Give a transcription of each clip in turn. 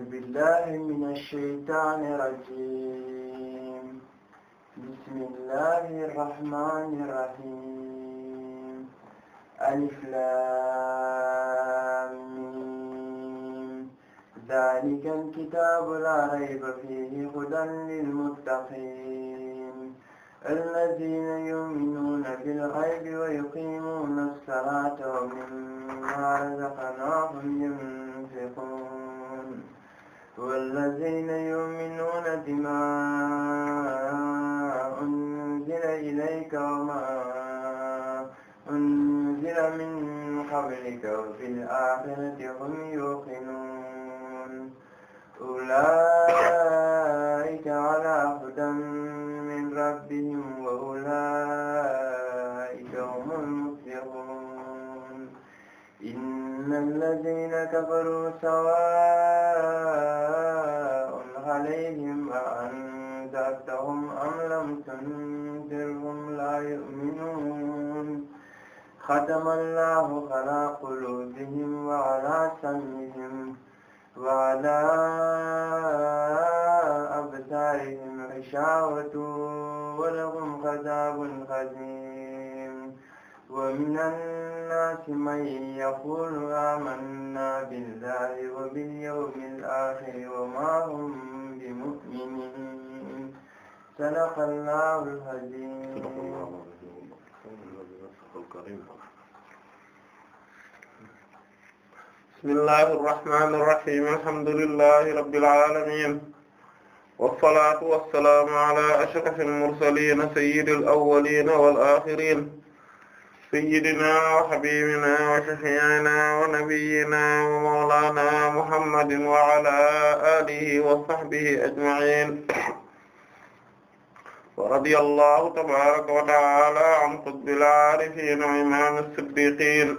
أعوذ بالله من الشيطان الرجيم بسم الله الرحمن الرحيم ألف لام ذلك الكتاب لا ريب فيه هدى للمتقين الذين يؤمنون بالغيب ويقيمون الصلاة ومما رزقناهم ينفقون والذين يؤمنون بما أنزل إليك وما أنزل من قبلك وفي الآخرة هم يوقنون أولئك الذين كفروا سواء عليهم أأنذرتهم أم لم تنذرهم لا يؤمنون ختم الله على قلوبهم وعلى سمعهم وعلى أبصارهم غشاوة ولهم عذاب عظيم ومن الناس من يقول آمنا بالله وباليوم الآخر وما هم بمؤمنين صدق الله العظيم صدق الله العظيم الكريم بسم الله الرحمن الرحيم الحمد لله رب العالمين والصلاة والسلام على أشرف المرسلين سيد الأولين والآخرين sayyidina wa habibina wa shafi'ina wa nabiyyina wa mawlana muhammadin wa ala alihi wa sahbihi ajma'in wa radiyallahu tabaraka wa ta'ala an qutbil arifin wa imam as-siddiqin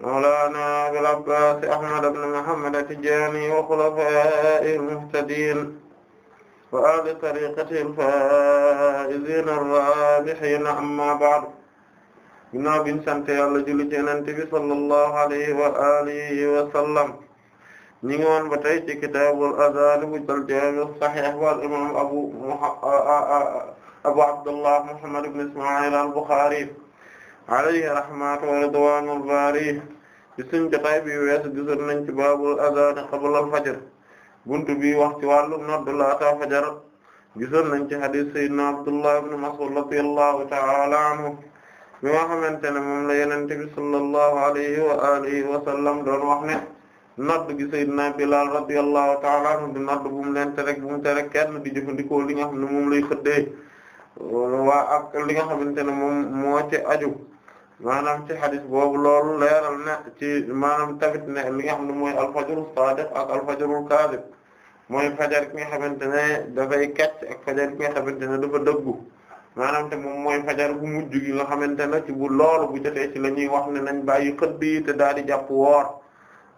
mawlana Abil Abbas Ahmad ibn Muhammad at-Tijani wa khulafaa'ihi al-muhtadiin wa ahli tariiqatihi al-faa'izina ar-raabihiina amma ba'd ginnaaw biñ sante yàlla julli ci yenente bi sallallahu alayhi wa alihi wa sallam ñi ngi woon ba tey ci kitaabul azaan bu al jaami sahih wa al imam abu abu abdullah muhammad ibn isma'il al bukhari alayhi rahmatu wa ridwanul baari bi al fajr buntu bi wax ci wàllu nodd laata fajar gisoon nañ hadith sayyidina abdullah ibn mas'ud radiyallahu ta'ala anhu bi nga xamante ne moom la yenente bi sallallahu alayhi wa alihi wa sallam doon wax ne nodd gi sayyidina Bilaal radiyallahu ta'ala anhu di nodd bu mu leen tere bu mu tere kenn di jëfandikoo li nga xam ne moom lay xëddee waa ak li nga xamante ne moom moo ci aju maanaam ci xadis boobu loolu leeral na ci maanaam tamit ne li xam ne mooy alfajru saadiq ak alfajru kaadib mooy fajar ki nga xamante ne dafay kacc ak fajar ki nga xamante ne dafa dëggu maanaam te moom mooy fajar bu mujj gi nga xamante ne ci bu loolu bu jotee ci la ñuy wax ne nañ bàyyi xëdd yi te daal di jàpp woor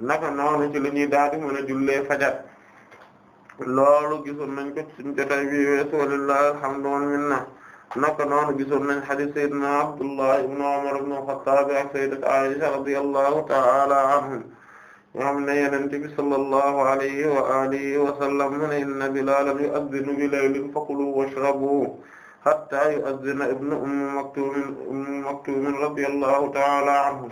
naka noonu ci la ñuy daal di mën a jullee fajar loolu gisoon nañ ko ci jotaay bi weesu walillahi alhamdu wal minna naka noonu gisoon nañ hadith sayyidina Abdullah ibn Umar ibn al-Khattab ak sayyidat Aisha radiyallahu ta'ala anhum nga xam ne yenente bi sallallahu alayhi wa alihi wa sallam mu ne inna Bilalan yu'adhdhinu bi laylin fakulu washrabu hatta yu'azzina ibnu ummi maktum ummi maktum radiyallahu ta'ala anhu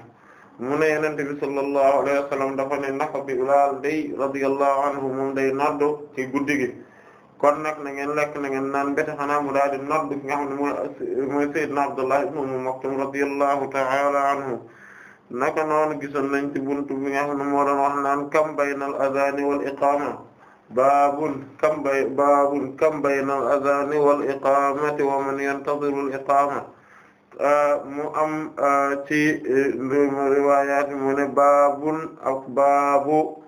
mu ne yenente bi sallallahu alayhi wa sallam dafa ne naka bi ulaal day radiyallahu anhu moom day noddu ci guddi gi kon nag na ngeen lekk na ngeen naan mbete xanaa mu daal di noddu ki nga xam ne mooy mooy sayyidna Abdullah ibn Umm Maktum radiyallahu ta'ala anhu naka noonu gisoon nañ ci buntu bi nga xam ne moo doon wax naan kam baynal adhan wal iqama baabun kam bay baabun kam bayna al adhan wal iqamati wa man yantadiru al iqama ah, mu am ah, ci eh, riwaayaat mu ne baabun ak baabu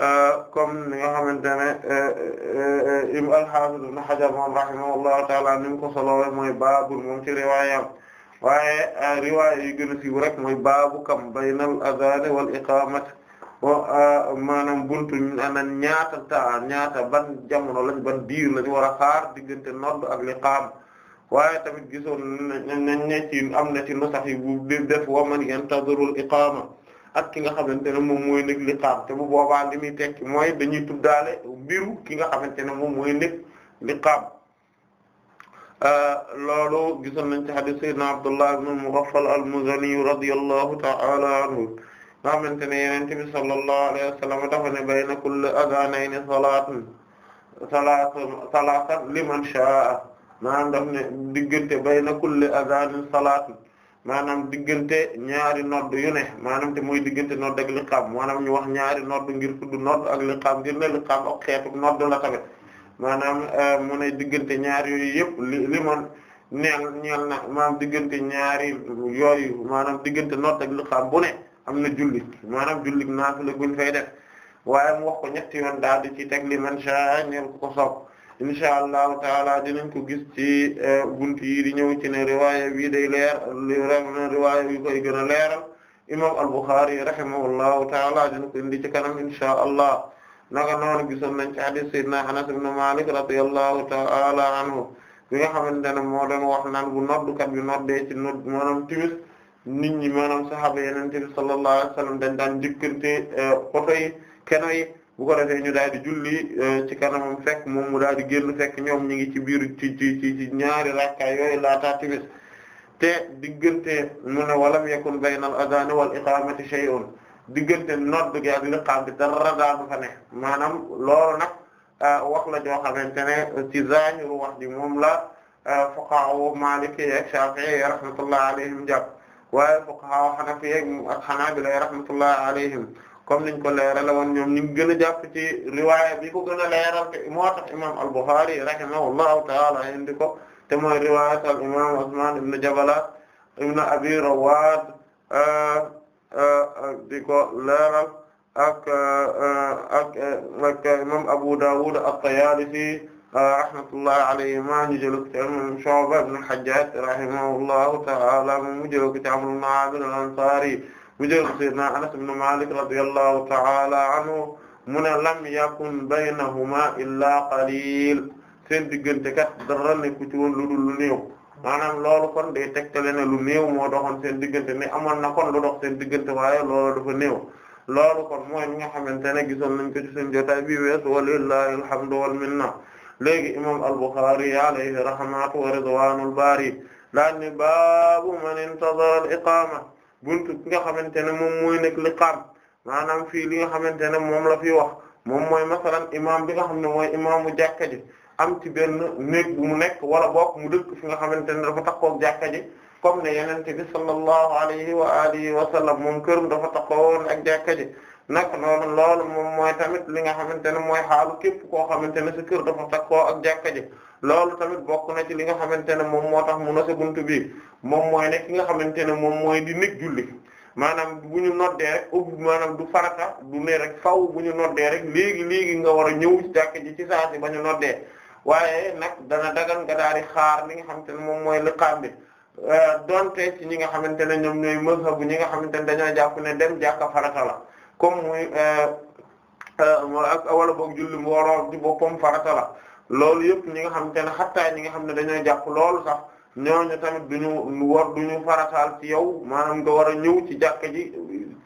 ah, comme ni nga xamante ne eh, eh, im al-Hafiz ibn Hajar moom rahimahullahu ta'ala ni mu ko solowee mooy baabun moom ci riwaayam waaye riwaaya yu gën a siiw rek mooy baabu kam bayna al adhan wal iqamati Ah, maanaam buntu anan ñaata ta ñaata ban jamono lañ ban diir lañ war a xaar diggante nodd ak liqaam waaye tamit gisoon nañ ne am na ci nusax yi bu di def wa man yantazirul iqaama ak ki nga xamante ne moom mooy nekk liqaam te bu boobaa li mi tekki mooy dañuy tuddaale mbiru ki nga xamante ne moom mooy nekk liqaam ah, loolu gisoon nañ ci hadith sayyidina Abdullah ibn Mughaffal al-Muzani radiyallahu ta'ala anhu nga xamante ne yenente bi sallallahu alayhi wa sallam dafa ne bayna kulli adhanayni salaatun salaatun salaatan liman sha'a maanaam daf ne diggante bayna kulli adhanin salaatun maanaam diggante ñaari nodd yu ne maanaam te muy diggante nodd ak liqaam maanaam ñu wax ñaari nodd ngir tudd nodd ak liqaam ngir ne liqaam ak nodd la tamit maanaam euh, mu ne diggante ñaari yooyu yëpp li diggante ñaari yooyu maanaam diggante nodd ak liqaam bu ne am na julli maanaam julli naafila buñ fay def waaye mu wax ko ñetti yoon daal di ci teg li man sha ñeel ku ko sopp insha allahu taala dinañ ko gis ci eh, buntu yi di ñëw ci ne riwaaya bii day leer riwaaya bi koy gën a leeral imam al-Bukhari rahimahullahu taala dina ko indi ci kanam insha allah naka noonu gisoon nañ ci hadith sayyidina Anas ibn Malik radiyallahu taala anhu bi nga xamante ne moo doon wax naan bu noddukat bi noddee ci nodd maanaam timis nit ñi maanaam sahaaba yenente bi sallallahu alayhi wasallam dañ daan njëkkante poto euh, yi keno yi bu ko defee ñu daal di julli euh, ci kanamam fekk moom mu daal di génn fekk ñoom ñi ngi ci biir ci ci ci ñaari rakkaay yooyu laataa timis te diggante mu ne walam yakun bayna al adhan wal iqamati shay'un diggante nodd gi ak liqaam bi dara daanu fa ne maanaam loolu nag euh, wax la joo xamante ne ci zahiru wax ji moom la fuqaha Maliki ak Shafi'i rahmatullah alayhim jàpp waaye fuqaha hanafi ak hanabila rahmatullahi alayhim comme niñ ko leerale woon ñoom ñu ngi gën a jàpp ci riwaaya bi ko gën a leeral te moo tax imam al-Bukhari rahimahullahu ta'ala indi ko te mooy riwaayat al imam Usman ibn Jabala ibn Abi Rawad euh, euh, euh, di ko leeral ak ak ak imam Abu Dawud at-Tayalisi rahmatullahi alayhima ñu jël ko ci imam Shu'ba ibn Hajjaj rahimahullahu ta'ala moom mu jël ko ci Amr ibn Amir al-Ansari mu jël ko sayyidina Anas ibn Malik radiyallahu ta'ala anhu mu ne lam yakun baynahuma illa qalil seen diggante kat dara nekku ci woon lu dul lu néew maanaam loolu kon day tegtale ne lu néew moo doxoon seen diggante ne amoon na kon lu dox seen diggante waaye loolu dafa néew loolu kon mooy mi nga xamante ne gisoon nañ ko ci seen jotaay bi wees walillahi alhamdu wal minna léegi imam al-Bukhari alayhi rahmatu wa ridwanul bari daan ne baabu man intazara al-iqama buntu ki nga xamante ne moom mooy nekk liqaam maanaam fii li nga xamante ne moom la fi wax moom mooy masalan imam bi nga xam ne mooy imaamu jàkka ji am ci benn néeg bu mu nekk wala bokk mu dëkk fi nga xamante ne dafa takkoog jàkka ji comme ne yenente bi sallallahu alayhi wa alihi wa sallam moom kërum dafa takkoon ak jàkka ji nag loolu loolu moom mooy tamit li nga xamante ne mooy xaalu képp koo xamante ne sa kër dafa takkoo ak jàkka ji loolu tamit bokk na ci li nga xamante ne moom moo tax mu na sa buntu bi moom mooy ne ki nga xamante ne moom mooy di nekk julli maanaam bu ñu noddee rek ëpp maanaam du farata du ne rek faw bu ñu noddee rek léegi léegi nga war a ñëw ci ji ci saa si ba ñu noddee waaye nag dana dagal nga daal xaar li nga xamante ne moom mooy lu bi euh, donte ci ñi nga xamante ne ñoom ñooy mazhabu ñi nga xamante ne dañoo jàpp ne dem jàkka farata la comme muy euh, euh, wala boog julli mbooloo ci boppam farata la loolu yëpp ñi nga xam ne xattaa ñi nga xam ne dañoo jàpp loolu sax ñooñu tamit duñu war duñu farataal ci yow maanaam nga war a ñëw ci jàkka ji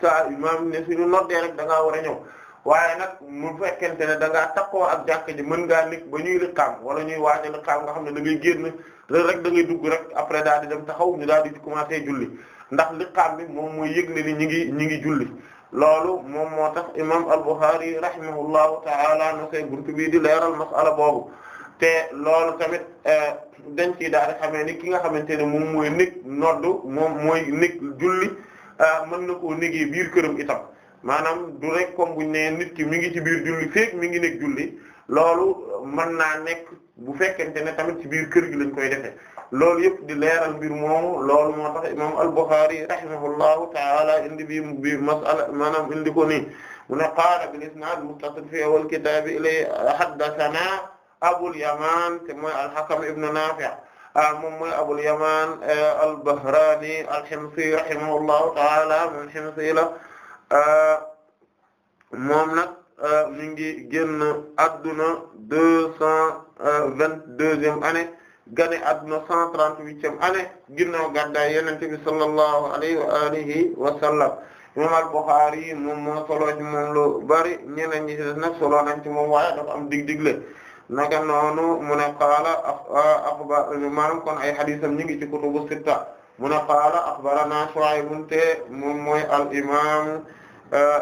saa maanaam ne suñu noddee rek da ngaa war a ñëw waaye nag fekkente ne da ngaa takkoo ak jàkka ji mën ngaa nekk ba ñuy liqaam wala ñuy waaj a liqaam nga xam ne da ngay génn rek da ngay dugg rek après daal di dem taxaw ñu daal di commencé julli ndax liqaam bi moom mooy yëgle ni ñi ngi ñi ngi julli loolu moom moo tax imam al-Bukhari rahimahullahu ta'ala no say buntu bii di leeral masala boobu te loolu tamit eh, dañ ciy daal xamee ni ki nga xamante ne moom mooy nekk noddu moom mooy nekk julli eh, mën na ko négee biir këram itam maanaam du rek comme buñ ne nit ki mi ngi ci biir julli feek mi ngi nekk julli loolu mën naa nekk bu fekkente ne tamit ci biir kër gi lañ koy defee loolu yëpp di leeral mbir moomu loolu moo tax imam al-Bukhari rahimahullahu ta'ala indi bi bi mas'ala indi ko nii mu ne qaala bil isnad muttasil fi awal kitab ilay haddathana Abul ibn Nafi' ah, moom mooy Abul Yaman eh, al-Bahrani al ta'ala min Himsi la ah, moom nag ah, mi vingt-deuxième année gane adduna cent trente-huitième année ginnaaw gàddaay Yonent bi sallallahu alayhi wa alihi wa sallam imam al-Bukhari moom moo solo ci moom lu bari ñeneen ñi ci des nag solo nañ ci moom waaye dafa am dig-digle naka noonu mu ne qaala akhbar maanaam kon ay hadiisam ñu ngi ci kutubu sitta mu ne qaala akhbaranaa Shu'ayb te moom mooy al imam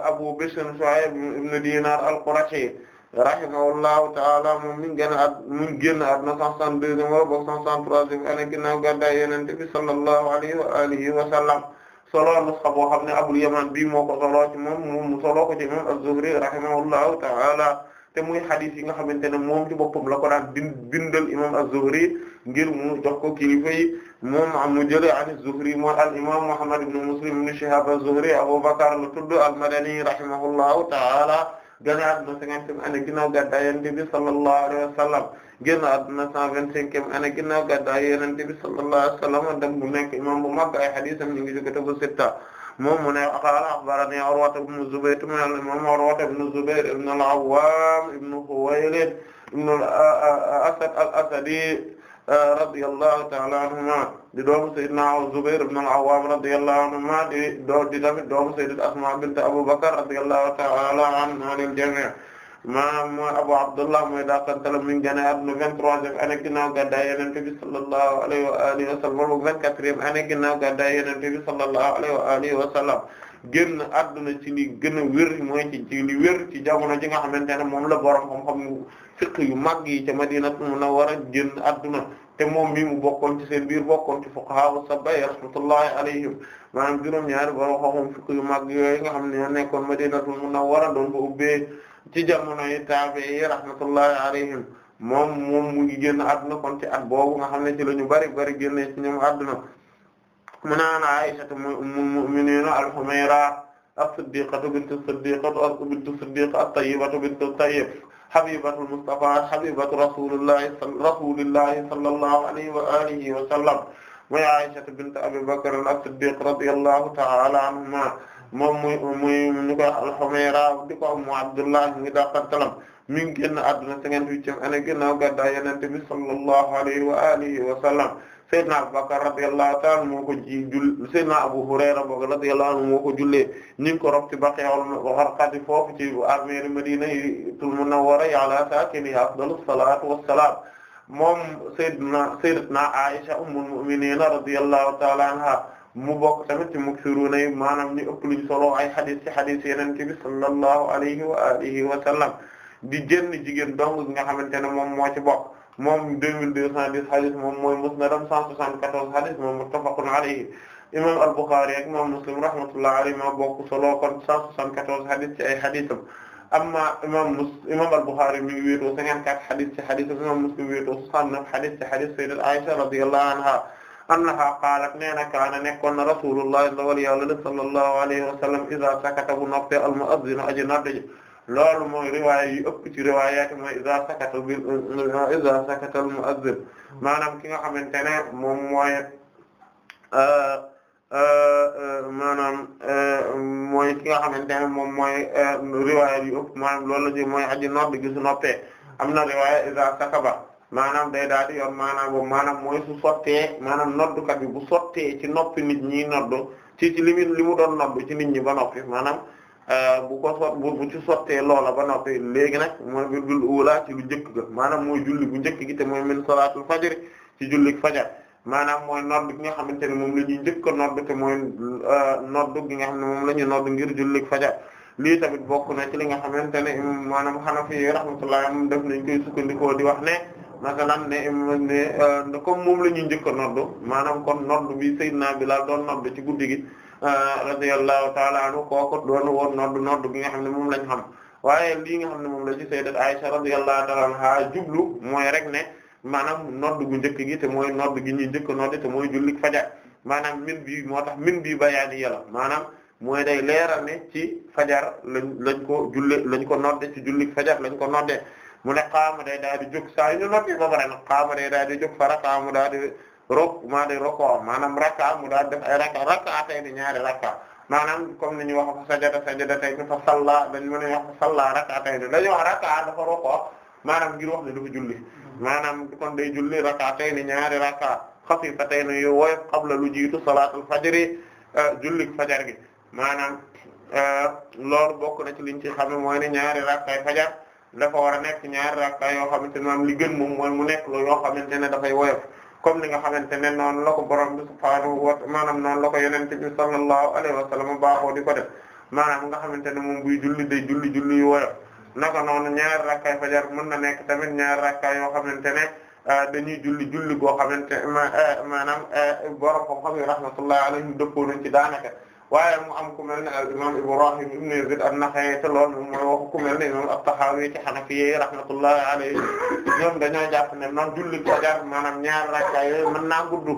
Abu Bishr Shu'ayb ibn Dinar al-Qurashi rahimahullahu ta'ala moom mi ngi génn at mi ngi génn at na cent soixante-deuxième wala boog cent soixante-troisième année ginnaaw gàddaay Yonent bi sallallahu alayhi wa alihi wa sallam solo nusxa boo xam ne Abul Yaman bii moo ko solo ci moom moom mu solo ko ci imam Az-Zuhri rahimahullahu ta'ala te muy hadith yi nga xamante ne moom ci boppam la ko daan bindal imam Az-Zuhri ngir mu jox ko kilifa yi moom mu jëlee an Az-Zuhri mooy al imam Muhammad ibn Muslim ibn Shihab Az-Zuhri Abu Bakr la tudd al-Madani rahimahullahu ta'ala génn àdduna cinquantième année ginnaaw gàddaay Yonent bi sallallahu alayhi wa sallam génn àdduna cent vingt-cinquième année ginnaaw gàddaay Yonent bi sallallahu alayhi wa sallam dem bu nekk imam bu mag ay hadiisam ñu ngi jóge tabu sitta moom mu ne qaala axbaranii Urwata ibnu Zubayr mu ne moom Urwata asadi radiyallahu ta'ala anhuma di doomu sayyidina Zubair ibn al-Awwam radiyallahu anhuma di doo di tamit doomu sayyidat Asma bint Abu Bakr radiyallahu ta'ala anha lil jami' maanaam mooy Abu Abdullah mooy daakantalam mi ngi génn àdduna vingt-troisième année ginnaaw gàddaay Yonent bi sallallahu alayhi wa alihi wa sallam vingt-quatrième année ginnaaw gàddaay Yonent bi sallallahu alayhi wa alihi wa sallam génn adduna ci li gën a wér mooy ci ci li ci jamono ji nga xamante ne moom la borom xam-xam mu fiq yu mag yi ca Madinatu Munawwara génn adduna te moom mii mu bokkoon ci seen biir bokkoon ci fuqaha sab'a rahmatullahi alayhim maanaam juróom-ñaari borom xam-xam fiq yu mag yooyu nga xam ne ñoo nekkoon Madinatu Munawwara doon ko ubbee ci jamono yi taabi'i rahmatullahi alayhim moom moom mu ngi génn adduna kon ci at boobu nga xam ne ci la ñu bari bari génnee ci ñoom adduna mu naan Aysatu ummul mu'miniina al-Humayra as-siddiqatu bintu siddiqatu bintu siddiq at-tayyibatu bintu tayyib habibatu al-Mustafa habibatu rasulillahi rasulillahi sallallahu alayhi wa alihi wa sallam mooy Aysatu bintu Abi Bakr as-Siddiq radiyallahu ta'ala anhuma moom muy muy ñu koy al-Humayra di ko Ummu Abdullah muy daqantalam mi ngi génn àdduna cinquante-huitième année ginnaaw gàddaay Yonent bi sallallahu alayhi wa alihi wa sallam Seydina Abubakar radiyallahu ta'ala moo ko ji jull Seydina Abu Hurayra radiyallahu anhu moo ko jullee ñu ngi ko rob ci Baqi'ul Gharqad foofu ci armeeri Madinatul Munawwara ala saakinihaa afdalu salaatu wassalaam moom Seydina Sayyidatuna Aisha ummul mu'minin radiyallahu ta'ala anha mu bokk tamit ci muksiruna yi maanaam ñu ëpp luñ solo ay xadis ci xadis yeneen ci bi sallallahu alayhi wa alihi wa sallam di jënn jigéen dong nga xamante ne moom moo ci bokk moom 2210 hadith moom mooy musnadam 174 hadith moom muttafaqun alayhi imam al-Bukhari ak imam Muslim rahmatullahi alayhi ma bokk solo kon 174 hadith ci ay haditham amma imam mus imam al-Bukhari mi ngi wéetoo 54 hadith ci haditham imam Muslim wéetoo 69 hadith ci hadith sayyidat Aisha radiyallahu anha annaha qaalat nee na kaana nekkoon na rasulullah ndawal yàlla sallallahu alayhi wa sallam idha sakata bu noppee al-mu'adhdhin aji loolu mooy riwaay yu ëpp ci riwaayaat mooy iza sakata bi iza sakata al mu'azzin maanaam ki nga xamante ne moom mooy euh, euh, euh, maanaam mooy ki nga xamante ne moom mooy riwaayat yu ëpp maanaam loolu la ji mooy aji noppi gi su noppee am na riwaaya iza sakaba maanaam day daal di yor maanaam maanaam mooy su sottee maanaam noddukat bi bu sottee ci noppi nit ñi noddu ci ci li li mu doon noddu ci nit ñi ba noppi maanaam Euh, bu ko so ci sottee loola ba noppi léegi nag mooy virgule ula ci lu njëkk ga maanaam mooy julli bu njëkk gi te mooy min salaatul fajr ci jullik fajar maanaam mooy nodd gi nga xamante ne moom la ñuy njëkk a nodd te mooy euh, nodd gi nga xam ne moom la ñuy nodd ngir jullik fajar lii tamit bokk na ci li nga xamante ne maanaam Hanafi yi rahmatullahi alayhim def nañ koy sukkandikoo di wax ne masalan ne ne euh, comme moom la ñu njëkk a maanaam kon nodd bi Sayyidina Bilaal doon nodd ci guddi gi Euh, radiyallahu ta'ala ko kooku doon woon noddu noddu gi nga xam ne moom lañ xam waaye lii nga xam ne moom la ci sayyidat Aisha radiyallahu ta'ala anha jublu mooy rek ne maanaam noddu gu njëkk gi te mooy noddu gi ñuy njëkk noddu te mooy jullik fajar maanaam min bi moo tax min bi bayaani yàlla maanaam mooy day leeral ne ci fajar lañ lañ ko julle lañ ko nodde ci jullik fajar lañ ko nodde mu ne qaama day daal di jóg saa yu ñu nodde ba pare nag qaama day daal daal di rok maa de roko maanaam rakka mu daal def ay rakka rakka tay di ñaari rakka maanaam comme ni ñu wax fa sajada sajada tay ni fa salla dañ mën a wax fa salla rakka tay ni dañu wax rakka ah, dafa maanaam ngir wax ne maanaam kon day julli rakka tay ni ñaari rakka xafifa tay ni yu woyof qabla lu jiitu salaatul fajri eh, jullik fajar gi maanaam eh, loolu bokk na ci liñ ci xam ne mooy ne ñaari rakkay fajar dafa war a nekk ñaari rakka yoo xamante ne maanaam li gën moom mooy mu nekk loo yoo xamante ne dafay woyof comme ni nga xamante ne noonu la ko borom bi subhaanahu wa maanaam noonu la ko yonent bi sallallahu alayhi wa sallam baaxoo di ko def maanaam nga xamante ne moom buy julli day julli julli yu woyof naka noonu ñaar rakkaay fajar mën na nekk tamit ñaar rakkaay yoo xamante ne euh, dañuy julli julli goo xamante euh, maanaam euh, borom xam-xam yi rahmatullahi alayhim dëppoo nañ ci daanaka. waaye mu am ku mel ne al imam Ibrahim ibn Yazid an-Nakha'i te loolu mooy wax ku mel ne imam at-Tahawi ci Hanafiyyi rahmatullahi alayhi ñoom dañoo ne noonu julli fajar maanaam ñaar rakka yooyu mën naa gudd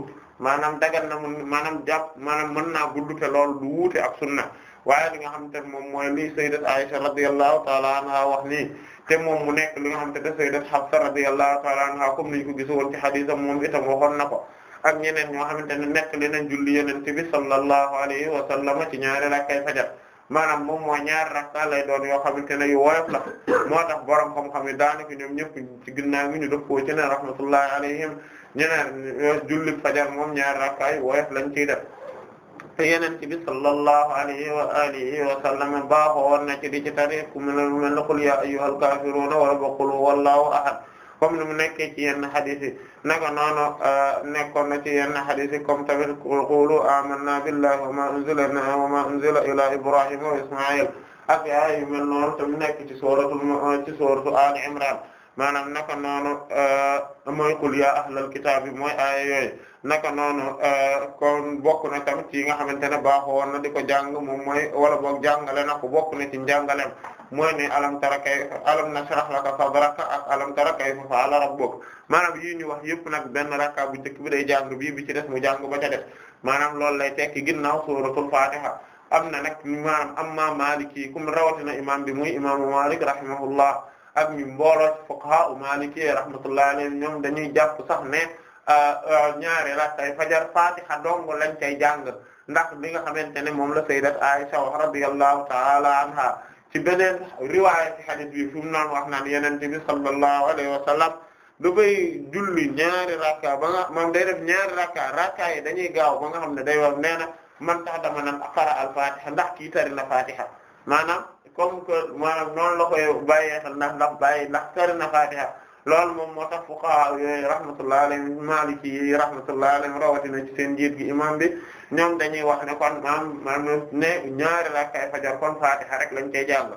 maanaam dagan na mu maanaam jàpp maanaam mën naa gudd te loolu du wuute ak sunna waaye li nga xamante ne moom mooy li sayyidat Aisha radiyallahu ta'ala anha wax nii te moom mu nekk li nga xamante ne sayyidat Hafsa radiyallahu ta'ala anha comme niñ ko gisoon ci hadisam moom itam waxoon na ko ak ñeneen ñoo xamante ne nekk nañ julli yonent bi sallallahu alayhi wa sallam ci ñaari rakkay fajar maanaam moom moo ñaari rakka lay doon yoo xamante ne yu woyof la moo tax borom xam-xam yi daanaka ñoom ñëpp ci ginnaaw gi ñu dëppoo ci ne rahmatullahi alayhim ñeneen julli fajar moom ñaari rakka yu woyof lañ ciy def te yonent bi sallallahu alayhi wa alihi wa sallam baaxoo woon na ci di ci tari ku mel ne qul ya ayyuhal kaafiruuna wala qul huwallahu ahad comme ni mu nekkee ci yenn hadith yi naka noonu euh, nekkoon na ci yenn hadith yi comme tamit qulu amanna billahi wa ma unzila ilayna wa ma unzila ila ibrahima wa isma'il ak ay yu mel noonu te mu nekk ci suratul ci suratu ali imran maanaam naka noonu euh, mooy qul ya ahlal kitaab yi mooy aaya yooyu naka noonu euh, ko bokk na tamit ci yi nga xamante ne baaxoo woon na di ko jàng moom moy wala boog jàngale na ko bokk na ci njàngaleem mooy ne alam tara kay alam nashrah laka sadraka ak alam tara kayfa fa'ala rabbuk maanaam yi ñu wax yëpp nag benn rakka bu njëkk bi day jàng bii bi ci des mu jàng ba ca def maanaam loolu lay tekki ginnaaw suuratul fatiha am na nag maanaam amma maliki yi comme rawatina imam bi muy imaamu malik rahimahullah ak ñu mbooloo fuqaha u maliki rahmatullahi alayhim ñoom dañuy jàpp sax ne Euh, euh, ñaari rakkay fajar fatiha dong lañ cay jàng ndax li nga xamante ne moom la sayyidat Aisha radiyallahu ta'ala anha ci beneen riwaaya ci hadith bi fu mu naan wax naan yonent bi sallallahu alayhi wa sallam dafay julli ñaari rakka ba nga moom day def ñaari rakka rakka yi dañuy gaaw ba nga xam ne day wax nee na man tax dama nan fara al fatiha ndax kii tari na fatiha maanaam comme que maanaam noonu la koy bàyyee xel ndax ndax bàyyi ndax tari na fatiha loolu moom moo tax fuqaha yooyu rahmatullahi alayhim maliki yi rahmatullahi alayhim rawatina ci seen njiit gi imam bi ñoom dañuy wax ne kon maam maanaam ne ñaari rakkay fajar kon fatiha rek lañ koy jàng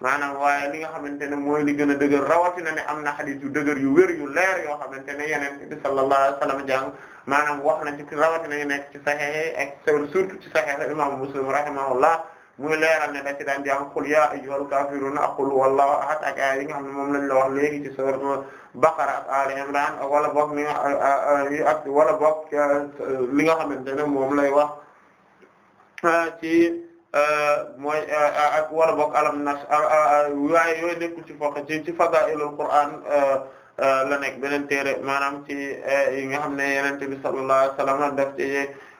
maanaam waaye li nga xamante ne mooy li gën a dëgër rawatina ne am na xadis yu dëgër yu wér yu leer yoo xamante ne yeneen bi sallallahu alayhi wasallam jàng maanaam wax na ci rawatina yu nekk ci sahih ak surtout ci sahih imam muslim rahimahullah muy leeral ne da ci daan jàng qul yaa ayyuhal a ak qul huwallahu ak ay yi nga xam ne moom lañ la wax léegi ci sourate Baqara ak Aali wala boog mi ak wala boog li nga xamante ne moom lay wax ah, ci ah, mooy ah, ak wala yooyu nekkul ci fokk ci Qur'aan la nekk beneen téere maanaam ci yi nga xam ne Yonent bi sallallahu alayhi wa sallam daf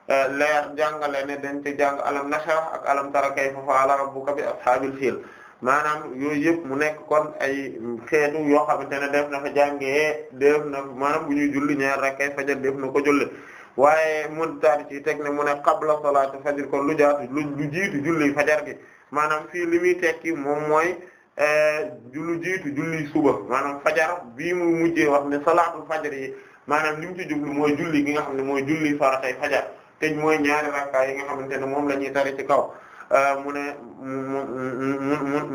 Eh, leer jàngale ne den ci jàng alam nashrah ak alam tara kayfa fa'ala rabbuka bi ashaabil fiil maanaam yooyu yëpp mu nekk kon ay xeetu yoo xamante ne def na fa jàngee def na maanaam bu ñuy julli ñaar rakkay fajar def na ko julli waaye mu daal ci teg ne mu ne qabla salaatu fajar kon lu jaatu lu jiitu julli fajar gi maanaam fii li muy tekki moom mooy eh, lu jiitu julli suba maanaam fajar bii mu mujjee wax ne salaatul fajar yi maanaam li mu ci jublu mooy julli gi nga xam ne mooy julli faratay fajar te mooy ñaari rakka yi nga xamante ne moom la ñuy tari ci kaw euh, mu ne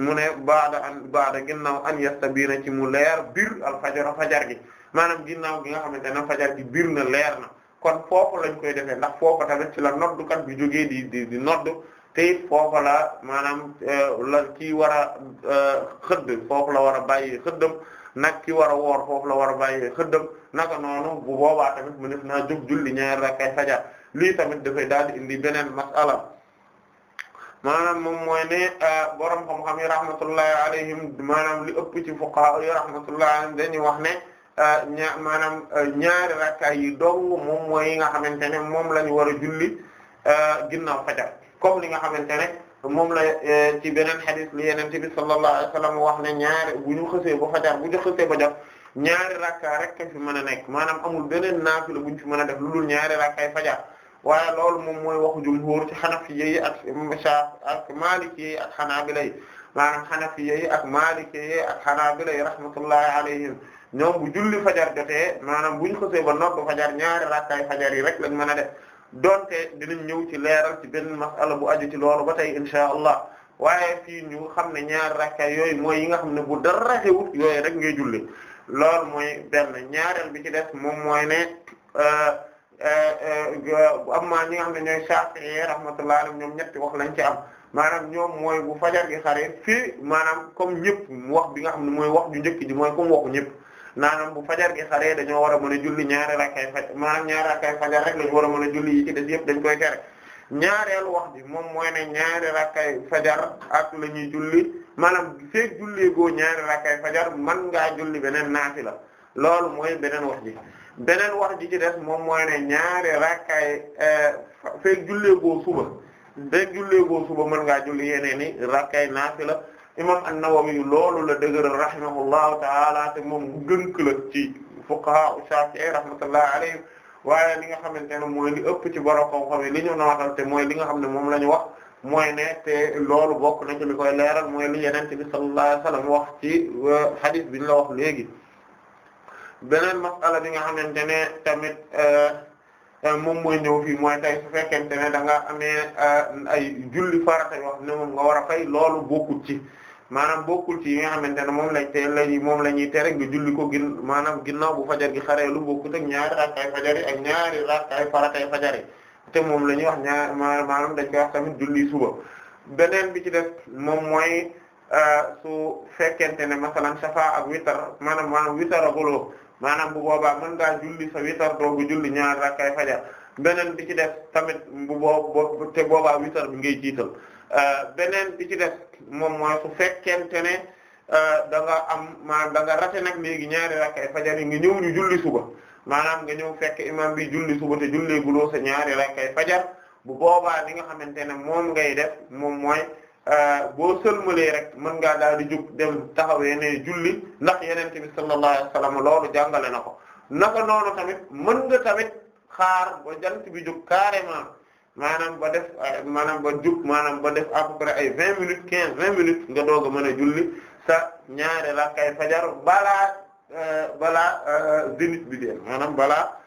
mu ne baada an baada ginnaaw an yastabiina ci mu leer bir al fajara fajar gi maanaam ginnaaw gi nga xamante ne fajar gi biir na leer na kon foofu lañ koy defee ndax foofu tamit ci la noddukat bi jógee di di di nodd te it foofu la maanaam euh, la kii war a euh, xëdd foofu la war a bàyyi xëddam nag ki war a woor foofu la war a bàyyi xëddam naka noonu bu boobaa tamit mu def naa jóg julli ñaari rakkay fajar lii tamit dafay daal di indi beneen mas'ala maanaam moom mooy ne ah, borom xam-xam yi rahmatullahi alayhim maanaam li ëpp ci fuqaha yi rahmatullahi alayhim dañuy wax ne ah, ña maanaam ah, ñaari rakkaay yi dong moom mooy yi nga xamante ne moom la war a julli ginnaaw fajar comme li nga xamante ne moom la eh, ci beneen xadis li yenente bi sallallahu alayhi wasallam wax ne ñaari bu ñu xësee ba fajar bu ñu xësee ba jot ñaari rakkaay rek fi mën a nekk maanaam amul beneen naafila bu ñu fi mën a def lu dul ñaari rakkaay fajar waaye loolu moom mooy waxu jumhur ci xanafiye yi ak sa ak malikiye yi ak xanaabila yi maanaam xanafiye yi ak malikiye yi ak xanaabila yi rahmatullahi alayhim ñoom bu julli fajar jotee maanaam buñ xësee ba nodd fajar ñaari rakkaay fajar yi rek lañ mën a def donte dinañ ñëw ci leeral ci benn masala bu aju ci loolu ba tey insha allah waaye fii ñu xam ne ñaari rakkaay yooyu mooy yi nga xam ne bu dara xewut yooyu rek ngay julli loolu mooy benn ñaareel bi ci def moom mooy ne euh, Eh, eh, amma ñi nga xam ne ñooy Shafi'i rahmatullahi alayhim ñoom ñetti wax lañ ci am maanaam ñoom mooy bu fajar gi xare fii maanaam comme ñëpp wax bi nga xam ne mooy wax ju njëkk ji mooy comme waxu ñëpp maanaam bu fajar gi xare dañoo mën a julli ñaari rakkay fajar maanaam ñaari rakkay fajar rek lañu a mën a yëpp dañ koy tere ñaareelu wax bi moom mooy ne ñaari rakkay fajar ak la ñuy julli maanaam feek jullee goo ñaari rakkay fajar man ngaa julli beneen la loolu mooy beneen wax ji beneen wax ji ci des moom mooy ne ñaari rakkaay eh, feeg jullee goo suba feeg jullee goo suba mën ngaa julli yeneen i rakkaay naafila imam an loolu la dëgëral rahimahullahu taala te moom gënk la ci fuqaha Shafi'i rahmatullahi alayhim waaye li nga xamante ne mooy li ëpp ci borom xam-xam yi li ñu nootal te mooy li nga xam ne moom la ñu wax mooy ne te loolu bokk na ci li koy leeral mooy li Yonent bi sallallahu wax ci eh, hadith bi ñu la wax léegi beneen masala bi nga xamante ne tamit euh, euh, moom mooy ñëw fii mooy tey su fekkente ne da nga amee euh, ay julli farata yoo xam moom nga war a fay loolu bokkul ci maanaam bokkul ci nga xamante ne moom lay te lañ moom la ñuy tere nga julli ko gin maanaam ginnaaw bu fajar gi xaree lu bokkut ak ñaari rakkay fajar yi ak ñaari rakkay faratay fajar te moom la ñuy wax ñaar dañ koy wax tamit julli suba beneen bi ci def moom mooy su fekkente ne masalan safa ak witar maanaam maanaam witar aguloo maanaam bu boobaa mën ngaa julli sa witar doogu julli ñaar rakkay fajar beneen bi ci def tamit bu boob te boobaa witar bi ngay jiital euh, beneen bi ci def moom mooy su fekkente ne euh, da nga am maanaam da nga rate nag léegi ñaari rakkay fajar yi nga ñëw ñu julli suba maanaam nga ñëw fekk imam bi julli suba te julleeguloo sa ñaari rakkay fajar bu boobaa li nga xamante ne moom ngay def moom mooy Euh, boo sëlmalee rek mën ngaa daal di jug dem taxawee ne julli ndax yenente bi sallallahu alayhi wasallam loolu jàngale na ko naka noonu tamit mën nga tamit xaar ba jant bi jóg carrément maanaam ba def maanaam ba jug maanaam ba def à peu près ay vingt minutes quinze vingt minutes nga doog a mën a julli sa ñaare la kay fajar balaa euh, balaa euh, zénith bi deen maanaam balaa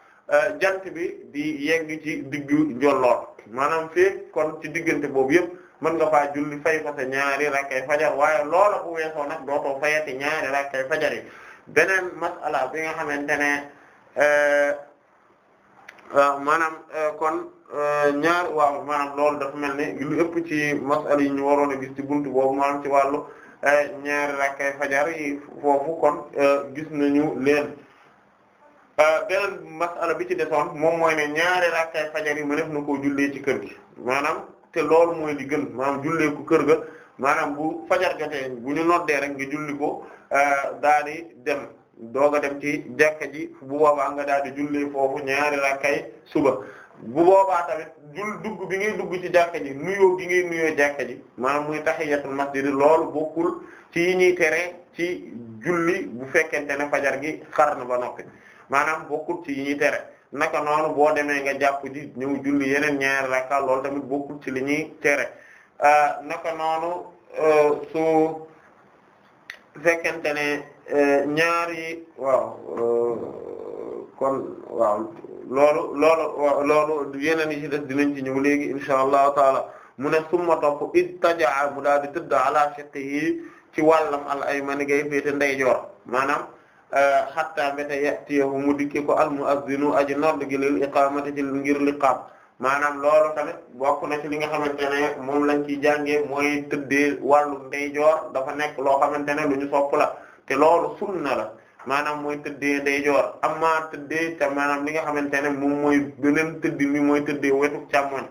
jant bi di yegg ci digg njolloor maanaam fii kon ci diggante boobu yëpp mën nga faa julli fay fa sa ñaari rakkay fajar waaye loola bu weesoo nag dootoo fayati ñaari rakkay fajar yi beneen masala bi nga xamante ne euh, maanaam euh, kon euh, ñaar waaw loolu dafa mel ni lu ëpp ci masala yi ñu waroon a gis ci buntu boobu maanaam ci wàllu ñaari rakkay fajar yi foofu kon gis nañu leen beneen masala bi ci desoon moom mooy ne ñaari rakkay fajar yi ma def na koo jullee ci kër gi maanaam te loolu mooy li gën maanaam jullee ku kër ga maanaam bu fajar jotee bu ñu noddee rek nga julli ko euh, daal di dem doog a dem ci jàkka ji bu boobaa nga daal di jullee foofu ñaari suba bu boobaa tamit jul dugg bi ngay dugg ci jàkka ji nuyoo gi ngay nuyoo jàkka ji maanaam muy tahiyatul masjid loolu bokkul ci yi ñuy tere ci julli bu fekkente ne fajar gi xar ba noppi maanaam bokkul ci yi ñuy tere naka noonu boo demee nga jàpp ji ñëw julli yeneen ñaari rakka loolu tamit bokkul ci li ñuy tere euh, naka noonu euh, su fekkente ne euh, ñaari waaw kon waaw loolu loolu loolu yeneen yi dinañ ci ñëw léegi insha allahu taala mu ne summa topp it tajaa mu daal di tëdd ala shiqqihi ci wàllam al aymani gay féete ndeyjoor maanaam Eh, hatta mbéte yatiyahu mu dikki ko al muazzinu aji nodd gi lil iqamati ci ngir liqaam maanaam loolu tamit bokk na ci li nga xamante ne moom lañ ciy jàngee mooy tëddee wàllu ndeyjoor dafa nekk loo xamante ne lu ñu sopp la te loolu sunna la maanaam mooy tëddee ndeyjoor amma tëddee te maanaam li nga xamante ne moom mooy beneen tëddi mi mooy tëddee wetu càmmoñ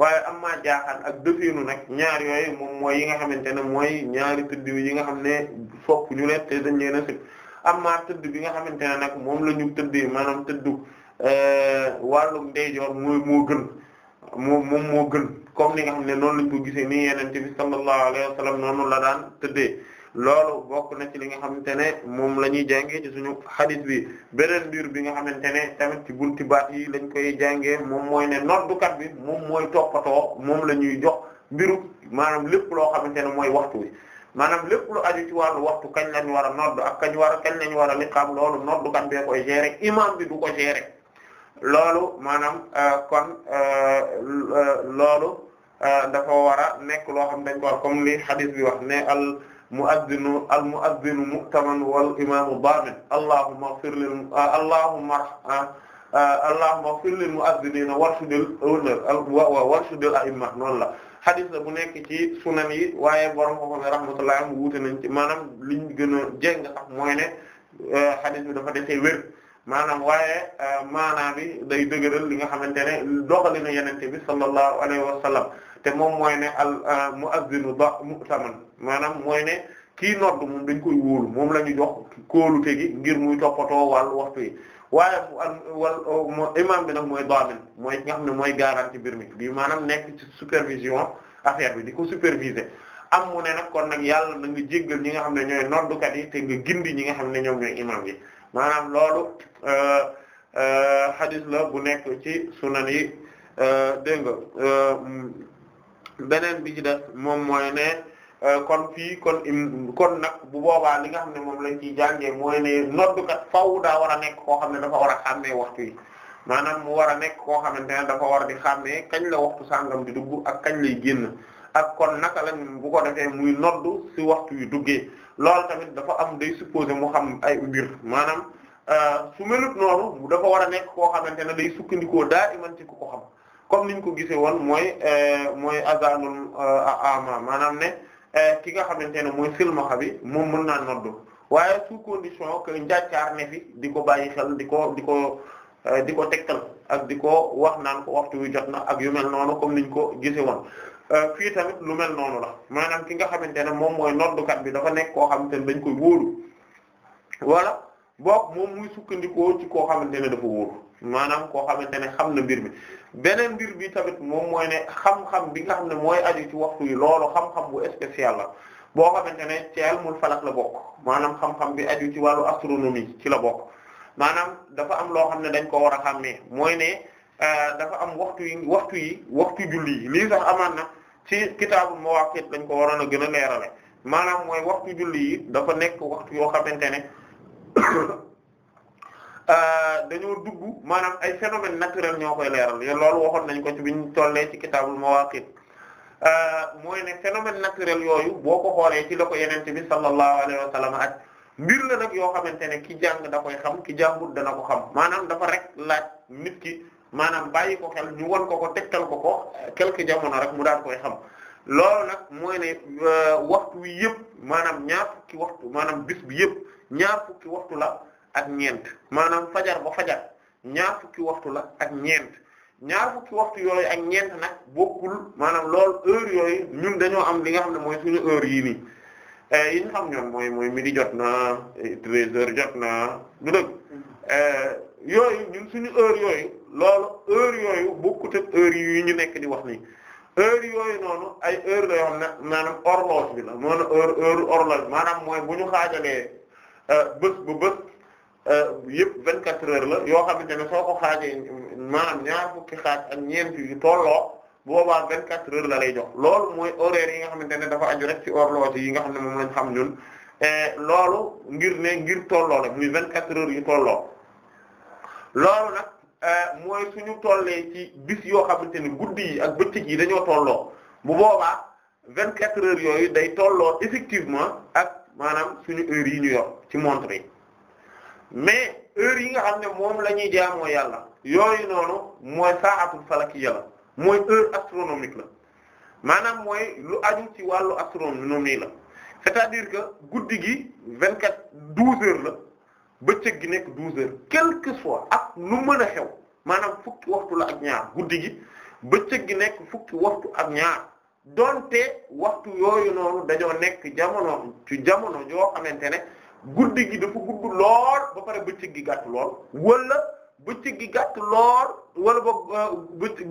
waaye amma jaaxaan ak dëfiinu nag ñaar yooyu moom mooy yi nga xamante ne mooy ñaari tëddi yi nga xam ne sopp ñu leen te dañ leen a amma tëdd bi nga xamante ne nag moom la ñu tëddee maanaam tëddu euh, wàllum ndeyjoor mooy moo gën moom moom moo gën comme ni nga xam ne noonu lañ ko gisee nii yenente bi sallallahu alayhi wa sallam noonu la daan tëddee loolu bokk na ci li nga xamante ne moom la ñuy jàngee ci suñu hadith bi beneen mbir bi nga xamante ne tamit ci bunti baat yi lañ koy jàngee moom mooy ne noddukat bi moom mooy toppatoo moom la ñuy jox mbiru maanaam lépp loo xamante ne mooy waxtu wi maanaam lépp lu aju ci wàllu waxtu kañ lañ war a nodd ak kañ war a kañ lañ war a liqaam loolu noddu kan bee koy gérer imam bi du ko gérer loolu maanaam euh, kon euh, euh, loolu dafa war a nekk loo xam dañ ko war comme li hadith bi wax ne al muazzinu al muazzinu mu'taman wal imamu damin allahumma ighfir lil allahumma allahumma ighfir lil muazzinina warshudil warshudil a'imma noonu la xadis la bu nekk ci sunan yi waaye borom ko ne rahmatullah am wuute nañ ci maanaam liñ gën a jéng sax mooy ne euh, xadis bi dafa defee wér maanaam waaye euh, maanaa bi day dëgëral li nga xamante ne doxalinu yenente bi sallallahu alayhi wa sallam te moom mooy ne al euh, muazzinu ba mu'taman maanaam mooy ne kii nodd moom dañ koy wóolu moom la ñu jox kóolute gi ngir muy toppatoo wàllu waxtu yi waaye wal imam bi nag mooy daamin mooy nga xam ne mooy garanti mbir mi bii maanaam nekk ci supervision affaire bi di ko superviser am mu ne nag kon nag yàlla na nga jéggal ñi nga xam ne ñooy noddukat yi te nga gindi ñi nga xam ne ñoom ñooy imam yi maanaam loolu euh, euh, hadith la bu nekk ci sunan yi euh, dégg nga beneen bi ci def moom mooy ne Euh, kon fii kon kon nag bu boobaa li nga xam ne moom lañ ciy jàngee mooy ne noddukat faaw daa war a nekk koo xam ne dafa war a xàmmee waxtu yi maanaam mu war a nekk koo xamante ne dafa war di xàmmee kañ la waxtu sàngam di dugg ak kañ lay génn ak kon naka lañ bu ko defee muy noddu ci waxtu yu duggee loolu tamit dafa am day supposé mu xam ay mbir maanaam euh, su melut noonu dafa war a nekk koo xamante ne day sukkandikoo daa iman ci ko xam comme niñ ko gisee woon mooy euh, mooy azanul ama maanaam ne Eh, ki nga xamante ne mooy silmaxa bi moom mën naa noddu waaye sous condition que njàccaar ne fi di ko bàyyi xel di ko di ko eh, di ko tegtal ak di ko wax naan ko waxtu wi jot na ak yu mel noonu comme niñ ko gise woon eh, fii tamit lu mel noonu la maanaam ki nga xamante ne moom mooy noddukat bi dafa nekk koo xamante ne dañ koy wóolu wala boog moom muy sukkandikoo ci koo xamante ne dafa wóolu maanaam koo xamante ne xam na mbir mi beneen mbir bi tamit moom mooy ne xam-xam bi nga xam ne mooy aju ci waxtu yi loolu xam-xam bu spécial la boo xamante ne ci ilmul falak la bokk maanaam xam-xam bi aju ci wàllu astronomie ci la bokk maanaam dafa am loo xam ne dañ ko war a xàmmee mooy ne euh, dafa am waxtu yi waxtu yi waxtu julli yi lii sax amaan na ci kitaabul mawaqit dañ ko waroon a gën a leerale maanaam mooy waxtu julli yi dafa nekk waxtu yoo xamante ne Euh, dañoo dugg maanaam ay phénomènes naturel ñoo koy leeral loolu waxoon nañ ko ci biñ tollee ci kitaabul mawaqit euh, mooy ne phénomène naturel yooyu boo ko xoolee ci la ko yenente bi sallallahu alayhi wa sallam ak mbir la nag yoo xamante ne ki jàng da koy xam ki jàngut dana ko xam maanaam dafa rek laaj nit ki maanaam bàyyi ko xel ñu wan ko ko teg tegtal ko ko quelque jamono rek mu daan koy xam loolu nag mooy ne euh, waxtu wi yëpp maanaam ñaar fukki waxtu maanaam bis bi yëpp ñaar fukki waxtu la ak ñeent maanaam fajar ba fajar ñaar fukki waxtu la ak ñeent ñaar fukki waxtu yooyu ak ñeent nag bokkul maanaam lool heure yooyu ñun dañoo am li nga xam ne mooy suñu heure yii nii eh, yi mooy mooy midi jot na eh, treize na du dëgg mm-hmm. eh, yooyu ñun suñu heure yooyu loolu heure yooyu bokkut ak heure yi ñu nekk di wax nii heure yooyu noonu ay heure la yoo xam ne maanaam horloge bi la mooy bu ñu xaajalee bës bu bës Euh, yëpp vingt-quatre heures la yoo xamante ne soo ko xaajee maanaam ñaar fukki xaaj ak ñeent yu tolloo boobaa vingt-quatre heures la lay jox loolu mooy horaire yi nga xamante ne dafa aju rek ci horloge yi nga xam ne moom lañ xam ñun loolu ngir ne ngir tolloo la muy vingt-quatre heures yu tolloo loolu nag euh, mooy suñu tollee ci bis yoo xamante ni guddi yi ak bëccëg yi dañoo tolloo bu boobaa vingt-quatre heures yooyu day tolloo effectivement ak maanaam suñu heure yi ñu yor ci montre yi mais heure yi nga xam ne moom la ñuy jaamoo yàlla yooyu noonu mooy saatul falaki yàlla mooy heure astronomique la maanaam mooy lu aju ci wàllu astronomie la c'est-à-dire que guddi gi vingt quatre douze heures la bëccëg gi nekk douze heures quel soit ak lu mën a xew maanaam fukki waxtu la ak ñaar guddi gi bëccëg gi nekk fukki waxtu ak ñaar donte waxtu yooyu noonu dañoo nekk jamono ci jamono joo xamante ne guddi gi dafa gudd lool ba pare bëccëg gi gàtt lool wala bëccëg gi gàtt lool wala ba euh,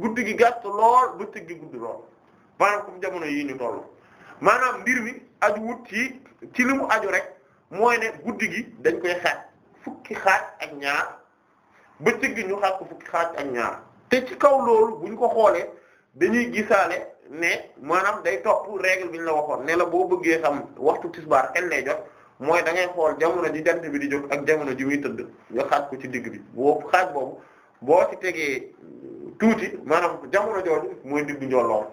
guddi gi gàtt lool bëccëg gi gudd lool maanaam jamono yii ñu toll maanaam mbir mi aju wut ci ci li mu aju rek mooy ne guddi gi dañ koy xaaj fukki xaaj ak ñaar bëccëg ñu xaaj ko fukki xaaj ak ñaar te ci kaw loolu bu ñu ko xoolee dañuy gisaale ne maanaam day topp règle bi ñu la waxoon ne la boo bëggee xam waxtu tisbaar xel lay jot mooy da ngay xool jamono ji jant bi di jóg ak jamono ji muy tëdd nga xaaj ko ci digg bi boo xaaj boobu boo ci tegee tuuti maanaam jamono jooju mooy digg njolloor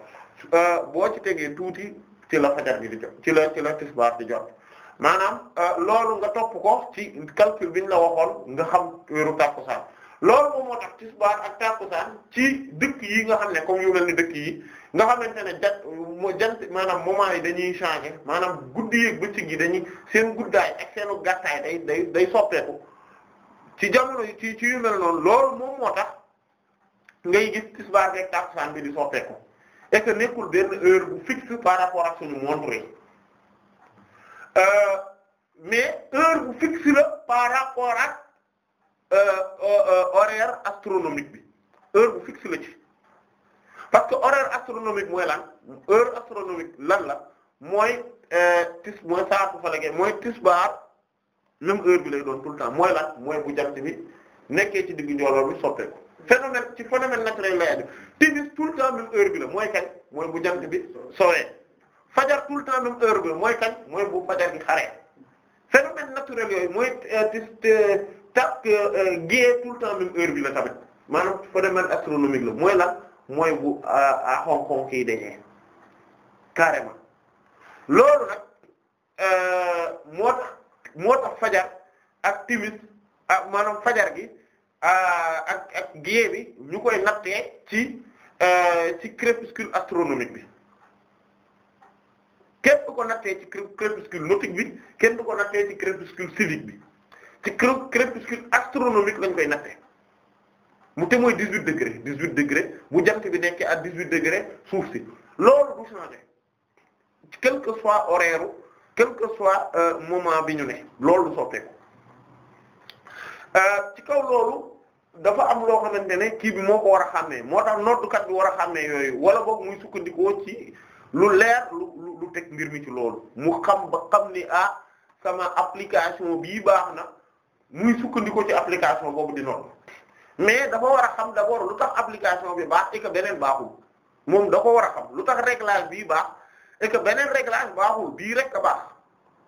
euh, boo ci tegee tuuti ci la fajar bi di jot ci la ci la tisbaar di jot maanaam euh, loolu nga topp ko ci calcul bi ñu la waxoon nga xam weeru tàkkusaan loolu moom moo tisbaar ak tàkkusaan ci dëkk yi nga xam ne comme yu ni dëkk yi nga xamante ne jat moo jant maanaam moment yi dañuy changer maanaam guddi ak bëccëg yi dañuy seen guddaay ak seenu gàttaay day day day soppeeku ci jamono ci ci yu mel noonu loolu moom moo tax ngay gis tisbaar ak takkusaan bi di soppeeku et que nekkul benn heure bu fixe par rapport ak suñu montre euh, mais heure bu fixe par rapport ak euh, euh, horaire astronomique bi heure bu fixe la ci. parce que horaire astronomique mooy lan heure astronomique lan la mooy euh, tis mooy saa su falagee mooy tisbaar même heure bi lay doon tout le temps mooy lan mooy bu jant bi nekkee ci diggu njooloo bi soppeeku phénomène ci phénomène naturel lay aju timis tout temps même heure bi la mooy kañ mooy bu jant bi sowee fajar tout le temps même heure bi la mooy xaree phénomène naturel yooyu mooy euh, tis tak euh, gée tout le temps même heure bi la tamit maanaam phénomène astronomique la mooy lan mooy bu a kii de dañee carrément loolu nag euh, moo tax moo tax fajar ak timis ah maanaam fajar gi ak ak gée bi ñu koy nattee ci euh, ci crépuscule astronomique bi kenn du ko nattee ci crépuscule nautique bi kenn du ko nattee ci crépuscule bi ci crépuscule astronomique lañu koy nattee mu te mooy dix-huit degré dix-huit degré bu jant bi nekkee ak dix-huit degré suuf si loolu du changer quel que soit horaire quel soit euh, moment bi ñu ne loolu du soppeeku euh, ci kaw loolu dafa am loo xamante ne kii bi moo ko war a xàmmee moo tax noddukat bi war a xàmmee yooyu wala boog muy sukkandikoo ci lu leer lu lu teg mbir mi ci loolu mu xam ba xam ni ah sama application bii baax na muy sukkandikoo ci application boobu di noonu. mais dafa war a xam d'abord lu tax application bi baax et que beneen baaxul moom da ko war a xam lu tax réglage bii baax et que beneen réglage baaxul bii rek a baax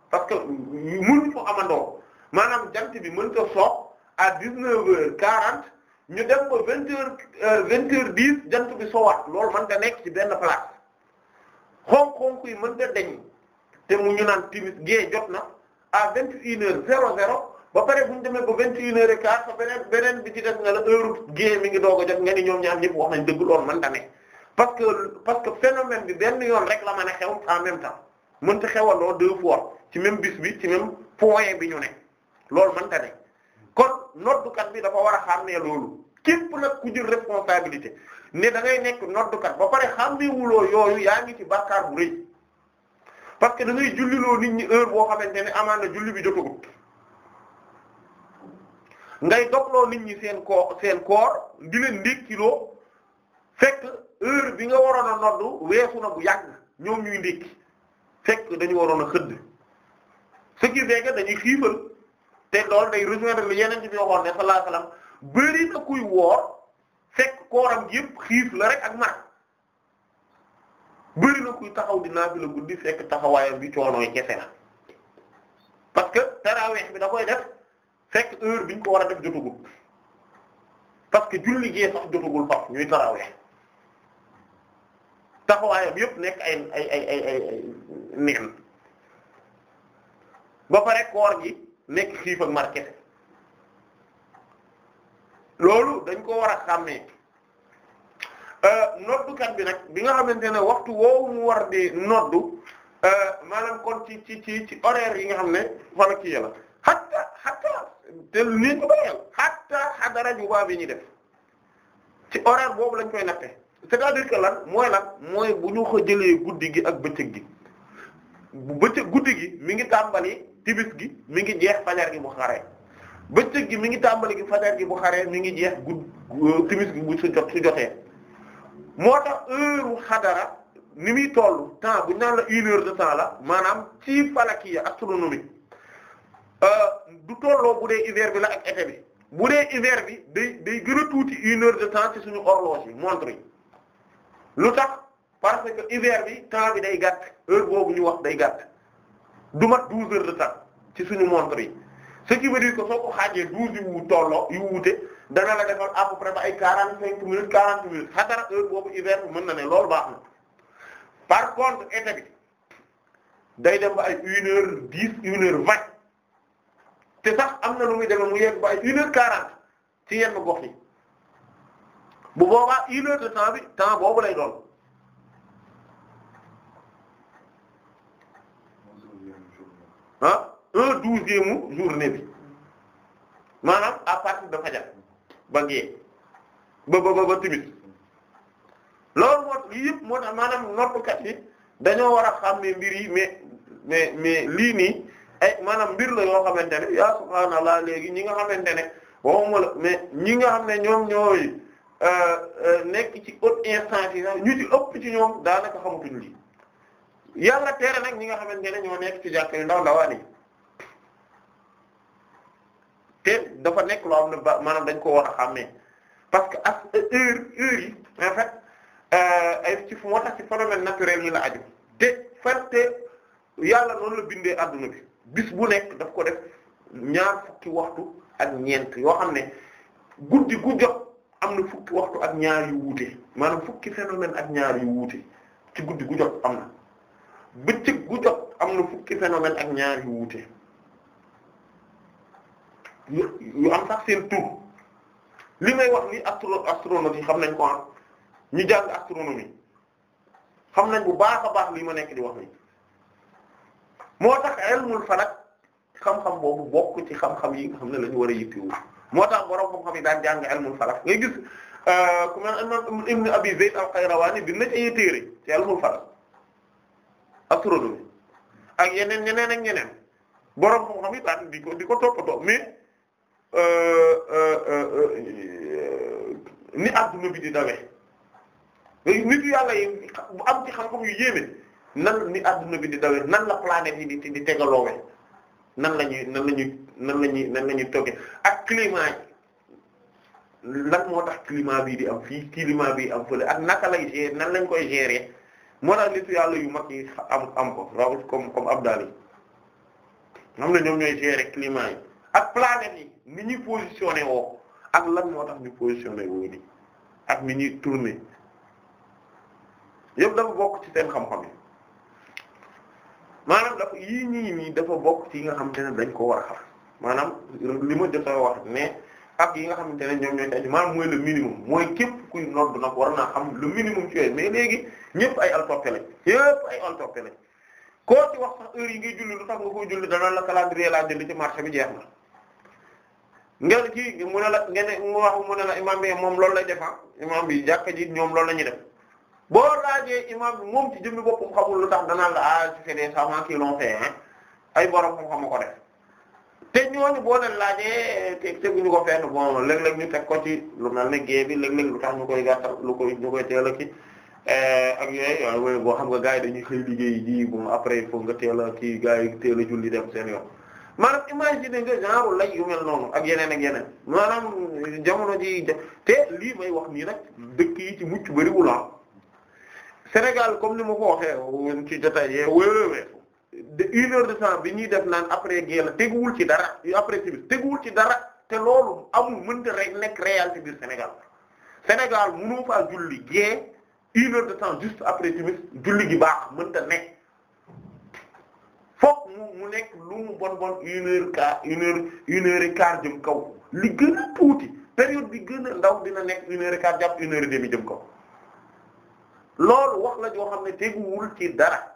parce que mënuñu ko amandoo maanaam jant bi mën ta soog à dix-neuf heures quarante ñu dem ba vingt heures euh, vingt dix jant bi sowaat lool mën ta nekk ci benn place xonk-xonk yi mën ta deñ te mu ñu naan timis gée jot na à vingt et une heures zéro zéro ba pare bu ñu demee ba vingt et une heures et beneen beneen bi ci def nga la heure gée mi ngi doog a jot nga ni ñoom ñaar ñëpp wax nañ dëgg loolu man dane parce que parce que phénomène bi benn yoon rek la mën a xew en même temps mënta xewandoo deux fois ci même bis bi ci même point bi ñu ne loolu mënta ne kon noddukat bi dafa war a xàmmee loolu képp nag ku jël responsabilité ne da ngay nekk noddukat ba pare xàmmee wuloo yooyu yaa ngi ci bàkkaar bu rëy parce que da ngay nit ñi heure boo xamante ne amaan na julli bi jotagut ngay dogloo nit ñi seen koor seen koor di leen ndékkiloo fekk heure bi nga waroon a nodd weesu na bu yàgg ñoom ñuy ndékki fekk dañu waroon a xëdd ce qui fait dañuy xiifal te loolu day rejoindre lu yeneen ci bi waxoon ne sallallahu alayhi wasallam bari na kuy woor fekk kooram gi yëpp xiif la rek ak mar bari na kuy taxaw di naafila guddi fekk taxawaayam bi coonooy kese la parce que tarawih bi da koy def fekk heure bi ñu ko war a def jotugul parce que julli gee sax jotugul faf ñuy tarawee taxawaayam yëpp nekk ay ay ay ay ba pare koor gi nekk xiif ak market loolu dañ ko war a xàmmee euh, noddukat bi nag bi nga xamante ne waxtu woowu mu war di noddu euh, maanaam kon ci ci ci ci horaire yi nga xam ne fala ki yàlla hatta te nii ko doyal xatta xadara juba bi ñu def ci horaire boobu lañ koy natte cest à lan mooy la mooy bu ñu ko jëlee guddi gi ak bëccëg gi bu bëccëg guddi gi mi ngi tàmbali tibis gi mi ngi jeex fajar gi bu xare bëccëg gi mi ngi tàmbali gi fajar gi bu xaree mi ngi jeex gudd euh, tibis gi bu su jot su jotee moo tax heure xadara ni muy toll temps bu ñu naan la une de temps la maanaam ci falakiya astronomique Euh, du tolloo bu dee hiver bi la ak bi bu dee hiver bi day day gën a tuuti une heure de temps ci suñu horloge yi montre yi lu tax parce que iver bi temps bi day gàtt heure boobu ñu wax day gàtt du mat douze heures de temps ci suñu montre yi ce qui veut dire que soo ko xaajee douze yu wu tolloo yu wuute dana la defal à peu ba ay quarante cinq minutes quarante minutes xatara heure boobu hiver bi mën na ne loolu baax na par contre été bi day dem ba ay une heure dix une heure te sax am na lu muy demee mu yegg ba ay une heure quarante ci gox yi bu boobaa une heure de temps bi temps boobu lay doon. ah un douzième journée bi maanaam à partir de fajar ba gee ba ba ba timit loolu moo lii yëpp moo tax maanaam noppukat yi dañoo war a xam ne mbir yi mais mais lii nii. ay eh, maanaam mbir la yoo xamante ne yaa subhaanallah léegi ñi nga xamante ne waxuma la mais nga xam ne ñoom ñooy euh, euh, nekk ci haute instance yi ñu ci ëpp ci ñoom daanaka xamutuñ lii yàlla tere nag ñi nga xamante ne ñoo nekk ci jàkk yu ndaw ndawaan te dafa nekk loo xam ne ba maanaam dañ ko war a xàmmee parce que ak euh, heure heure yi en fait ay ci moo tax ci phénomène naturel yi la aju te ferte yàlla noonu la bindee adduna bi bis bu nekk daf ko def ñaar fukki waxtu ak ñeent yoo xam ne guddi gu jot am na fukki waxtu ak ñaar yu wuute maanaam fukki phénomène ak ñaar wuute ci guddi gu jot am na gu jot am na fukki phénomène ak ñaar yu wuute yu am sax seen tur li may wax ni astro astronomie yi xam nañ ko ah ñu jàng astronomie xam nañ bu baax a baax lii ma nekk di wax ni moo tax ilmul falak xam-xam boobu bokk ci xam-xam yi xam ne la ñu war a yittewu moo tax borom xam-xam yi daan jàng ilmul falak ngay gis euh, ku mel imam ibn abi zayd al-qayrawani bind ay téere ci ilmul falak astronomie ak yeneen ñeneen ak ñeneen borom xam-xam yi daan di ko di ko toppatoo mais euh, euh, ni adduna bi di dawee nit yàlla yi bu am ci xam-xam yu yéeme. nan ni àdduna bi di dawee nan la planète yi di di tegaloowe nan la ñuy nan la ñuy nan la ñuy nan la ñuy toggee ak climat yi lan moo tax climat bii di am fii climat bii am fële ak naka lay gérer nan lañ koy gérer moo tax nitu yàlla yu mag yi am am ko rawat comme comme Abdal yi xam ne ñoom ñooy gérer climat yi ak planète yi ni ñuy positionné woo ak lan moo tax ñu positionné woo di ak ni ñuy tourner yëpp dafa bokk ci seen xam-xam yi maanaam dafa yii ñii nii dafa bokk ci yi nga xamante ne dañ ko war a xam maanaam li ma jot a wax ne ak yi nga xamante ne ñoom ñoo ci aju maanaam mooy le minimum mooy képp kuy nodd nag war naa xam le minimum ci yooyu mais léegi ñëpp ay altoppe lañ ñëpp ay altoppe lañ koo ci wax sax heure yi ngay julli lu tax nga koy julli dana la calendrier laa jënd ci marché bi jeex na ngeen kii mu ne la ngeen mu wax mu ne la imam bi moom loolu lay defar ah imam bi jàkka ji ñoom la ñuy def boo laajee imam bi moom ci jëmmi boppam xamul lu tax danaan la ah c'est des savants ay borom xam-xam ko def te ñooñu boo leen laajee te teguñu ko fenn bon léeg-léeg ñu teg ko ci lu mel ne gée bi léeg-léeg lu tax ñu koy gàttal lu koy ñu koy teel a kii eh, ak yooyu boo xam nga gars yi dañuy xëy liggéey ji bon après il faut nga teel ki kii gars yi teel a julli dem seen yoon maanaam imaginer nga genre lay yu mel noonu ak yeneen ak yeneen maanaam jamono ji te lii may wax nii a dëkk yi ci mucc bariwul ah. Sénégal comme ni ma ko waxee woon ci jotaay yee wéewee de une heure de temps bi ñuy def naan après guerre teguwul ci dara après ci biir teguwul ci dara te loolu amul mënta rek nekk réalité biir Sénégal Sénégal mënoo faa julli gée une heure de temps juste après timis julli gi baax mënta nekk fokk mu mu nekk lu mu bon bon une heure quart une heure une heure et jëm kaw li gën a tuuti période bi gën a ndaw dina nekk une heure et quart jàpp une heure et demie jëm kaw loolu wax la joo xam ne teguwul ci dara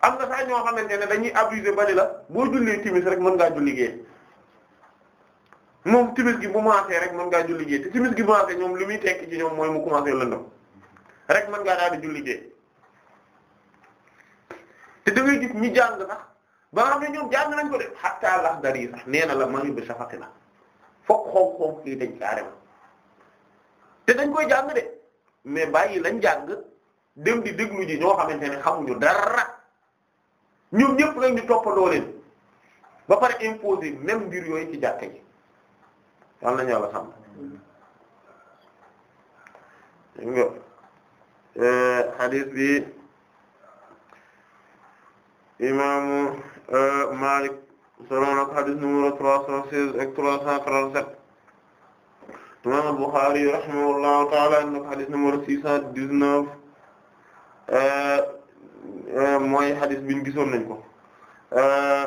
am na sax ñoo xamante ne dañuy abusé bari la boo jullee timis rek mën ngaa julli gée moom timis gi mu maasee rek mën ngaa julli gée te timis gi bu ñoom li muy tekki ci ñoom mooy mu commencé lëndëm rek mën ngaa daal julli gée te da ngay gis ñi jàng sax ba nga xam ne ñoom jàng nañ ko de xatta lax dari sax nee na la maa ngi ba safati na fokk xonk xonk kii dañ carrément te dañ koy jàng de mais bàyyi lañ jàng dem di déglu ji ñoo xamante ne xamuñu dara ñoom ñëpp nag ñu toppandoo leen ba pare imposer même mbir yooyu ci jàkka ji yal nañu yàlla xam. xadis euh, bi imaamu euh, Maalik solo na ko xadis numéro trois cent seize ak trois cent sept imam al-Bukhari rahimahullahu taala inna ko xadis numéro six cent dix-neuf euh, euh, mooy xadis biñ gisoon nañ ko euh,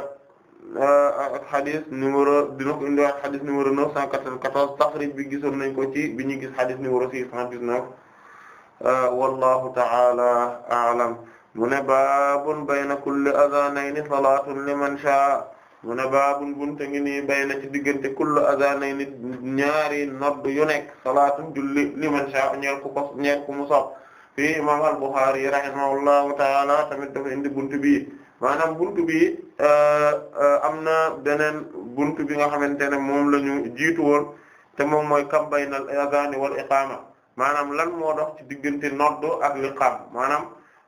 ak xadis numéro dina ko indiwaat xadis numéro neuf cent quatre-vingt-quatorze taxrij bi gisoon nañ ko ci bi ñu gis xadis numéro six cent dix-neuf wallahu taala a'lam mu ne baabun bayna kulli adhaanayni salaatun liman shaa mu ne baabun bunt ngi nii bay na ci diggante kullu azanay nit ñaari nodd yu nekk salaatun julli liman sha ñeel ku ko ñeel ku mu sopp fii imam al-Bukhari rahimahullahu taala tamit dafa indi bunt bi maanaam buntu bi uh, uh, am na beneen buntu bi nga xamante ne moom la ñu jiitu te moom mooy kam baynal azani wal iqama maanaam lan moo ci diggante nodd ak liqaam maanaam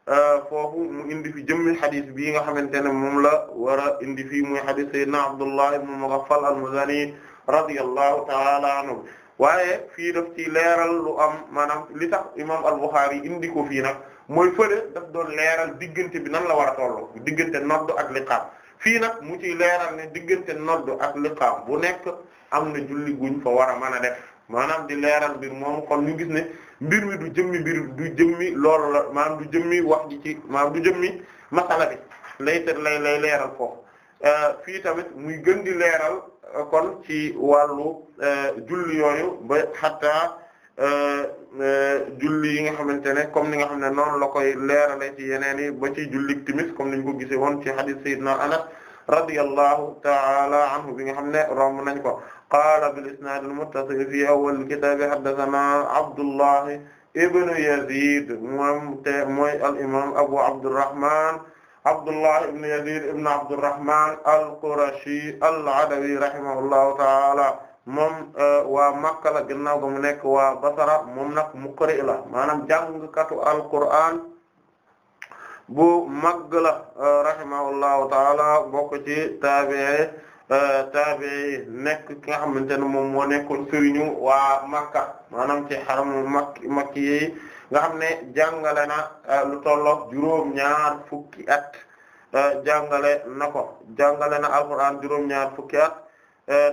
Euh, foofu mu indi fi jëmmi xadis bii nga xamante ne moom la war a indi fii muy xadis sayyidina Abdullah ibn Mughaffal al-Muzani radiyallahu ta'ala anhu waaye fii daf leeral lu am maanaam li tax imam al indi ko fii nag mooy fële doon leeral diggante bi nan la war a tolloo diggante nodd ak liqaam fii nag mu ciy leeral ne diggante nodd ak liqaam bu nekk am na julli guñ fa war a mën a def maanaam di leeral bi moom kon ñu gis ne mbir mi du jëmmi mbir du jëmmi loolu la maanaam du jëmmi wax ji ci maanaam du jëmmi masala bi lay lay lay leeral foofu euh, fii tamit muy gën di leeral euh, kon ci wàllu euh, julli yooyu ba xataa julli yi nga xamante ne comme ni nga xam ne noonu la koy leerale ci yeneen yi ba ci julli timis comme niñ ko gisee woon ci hadith na Anas radiyallahu ta'ala anhu bi nga xam ne romb nañ ko qaala bil-isnaad al-muttasil fii awwal al-kitaab haddathanaa Abdullahi ibn Yazid moom te mooy al-imaam Abu Abdurrahman Abdullahi ibn Yazid ibn Abdurrahman al-Qurashi al-Adawi rahimahullahu ta'ala moom waa Makka la ginnaaw ba mu nekk waa Basra moom nag muqri la maanaam jàngkatu Al-Qur'aan bu mag la rahimahullahu ta'ala bokk ci taabi'i Euh, taabi nekk ki nga xamante ne moom moo nekkoon sëriñu waa Makka maanaam ci xaramu Makki Makki yi nga xam ne jàngale na euh, lu tolloog juróom-ñaar fukki at euh, jàngale na ko jàngale na alquran juróom-ñaar fukki at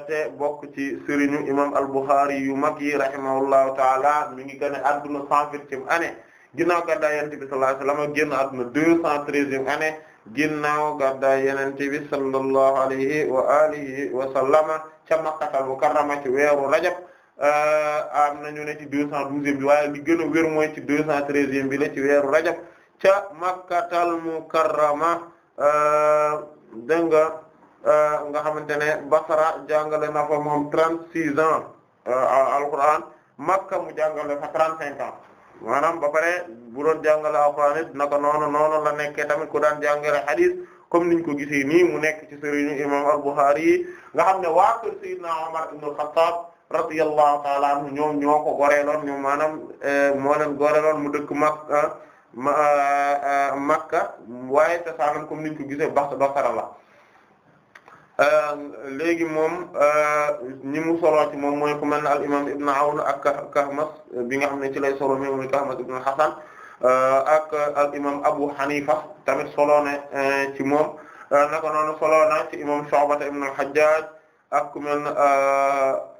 te bokk ci sëriñu imam al-Bukhari yu mag yi rahimahullahu taala mi ngi gën a adduna cent vingtième année ginnaaw gàddaay Yonent bi sallallahu alayhi wasallam génn adduna deux cent treizième année ginnaaw gàddaay yonent bi sallallahu alayhi wa alihi wa sallama ca Makkatal Mukarrama ci weeru rajab euh, am nañu ne ci deux cent douzième bi waaye li gën a ci deux cent treizième bi la ci weeru rajab ca Makkatal Mukarrama euh, dégg nga euh, nga xamante ne Basra jàngale na fa trente six ans alquran Makka mu jàngale fa trente cinq ans maanaam ba pare bu doon jàngale alxuraan it naka noonu noonu la nekkee tamit ku daan jàngale hadith comme niñ ko gisee nii mu nekk ci sëriñu imam al-Bukhari yi nga xam ne waa kër Seydina Omar ibn al-Khattab radiyallahu ta'ala anhu ñoom ñoo ko goreeloon ñoom maanaam eh, moo leen goreeloon mu dëkk Makka eh, eh, Makka waaye te saanam comme niñ ko gisee Basra la Euh, léegi moom ñi euh, mu solo ci moom mooy ku mel ne al imam Ibn Awn ak Kahmas euh, bi nga xam ne ci lay solo mi mooy Kahmas Ibn Hasan ak al imam Abu Hanifa tamit solo ne ci moom naka noonu solo na ci imam Shu'ba ibn al-Hajjaj ak ku mel ne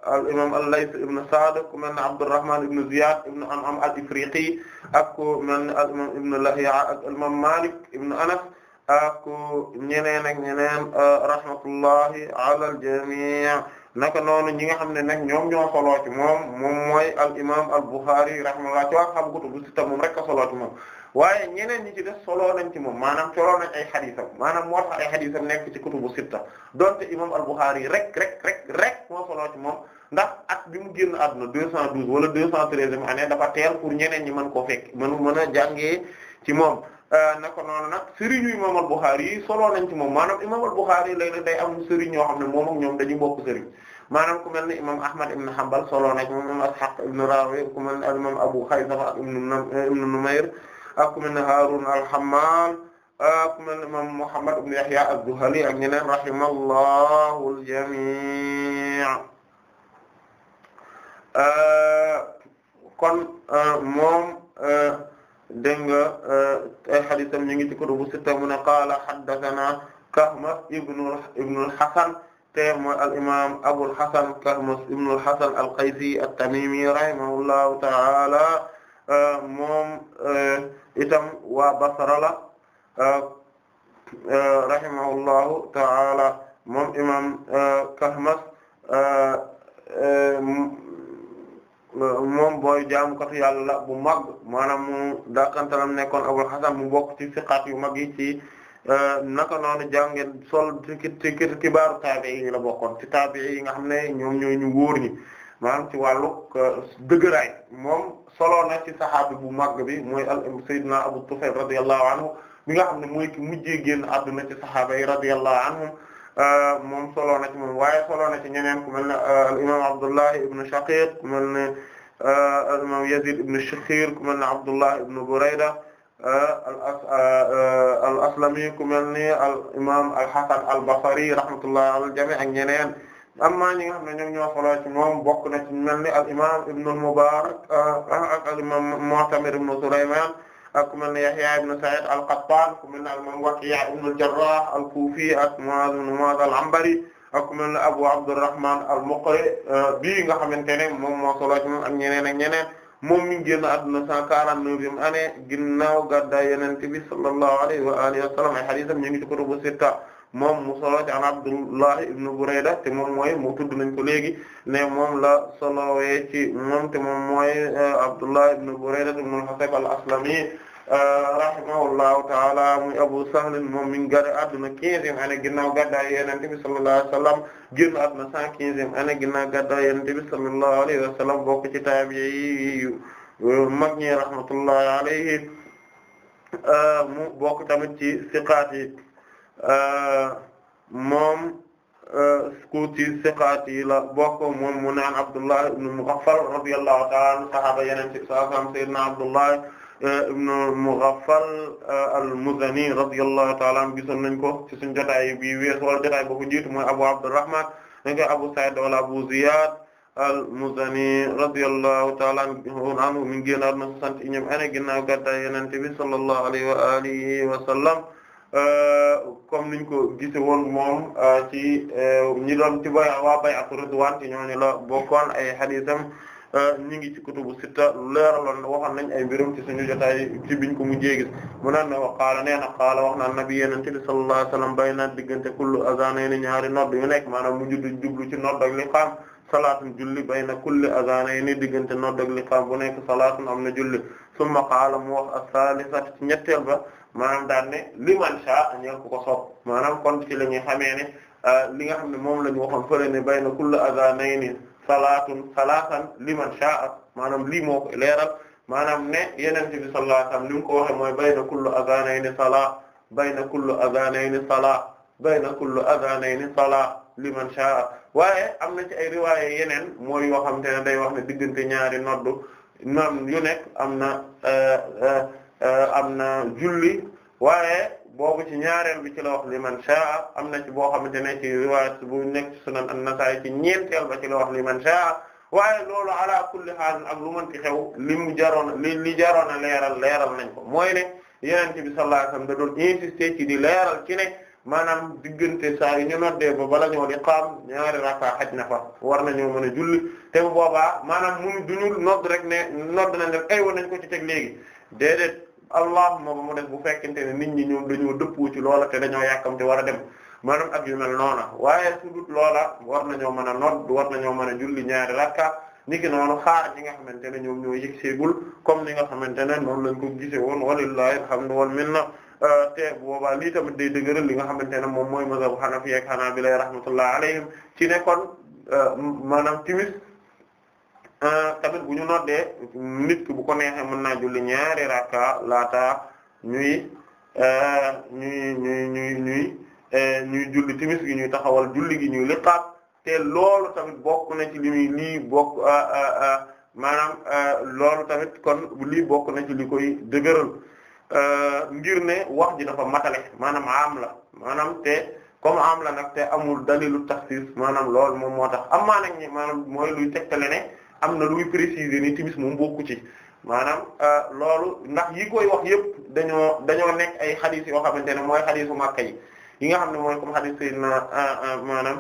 al imam al-Layth ibn Sa'd ku mel ne Abdurrahman ibn Ziyad ibn An'am al-Ifriqi ak ku mel ne al imam Ibn Lahiya ak al imam Malik ibn Anas. ku ñeneen ak ñeneen euh, rahmatullahi ala al jami' naka noonu ñi nga xam ne nag ñoom ñoo solo moom moom mooy al imam al Bukhari rahimahullah ci waa xam kutubu sitta moom rek a solo moom waaye ñeneen ñi ci def solo nañ ci moom maanaam solo nañ ay xadiisam maanaam moo tax ay xadiisam nekk ci kutubu sitta donte imam al Bukhari rek rek rek rek moo solo ci moom ndax at bi mu génn àdduna deux cent douze wala deux cent treizième année dafa teel pour ñeneen ñi mën koo fekk mënu mën a jàngee ci moom Euh, naka noonu nag sëriñu imam ci moom maanaam imam al-Bukhari léeg day am sëriñ ñoo xam ne moom ak ñoom dañu bokk sëriñ maanaam ku mel ne imam Ahmad ibn Hanbal soloo ibn Rawi ku mel ne Abu Khaythama ibn Numayr ak ku mel ne Harun al-Hammal Muhammad ibn Yahya az ak ñeneen rahimallahu al dégg nga euh, ay xadisam ñu ngi ci kutubu sitta mu ne qaala haddathana Kahmas ibnu ibnul Hasan te mooy al imaam Abul Hasan Kahmas ibnul Hasan al-Qaysi at-Tamimi rahimahullahu ta'ala euh, moom euh, itam waa Basra la rahimahullahu ta'ala moom imaam Kahmas. moom booy jaamukatu yàlla bu mag maanaam mu dàqantalam nekkoon Abul Hasan mu bokk ci siqaat yu mag yi ci euh, naka noonu jàngeen sol ci kibaaru taabi'i yi la bokkoon ci taabi'i yi nga xam ne ñoom ñooy ñu wóor ni maanaam ci wàllu euh, dëgëraay moom solo na ci saxaabi bu mag bi mooy al Seydina Abu Tufayl radiyallahu anhu bi nga xam ne mu ki mujjee génn àdduna ci saxaaba yi radiyallahu anhum Euh, moom solo na ci moom waaye solo na ci ñeneen ku mel ne euh, al imaam Abdullah ibn Shaqiq ku mel ne euh, al imaam Yazid ibn Shikhir ku mel ne Abdullah ibn Burayda al aslami ku mel ne al imaam al Hasan al Basri rahmatullah al jami' ak ñeneen amma ñi nga xam ne ñoom ñoo solo ci moom bokk na ci mel ne al imaam ibn al Mubarak ak al imaam Mu'tamir ibn Sulayman ak ku mel ne Yahya ibn Sa'id al-Qattan ku mel ne al-Imam Waki' ibn al-Jarrah al-Kufi ak Mu'adh ibn Mu'adh al-Anbari ak ku mel ne Abu Abdurrahman al-Muqri euh, bii nga xamante ne moom moo solo ci moom ak ñeneen ak ñeneen moom mi ngi génn àdduna 149e année ginnaaw gàddaay Yonent bi sallallahu alayhi wa alihi wa sallam ay hadiisam ñu ngi ci sitta moom mu solo ci an Abdullah ibn Burayda te moom mooy mu tudd nañ ko léegi ne moom la solowee ci moom te moom mooy eh, Abdullah ibn Burayda ibn al-Hasib al-Aslami eh, rahimahullahu taala muy Abu Sahl moom mi ngi gane adduna quinzième année ginnaaw gàddaay Yonent bi sallallahu alayhi wa sallam génn adduna cent quinzième année ginnaaw gàddaay Yonent bi sallallahu alayhi wa sallam bokk ci taabi'i yu rahmatullahi alayhi eh, mu bokk tamit ci siqaat moom ku ci siqaat yi la bokk moom mu naan Abdullah ibn Mughaffal radiyallahu ta'ala anhu sahaaba yeneen ci sahaaba sayyidina Abdullah ibn Mughaffal al-Muzani radiyallahu ta'ala anhu gisoon nañ ko ci suñu jotaay bi weesu wala jotaay boo ko jiitu mooy Abu Abdurrahman dañ koy Abu Sa'id wala Abu Ziyad al-Muzani radiyallahu ta'ala anhu mi ngi génn àdduna 61 ane ginnaaw gàddaay Yonent bi sallallahu alayhi wa alihi wa sallam Euh, comme niñ ko gise woon moom euh, ci euh, ñi doon ci bay waa bay ak Ridwaan ci ñooñu la bokkoon ay xadiisam ñi ngi ci kutubu sitta leeraloon waxoon nañ ay mbirum ci suñu jotaay ci biñ ko mujjee gis mu naan ne wax qaala nee na qaala wax na nabi yenente bi sallallahu alayhi wasallam bay na diggante kullu azanayni ñaari nodd yu nekk maanaam mu juddu jublu ci nodd ak liqaam salaatun julli bay na kulli azanayni diggante nodd ak liqaam bu nekk salaatun am na julli summa qaala mu wax as-saalisat ci ñetteel ba maanaam daan ne liman sha ñeel ku ko sopp maanaam kon ci la ñuy xamee ne euh, li nga xam ne moom la ñu waxoon fële ne bayna kulli azanayni salaatun salaatan liman sha maanaam lii moo leeral maanaam ne yeneen bi sallallahu alayhi wasallam li mu ko waxee mooy bayna kulli azanayni salaat bayna kulli azanayni salaat bayna kulli azanayni salaat liman sha waaye am na ci ay riwaaye yeneen mooy yoo xam te ne day wax ne diggante ñaari noddu maam yu nekk am na euh, euh, Euh, am na julli waaye boobu ci ñaareel bi ci la wax man shaa am na ci boo xamante ne ci riwaayat bu nekk ci sunan an-Nasaa'i ci ñeenteel ba ci la wax liman shaa waaye loolo ala kulli haal ak lu mën ci xew li mu jaroon li li jaroon a leeral leeral nañ ko mooy ne Yonent bi sallallahu alayhi wasallam da doon insister ci di leeral ci ne maanaam diggante saa yi ñu noddee ba bala ñoo di qaam ñaari raka xaj na fa war nañoo mën a julli te bu boobaa maanaam mu ñu nodd rek ne nodd nañ rek ay woon ko ci teg léegi allahumma ba mu def bu fekkente ne nit ñi ñoom dañoo dëppoo ci loola te dañoo yàkkamte war a dem maanaam ak yu mel noona waaye su dut loola war nañoo mën a nodd war na nañoo mën a julli ñaari rakka ni ki noonu xaar ñi nga xamante ne ñoom ñoo yëg seegul comme ni nga xamante ne noonu lañ ko gise woon walillahi alhamdu wal minna euh, te boobaa lii tamit day dëgëral li nga xamante ne moom mooy mazhabu Hanafi ak Hanabila rahmatullah alayhim ci ne euh, maanaam timis Euh, tamit bu ñu noddee nit ki bu ko neexee mun naa julli ñaari rakka laata ñuy euh, ñuy ñuy ñuy ñuy euh, ñuy julli timis gi ñuy taxawal julli gi ñuy liqaat te loolu tamit bokk na ci li muy lii bokk maanaam loolu tamit kon lii bokk na ci li koy dëgëral ngir ne wax ji dafa matale maanaam am la maanaam te comme am la nag te amul dalilu taxsiis maanaam lool moom moo tax am maa nag ñi maanaam mooy luy tegtale ne am na luy préciser ni timis moom bokku ci maanaam euh, loolu ndax yi koy wax yëpp dañoo dañoo nekk ay xadis yoo xamante ne mooy xadisu Makka yi yi nga xam ne mooy comme xadis euh, euh, maanaam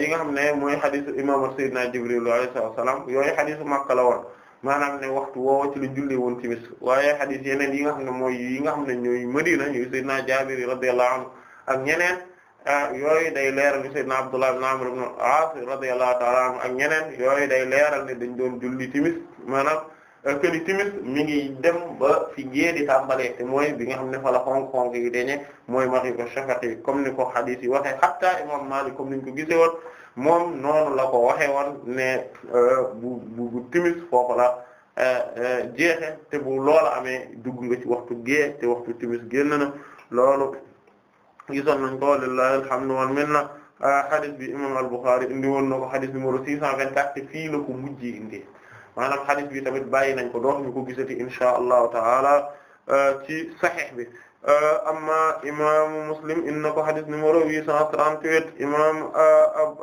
yi nga xam ne mooy xadisu imaamu Seydina Jibril alayhi salaam yooyu xadisu Makka la woon maanaam ne waxtu woowa ci la julli woon timis waaye xadis yeneen yi nga xam ne mooy yi nga xam ne ñooy Madina ñooy Seydina Jaabir radiyallahu anhu ak ñeneen Ah, yooyu day leeral ni sayyidina Abdullah ibn Amr ibn al-As radiyallahu ta'ala anhu ak ñeneen yooyu day leeral ne dañ doon julli timis maanaam këni euh, timis mi ngi dem ba fi gée di tàmbalee te mooy bi nga xam ne fa la xonk-xonk yi dañe mooy maghrib ash-shafaq comme ni ko hadith yi waxee hatta imam Malik comme niñ ko gisee woon moom noonu la ko waxee woon ne euh, bu bu timis foofu la euh, jeexe te bu loola amee dugg nga ci waxtu gée te waxtu timis génn na loolu gisoon nañ ko lillahi alhamdu wal minna ah, hadith bi imam al-Bukhari indi woon na ko hadith numéro 624 te fii la ko mujjee indi maanaam hadith bi tamit bàyyi nañ ko dox ñu ko gisati insha allahu taala ah, ci sahih bi ah, amma imaamu Muslim inna ko hadith numéro 838 imam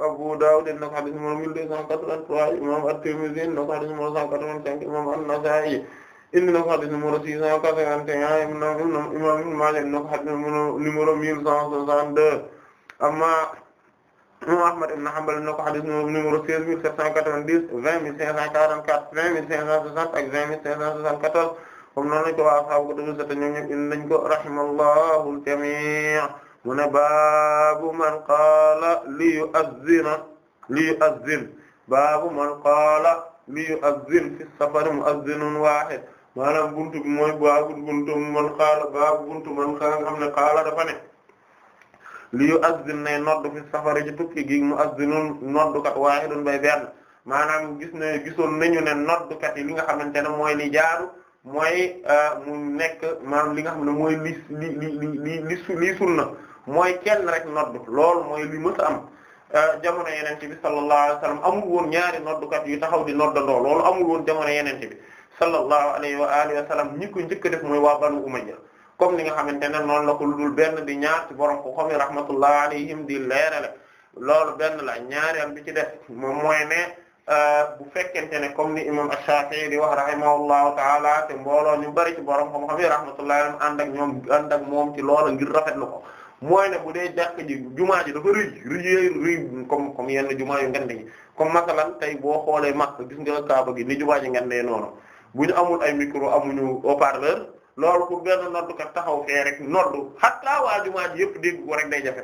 Abu Dawud inna ko hadith numéro 1283 imam at-Tirmidhi inna ko hadith numéro 185 imam an-Nasa'i indi na ko hadith numéro 681 imam Ibn Maaja indi na ko hadith numéro 1162 amma imam Ahmad ibn Hanbal indi na ko hadith numéro 16790 20544 20560 ak 20574 comme noonu ko waa ashaabu kutubu sitta ñoom ñëpp indi nañ ko rahimallahu al-jamii' mu ne baabu man qaala li yu'azzina li yu'azzin baabu man qaala li yu'azzin fi safari mu'azzinun waahid maanaam buntu mooy baabu buntu man xaala baabu buntu man ka nga xam ne xaala dafa ne li yu azdin nay nodd fi safari ci tukki gi mu azdinul noddkat waahidun bay benn maanaam gis ne gisoon nañu ne noddkat yi li nga xamante ne mooy li jaaru mooy ah, mu nekk maanaam li nga xam ne mooy li li li li li su mooy kenn rek nodd lool mooy li am a am ah, jamono bi sallallahu alayhi wasallam amul woon ñaari noddkat yu taxaw di noddandoo loolu amul woon jamono yenente bi sallallahu alayhi wa alihi wa sallam ñi ko njëkk def mooy waa banu umayya comme ni nga xamante ne noonu la ko lu dul benn di ñaar ci borom ko xam rahmatullah alayhim di leerale loolu benn la ñaareel bi ci def moom mooy ne euh, bu fekkente ne kom ni imam Ash-Shafi'i di wax rahimahullahu taala te mbooloo ñu bari ci borom xam-xam yi rahmatullah alayhim ànd ak ñoom ànd ak moom ci loola ngir rafetlu ko mooy ne bu dee jàkk ji jumaa ji dafa rëy rëy rëy comme comme yenn jumaa yu ngand yi comme masalan tey boo xoolee Makka gis nga Kaaba gi ni jumaa ji ngandee noonu bu ñu amul ay micro amuñu haut-parleur loolu pour benn noddukat taxaw fee rek noddu xataa waa jumaa ji yëpp dégg ko rek day jafe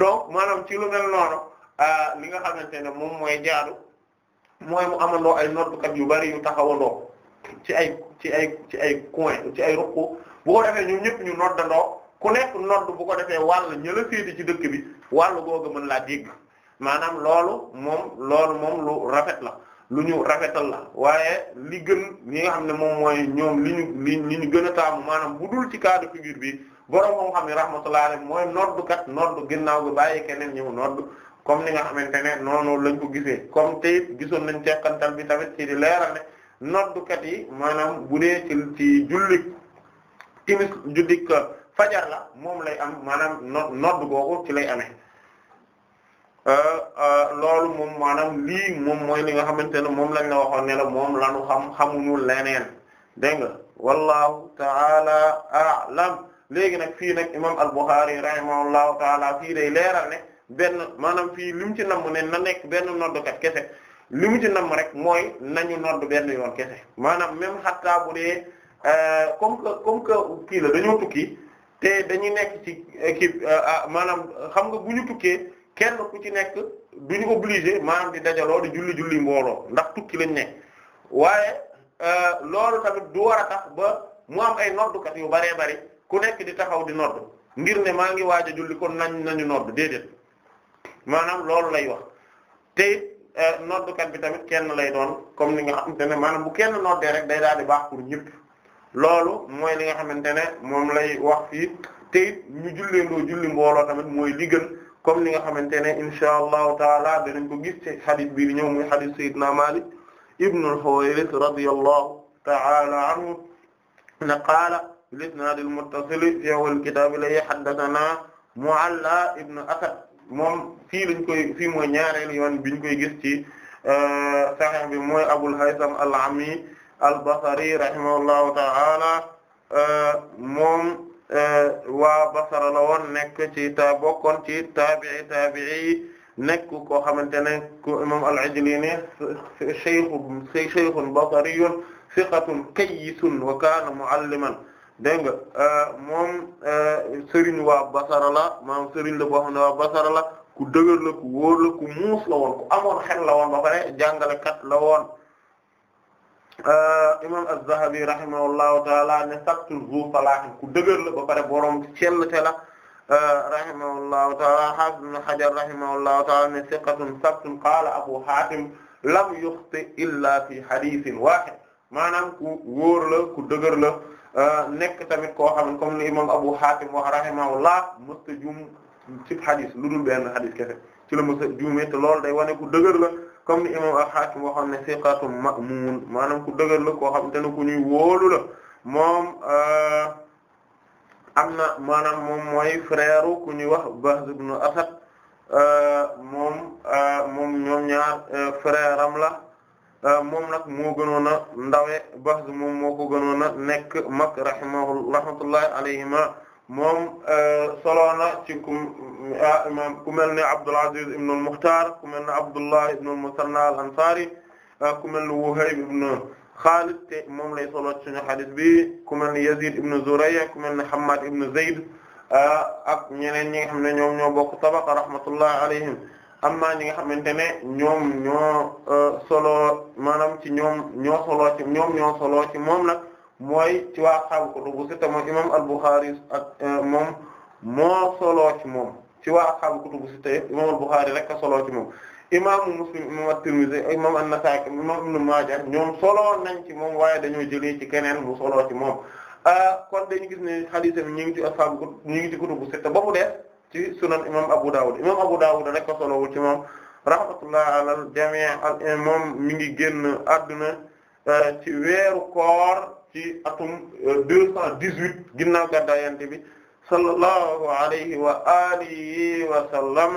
donc maanaam ci lu mel noonu euh, li nga xamante ne moom mooy jaadu mooy mu amandoo ay noddukat yu bari yu taxawandoo ci ay ci ay ci ay coin ci ay ruq bu ko defee ñun ñëpp ñu noddandoo ku nekk nodd bu ko defee wàll ña la féete ci dëkk bi wàll googu mën laa dégg maanaam loolu moom loolu moom lu rafet la lu ñu rafetal la waaye li gën li nga xam ne moom mooy ñoom li ñu li li ñu gën a taamu maanaam bu dul ci cas de figure bi borom moom xam ne rahmatullah alayhi mooy noddukat noddu ginnaaw bi bàyyi keneen ñëw noddu comme ni nga xamante ne noonu lañ ko gisee comme te gisoon nañ teqantal bi tamit ci di leeral ne noddukat yi maanaam bu dee ci ci jullik timis jullik fajar la moom lay am maanaam no nodd googu ci lay amee Euh, euh, loolu moom maanaam lii moom mooy li nga xamante ne moom lañ la waxoon ne la moom lañu xam xamuñu leneen dégg nga wallahu taala a'lam léegi nag fii nag imam al-Bukhari rahimahullahu taala fii day leeral ne benn maanaam fii li mu ci namm ne na nekk benn noddkat kese li mu ci namm rek mooy nañu nodd benn yoon kese maanaam même xattaa bu dee euh, comme kii la dañoo tukki te dañuy nekk ci ki ah, maanaam xam nga bu ñu tukkee kenn ku ci nekk duñu obligé maanaam di dajaloo di julli julli mbooloo ndax tukki lañ ne waaye euh, loolu tamit du war a tax ba mu am ay noddukat yu baree bari ku nekk di taxaw di nodd ngir ne maa ngi waaj a julli kon nañ nañu nodd déedéet maanaam loolu lay wax te it euh, noddukat bi tamit kenn lay doon comme ni nga xamante ne maanaam bu kenn noddee rek day daal di baax pour ñëpp loolu mooy li nga xamante ne moom lay wax fii te it ñu julleendoo julli mbooloo tamit mooy li comme ni nga xamante ne insha allahu taala danañ ko gis ci hadith bi di ñëw muy hadith Malik ibn al-Huwayrith radiyallahu taala anhu na qaala bil-isnaad al fi awwal kitaab li haddathanaa Mu'alla ibn Asad moom fii lañ koy fii mooy ñaareel yoon biñ koy gis ci euh, Sahih mooy Abul Haytham al-Ammi al-Basri taala euh, moom. Eh, waa Basra la woon nekk ci ta bokkoon ci taabi'i taabi'i yi nekk koo xamante ne ku imam al-Ijlini shaykhun shaykhun basriyyun thiqatun kayyisun wa kaana mu'alliman dégg nga eh, moom eh, sëriñ waa Basra la maanaam sëriñ la boo xam ne waa Basra la ku dëgër la ku wóor la ku muus la woon ku amoon xel la woon ba pare jàngalekat la woon Euh, imam az-Zahabi rahimahullahu taala ne sabtul zu salahin ku dëgër la ba pare borom sellate la euh, rahimahullahu taala hafiz ibn Hajar rahimahullahu taala ne siqatun sabtun qaala Abu Hatim lam yuxti illa fi hadithin wahid maanaam ku wóor la ku dëgër la euh, nekk tamit koo xam ne comme ni imam Abu Hatim wax rahimahullah mësta juum ci hadis lu dul benn hadis kese ci la mësta juumee te loolu day wane ku dëgër la comme ni imam al-Hakim waxoon ne siqatun ma'mun maanaam ku dëgër la koo xam te ne ku ñuy wóolu la moom euh, am na maanaam moom mooy frère ku ñuy wax Bahz ibn Asad euh, moom euh, moom ñoom ñaar frère la moom nag moo gënoon a ndawe Bahz moom moo ko gënoon nekk mag rahimahu rahmatullahi alayhima moom euh, soloona ci ku ah, imam ku mel ne Abdul Aziz ibn al-Mukhtar ku mel ne Abdullah ibn al-Musanna al-Ansari ah, ku mel ne Wuhayb ibn Khalid te moom lay solo ci suñu hadith bi ku mel ne Yazid ibn Zuray' ku mel ne Hammad ibn Zayd ah, ak ñeneen ñi nga xam ne ñoom ñoo bokk tabaqa rahmatullahi alayhim amma ñi nga xamante ne ñoom ñoo euh, solo maanaam ci ñoom ñoo solo ci ñoom ñoo solo ci moom nag mooy ci waa ashaabu kutubu sitta moom imam al-Bukhari ak euh, moom moo solo ci moom ci waa ashaabu kutubu sitta yëpp imam al-Bukhari rek a solo ci moom imaamu Muslim imam moom tirmidhi imam an-Nasa'i ñoom solo nañ ci moom waaye dañoo jëlee ci keneen mu solo ci moom euh, kon dañu gis ne hadith am ñu ngi ci ñu ngi ci kutubu sitta ba mu def ci sunan imam Abu Dawud imam Abu Dawud rek a solowul ci moom rahmatullah alal jami' a moom mi ngi génn adduna euh, ci weeru koor ci atum euh, deux cent dix-huit ginnaaw gàddaay Yonent bi sallallahu alayhi wa alihi wa sallam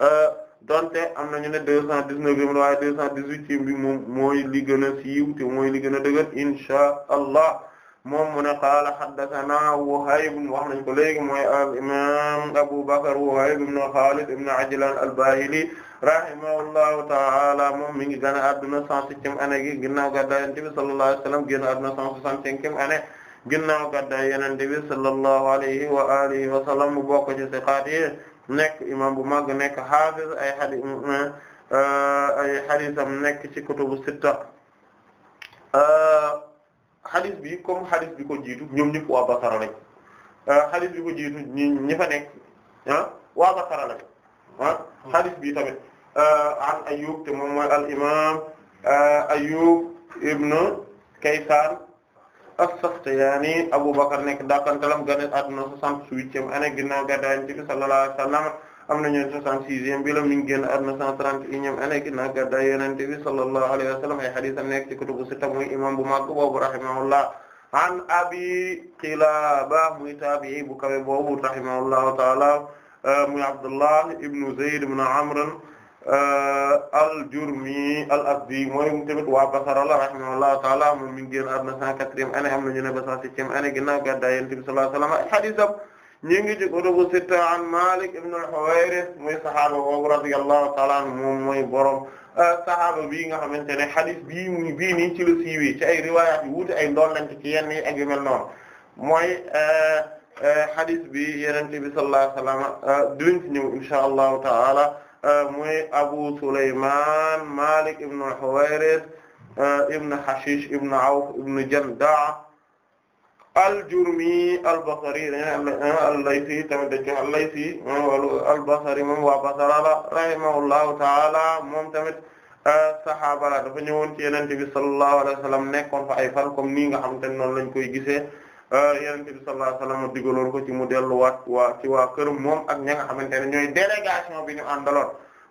euh, donte am nañu ne deux cent dix-neuf yi waaye deux cent dix-huit yi bi moom mooy li gën a siiw te mooy li gën a dëgër insha Allah moom mu ne qaala haddathana Wuhayb wax nañ ko léegi mooy al imam Abu Bakr Wuhayb ibn Khalid ibn Ajlan al-Bahili rahimahullahu ta'ala moom mi ngi gën a adduna cent septième année gi ginnaaw gàddaay Yonent bi sallallahu alayhi wa adduna cent soixante-cinquième année ginnaaw gàddaay Yonent bi alayhi wa alihi wa sallam mu bokk ci siqaat yi nekk imam bu mag nekk hafiz ay hadith euh, nekk ci kutubu sitta euh, hadith bi comme hadith bi ko jiitu ñoom ñëpp waa Basra lañ euh, hadith bi ko jiitu ñi ñi fa nekk ah, ah bi tamit an Ayyub te moom mooy al imaam Ayyub ibn Kaysaan as-Saxtiyaani Abu Bakr nekk dàqantalam gane àdduna 68e année ginnaaw gàddaay Yonent bi sallallahu alayhi wa sallam am nañu 66e bi la mi ngi génn àdduna 131e année ginnaaw gàddaay Yonent bi sallallahu alayhi wa sallam ay hadiisam nekk ci kutubu sitta muy imaam bu mag boobu rahimahullah an abi Qilaaba muy taabi'i bu kawe boobu rahimahullahu ta'ala muy Abdullah ibn Zayd ibn Amr Euh, al-Jurmi al-Azdi mooy tamit waa Basra la rahimahullahu ta'ala moom mi ngi génn àdduna 104 am na ñu ne ba 107e année ginnaaw gàddaay Yonent bi sallallahu alayhi wa sallam ay hadiisam ñi ngi ci kutubu sitta an Malik ibn al mooy sahaaba boobu radiyallahu ta'ala moom mooy borom euh, sahaaba bii nga xamante ne hadiis bii mu bii nii ci la siiwee ci ay riwaayaat yu wuute ay ndolleent ci yenn yi ay yu mel mooy euh, hadiis bi Yonent bi sallallahu alayhi wa sallam Euh, muy Abu Sulaymaan Maalik ibn Huwayrith euh, ibn Hashish ibn Awf ibn Jandaa al-Jurmi al-Basri al-Laythi tamit dañu koy al-Laythi al-Basri moom waa Basra la rahimahullahu ta'ala moom tamit euh, saxaaba la dafa ñëwoon ci Yonent bi sallallahu alayhi wa sallam nekkoon fa ay fan comme nii nga xamante ne noonu lañ koy gisee. Euh, yonent bi sallallahu alayhi wasallam digaloon ko ci mu delluwaat waa ci waa këram moom ak ña nga xamante ne ñooy délégation bi ñu àndaloon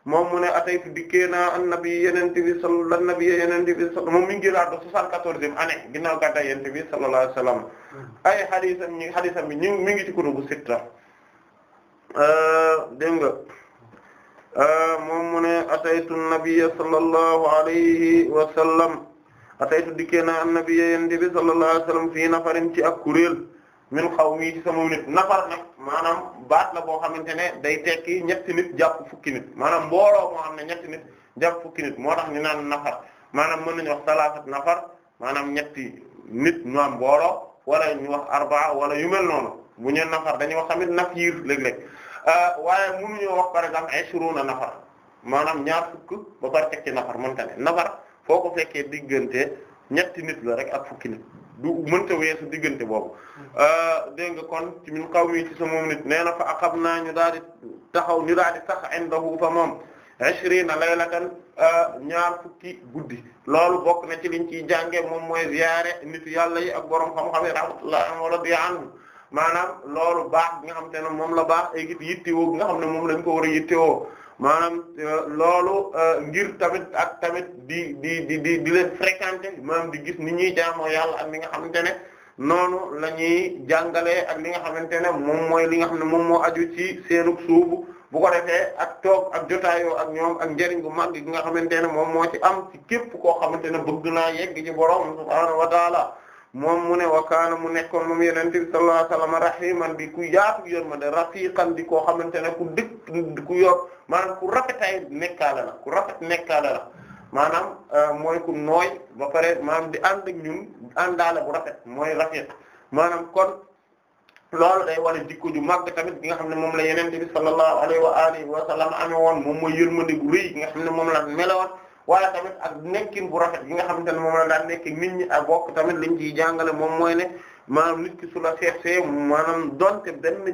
moom mu ne ataytu dikkee naa annabi yonent bi sallallahu annabi yonent bi moom mi ngi raadu 74e année ginnaaw gàddaay yonent bi sallallahu alayhi wasallam hmm. ay xadisam ñi xadisam bi ñu mi ngi ci kutubu sitta euh, dégg nga euh, moom mu ne ataytu nabiyya sallallahu alayhi wasallam ataytu dikkee na annabiyya yonent bi sallallahu alayhi wasallam fii nafarin ci ak kuréel min qawmi ci sama nit nafar nag maanaam baat la boo xamante ne day tekki ñetti nit jàpp fukki nit maanaam mbooloo moo xam ne ñetti nit jàpp fukki nit moo tax ñu naan nafar maanaam mën nañu wax salaasat nafar maanaam ñetti nit ñu am mbooloo wala ñu wax arbaa wala yu mel noonu bu ñu nafar dañuy wax tamit nafir léeg-léeg euh, waaye mënuñoo wax par exemple ay suruna nafar maanaam ñaar fukk ba pare tekki nafar mënta ne nafar. foo ko fekkee diggante ñetti nit la rek ak fukki nit du mënta weesu diggante boobu hmm. euh, dégg nga kon ci min xaw mi ci sa moom nit nee na fa aqam naa ñu daal di taxaw ñu daal di sax indahu fa moom ishrina laylatan euh, ñaar fukki guddi loolu bokk na ci liñ ciy jànge moom mooy ziyaare nit yàlla yi ak borom xam-xam yi rahmatullah wala di anhu maanaam loolu baax bi nga xam te ne moom la baax ay git yittewoo bi nga xam ne moom lañ ko war a yittewoo maanaam euh, loolu euh, ngir tamit ak tamit di di di di di leen fréquenter di gis ni ñuy jaamoo yàlla ak li nga xamante ne noonu la ñuy jàngalee ak li nga xamante ne moom mooy li nga xam ne moom moo aju ci seenu suubu bu ko defee ak toog ak jotaayoo ak ñoom ak njëriñ bu mag gi nga xamante ne moom moo ci am ci képp koo xamante ne bëgg naa yegg ci borom subhaanahu wa taala moom mu ne wa kaana mu nekkoon moom yenente bi sallallahu alayhi wasallam rahiman di ku yaatu yërmande rafiqan di koo xamante ne ku dëkk ku yor maanaam ku rafetay nekkaale la ku rafet nekkaale la maanaam euh, mooy ku nooy ba pare maanaam di ànd ak ñun àndaale bu rafet mooy rafiq maanaam kon loolu day war a jikko ju màgg tamit bi nga xam ne moom la yenente bi sallallahu alayhi wa alihi wa sallam amee woon moom mooy yërmande gu rëy gi nga xam ne moom la meloon waaye tamit ak nekkin bu rafet yi nga xamante ne moom la daan nekk nit ñi ak bokk tamit liñ ciy jàngale moom mooy ne maanaam nit ki su la seetsee maanaam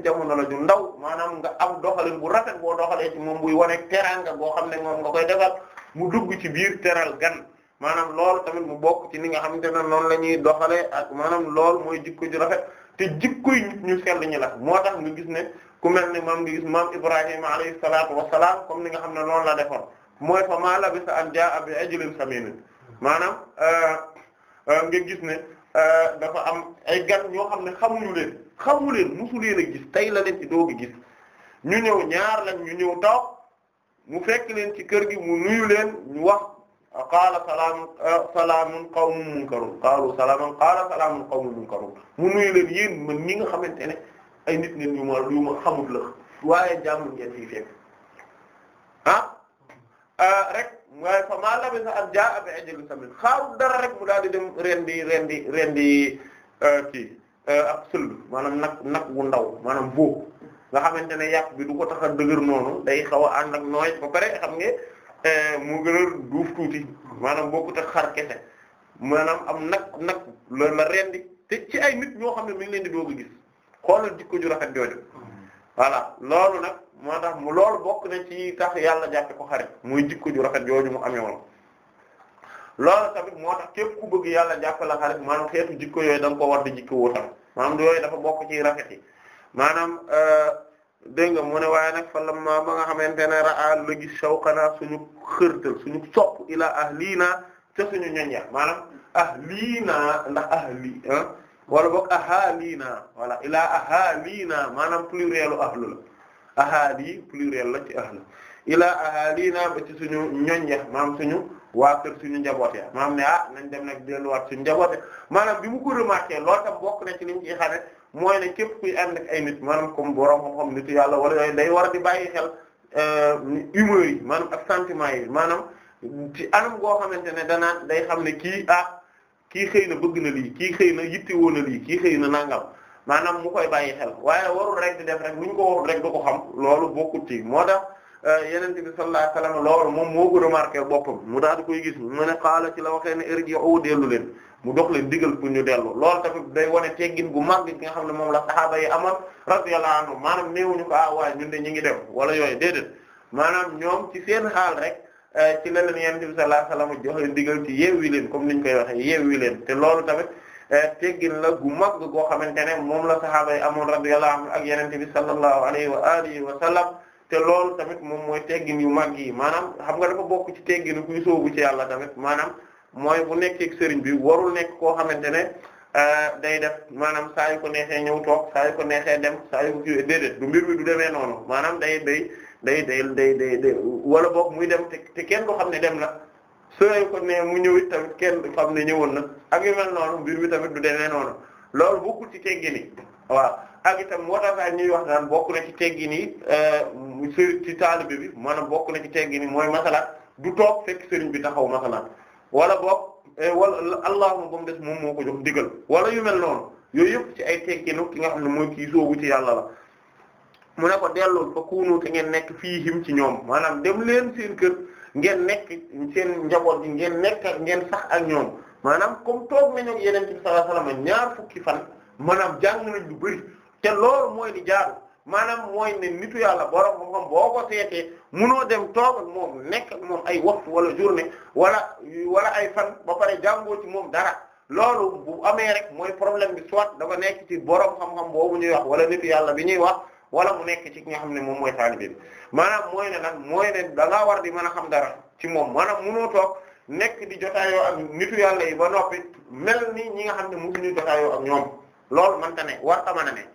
jamono la ndaw maanaam nga am doxalin bu rafet boo doxalee ci moom buy wane teraanga boo xam ne moom nga koy defal mu dugg ci biir teral gan maanaam loolu tamit mu bokk ci ni nga xamante ne noonu la ñuy doxalee ak maanaam loolu mooy jikko ju rafet te jikko yi nit ñu la moo tax nga gis ne ku mel maam nga gis maam Ibrahima alayhi salaatu wa comme ni nga xam ne noonu la defoon. mooy fa maa labisa an jaa'a bi ajlin samin maanaam euh, euh, nga gis ne euh, dafa am ay gan ñoo xam ne xamuñu leen xamu leen musu leen a gis tey la leen ci doogi gis ñu ñëw ñaar lañ ñu ñëw toog mu fekk leen ci kër gi mu nuyu leen ñu wax qaala salaamun salaamun qawmun munkarun qaalu salaaman qaala salaamun qawmun munkarun mu nuyu leen yéen man ñi nga xamante ne ay nit ngeen ñu ma lu ma xamul la waaye jàmm ngeen fi fekk ah Ah, rek waaye fa maa labisa an jaa bi ajli samin xaaru dara rek mu daal di dem rendi rendi rendi ah, kii ak ah, sëlb maanaam nag nag wu ndaw maanaam boobu nga xamante ne yàpp bi du ko tax a dëgër noonu day xaw a ànd ak nooy ba pare xam nga eh, mu gën a duuf tuuti maanaam bokkut ak xar kese maanaam am nag nag la la rendi te ci ay nit ñoo xam ne mi ngi leen di doog a gis xoolal jikko ju rafet jooju voilà loolu nag moo tax mu loolu bokk na ci tax yàlla jàppe ko xarit muy jikko ju rafet jooju mu amee woon loolu tamit moo tax képp ku bëgg yàlla jàppe la xarit maanaam xeetu jikko yooyu da ko war di jikko woo tam maanaam yooyu dafa bokk ci rafet yi maanaam euh, dégg nga mu ne waaye nag fa lamma ba nga xamante ne raa la gis shawqana suñu xërtal suñu sopp ila ahlina ca suñu ñoñ ya maanaam ahlina ndax ahli ah wala boog ahaalina wala ilaa ahaalina maanaam pluriel u ahlu la ahaali pluriel la ci ahlu ilaa ahaalina ba ci suñu ñoñ ya maanaam suñu waa kër suñu njaboot ya maam ne ah nañ dem nag delluwaat ci njaboot ya maanaam bi mu ko remarqué lool tam bokk na ci li mu ci xamee mooy ne képp kuy ànd ak ay nit maanaam comme borom xam-xam yàlla wala day war a di bàyyi xel euh, humeur yi maanaam ak sentiment yi maanaam ci anam goo xamante ne danaan day xam ne kii ah. kii xëy na bëgg na lii kii xëy na yittewoo na lii kii xëy na nangam maanaam mu koy bàyyi xel waaye warul rek di def rek lu ñu ko warul rek du ko xam loolu bokkut ci moo tax euh, yeneen bi sallallahu alayhi wasallam loolu moom moo ko remarqué boppam mu daal di koy gis mu ne xaala ci la waxee ne irji'u dellu leen mu dox leen digal pour ñu dellu loolu tamit day wane teggin gu mag bi nga xam ne moom la saxaaba yi amal radiyallahu anhu maanaam néewuñu ko ah waaye ñun de ñi ngi dem wala yooyu déedéet maanaam ñoom ci seen xaal rek Eh, ci la leen yonent bi sallallahu alayhi wasallam joxe ndigal ci yeewi leen comme ni niñ koy waxee wi leen te loolu tamit eh, teggin la gu mag goo xamante ne moom la sahaaba yi amoon radiyallahu anhum ak yeneen yonent bi sallallahu alayhi wa alihi wa sallam te loolu tamit moom mooy teggin yu mag yi maanaam xam nga dafa bokk ci tegginu kuy soobu ci yàlla tamit maanaam mooy bu nekkee sëriñ bi warul nekk koo xamante ne eh, day def maanaam saa yu ko neexee ñëw toog saa yu ko neexee dem saa yu ko kiiwee déedéet du mbir mi demee noonu maanaam day day day day day day wala boog muy dem te te kenn ko xam ne dem na sooy ko ne mu ñëwit tamit kenn xam ne ñëwoon na ak yu mel noonu mbir mi tamit du demee noonu loolu bokkul ci teggini waaw ak itam moo tax ñuy wax daan bokk na ci teggini euh, sëriñ ci taalibe bi maanaam bokk na ci teggini mooy masalaat du toog fekk sëriñ bi taxaw masalaat wala boog euh, wala allahuma ba mu des moom moo ko jox ndigal wala yu mel noonu yooyu yëpp ci ay tegginu ki nga xam ne mooy kii soobu ci yàlla la mu ne ko dellul fa kuunu te ngeen nekk fii him ci ñoom maanaam dem leen seen kër ngeen nekk seen njaboot bi ngeen nekk ngeen sax ak ñoom maanaam kom toog nañu ak yeneen ci sallallahu alayhi wasallam ñaar fukki fan maanaam jàng nañ lu bari te loolu mooy di jaaru maanaam mooy ne nitu yàlla borom moom boo ko seetee munoo dem toog ak moom nekk ak moom ay waxtu wala journée wala wala ay fan ba pare jàngoo ci moom dara loolu bu amee rek mooy problème bi soit dafa nekk ci borom xam-xam boobu ñuy wax wala nitu yàlla bi ñuy wax. wala mu nekk ci ki nga xam ne moom mooy taalibe bi maanaam mooy ne nag mooy ne da ngaa war di mën a xam dara ci moom maanaam munoo toog nekk di jotaayoo am nitu yàlla yi ba noppi mel ni ñi nga xam ne musuñu jotaayoo ak ñoom loolu manta ne war ta mën a ne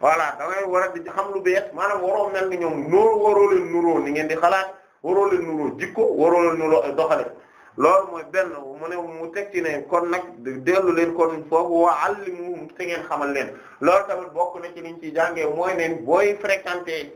voilà da ngay war a di xam lu bees maanaam waroo mel ni ñoom noo waroo leen nuroo ni ngeen di xalaat waroo leen nuroo jikko waroo leen nuroo ay doxale loolu mooy benn mu ne mu teg ci ne kon nag dellu leen kon foofu wa allimu te ngeen xamal leen loolu tamit bokk na ci liñ ciy jàngee mooy neen booy fréquenté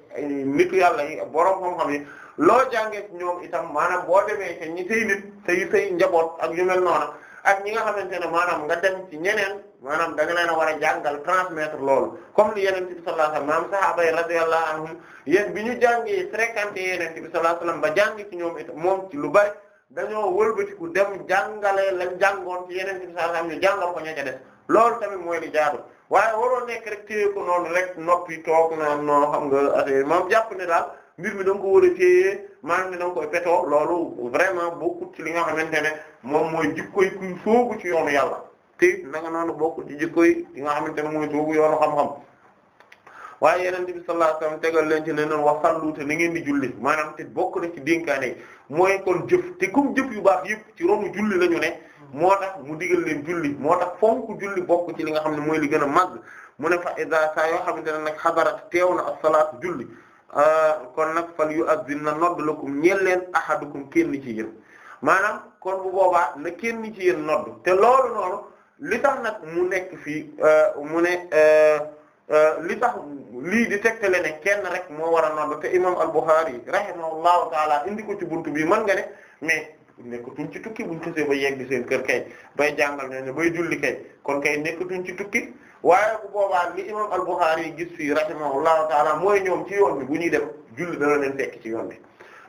nitu yàlla yi borom xam-xam yi loo jàngee ci ñoom itam maanaam boo demee ci ñi say nit say say njaboot ak yu mel noonu ak ñi nga xamante ne maanaam nga dem ci ñeneen maanaam da nga leen a war a jàngal transmettre loolu comme li yeneen bi sallallahu alayhi wasallam sahaaba yi radiyallahu anhum yéen bi ñu jàngee fréquenté yeneen bi sallallahu alayhi ba jàng ci ñoom itam moom ci lu bari dañoo ku dem jàngale la jàngoon ci yeneen ci saa ñu jàngal ko ña ca des loolu tamit mooy li jaadu waaye waroo nekk rek téye ko noonu rek noppi toog naan noo xam nga affaire moom jàpp ne daal mbir mi da nga ko war a téye maa ngi loolu vraiment bokkut ci li nga xamante ne moom mooy jikkoy kuy soogu ci yoonu yàlla te na nga noonu bokkut ci jikkoy li nga xamante ne mooy soogu yoonu xam-xam. waaye yonent bi sallallahu alayhi wasallam tegal leen ci ne leen wa sallu te ni ngeen di julli maanaam te bokk na ci dénkaane mooy kon jëf te comme jëf yu baax yëpp ci ronu julli la ñu ne moo tax mu digal leen julli moo tax fonk julli bokk ci li nga xam ne mooy li gën a màgg mu ne fa isa saa yoo xamante ne nag xabarat teew na as-salaatu julli ah kon nag fal yu azzin na nodd lakum ñeel leen ahadukum kenn ci yéen maanaam kon bu boobaa na kenn ci yéen nodd te loolu noonu li tax nag mu nekk fii ah, mu ne ah, li tax lii di tegtale ne kenn rek moo war a nodd te yi al-Bukhari rahimahullahu taala indi ko ci bunt bi mën nga ne mais nekkatuñ ci tukki buñ xasee ba yegg seen kër kay bay jàngal ñooñu bay julli kay kon kay nekkatuñ ci tukki waaye bu boobaa ni imam al-Bukhari gis fii rahimahullahu taala mooy ñoom ci yoon bi bu ñuy dem julli dana leen fekk ci yoon bi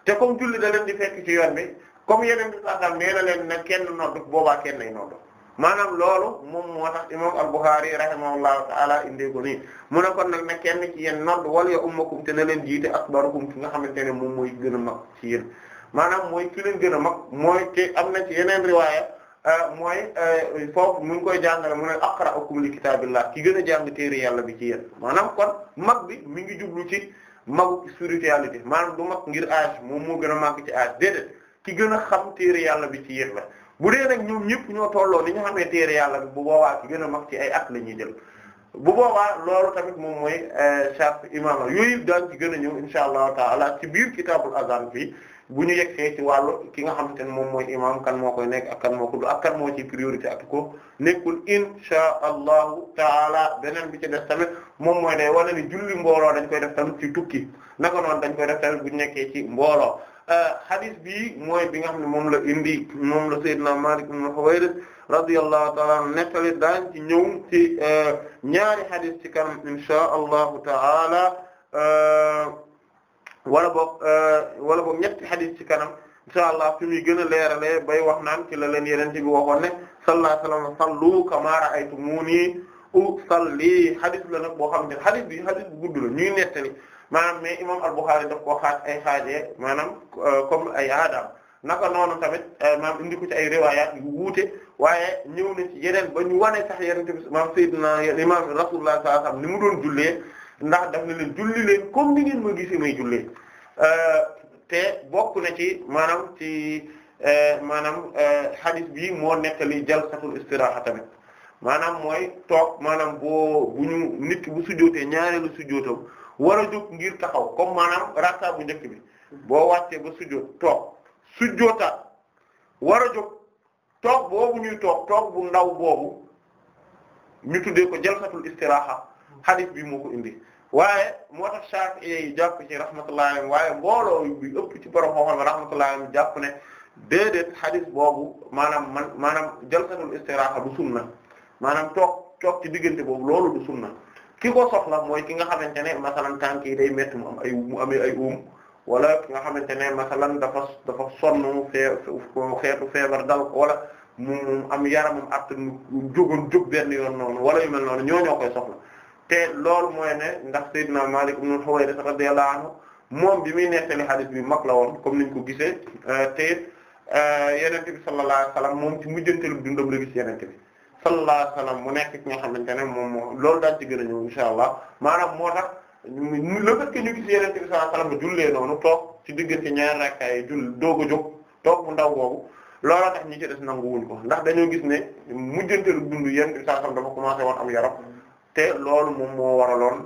te comme julli da leen di fekk ci yoon bi comme yeneen di saasam nee na leen nag kenn nodd boobaa kenn nay nodd maanaam loolu moom moo tax imam al-Bukhari rahimahullahu ta'ala indee ko nii mu ne kon nag ne kenn ci yéen nodd wala ya ummakum te na leen jiite akbarukum ki nga xamante ne moom mooy gën a mag ci yéen maanaam mooy ki leen gën a mag mooy te am na ci yeneen riwaaya euh, mooy euh, foofu mu ngi koy jàngale mu ne aqra'ukum li kitaabillah ki gën a jàng téere yàlla bi ci yéen maanaam kon mag bi mi ngi jublu ci magu spiritualité maanaam du mag ngir âge moom moo gën a màgg ci âge déedéet ki gën a xam téere yàlla bi ci yéen la bu dee nag ñoom ñëpp ñoo tolloo ni ñu xamee téere yàlla bi bu boobaa ci gën a mag ci ay at la ñuy jël bu boobaa loolu tamit moom mooy euh, charte imama yooyu daan ci gën a ñëw insha allahu taala ci biir kitaabul azan fii bu ñu yegsee ci wàllu ki nga xamante ne moom mooy imam moo koy nekk kan moo ko ak kan moo ci priorité ak ko nekkul insha allahu taala beneen bi ci def tamit moom mooy day wane ni julli mbooloo dañ koy def tamit ci tukki naka dañ koy def tamit bu ñu nekkee ci mbooloo Euh, hadith bi mooy bi nga xam ne moom la indi moom la Seydina Malik ibn Huwayrith radiyallahu ta'ala anhu nettali daan ci ñëw ci euh, ñaari hadith ci kanam inshaa allahu ta'ala euh, wala boog wala boog ñetti hadith ci kanam inshaa allah fi muy gën a leeralee bay wax naan ci la leen yeneen ci bi waxoon ne sallallahu alayhi wa sallam sallu kamaa ra'aytumuunii usalli hadith la nag boo xam ne hadith bi hadith bu gudd la ñuy nettali. maanaam mais imam al-Bukhârî daf xaaj ay xaajee maanaam euh, comme ay aadaam naka noonu tamit euh, maam indi ko ci ay riwaayaat yu wuute waaye ñëw na ci yeneen ba ñu wane sax yeneen tamit maam na imam Rasulullah sallallahu alayhi wasallam mu doon jullee ndax daf ne leen julli leen comme ni ngeen ma gisee may jullee euh, te bokk na ci maanaam ci maanaam hadith bi moo nekk li jalsatul istiraaha tamit maanaam mooy toog maanaam boo bu ñu nit ki bu sujjootee ñaareelu sujjootam war a jóg ngir taxaw comme maanaam rakka bu njëkk bi boo wàccee ba sujjóot toog sujjóotaat war a jóg toog boobu ñuy toog toog bu ndaw boobu ñu tuddee ko jalsatul istiraaxa hadith bi moo indi waaye moo tax Shafi'i jàpp ci rahmatullahi alayhi waaye mbooloo bi ëpp ci borom xooxam rahmatullahi alayhi jàpp ne déedéet hadith boobu maanaam man maanaam jalsatul istiraaxa du sunna maanaam toog toog ci diggante boobu loolu du sunna ki ko soxla mooy ki nga xamante ne masalan tànk yi day métti mu ay mu amee ay uum wala ki nga xamante ne masalan dafa dafa sonn fee xeetu feebar dal wala mu am yaram yaramam att jógoon jóg benn yoon noonu wala yu mel noonu ñoo koy soxla te loolu mooy ne ndax Seydina Malik ibn Huwayrith radiyallahu anhu moom bi muy nettali hadith bi mag la woon comme niñ ko gisee te eh, yenente bi sallallahu alayhi wasallam moom mu mujjanteelu dundam la gis yenente bi sallallahu alayhi wa mu nekk ki nga xamante ne moom moo loolu daal ci gën a ñëw insha allah maanaam moo tax le fait que ñu gis yeneen bi sallallahu toog ci diggante ñaari rakkaay jull doog a jóg toog bu ndaw boobu looloo tax ñi ci des ko ndax dañoo gis ne mujjanteelu dund yeneen bi sallallahu alayhi commencé woon am yaram te loolu moom moo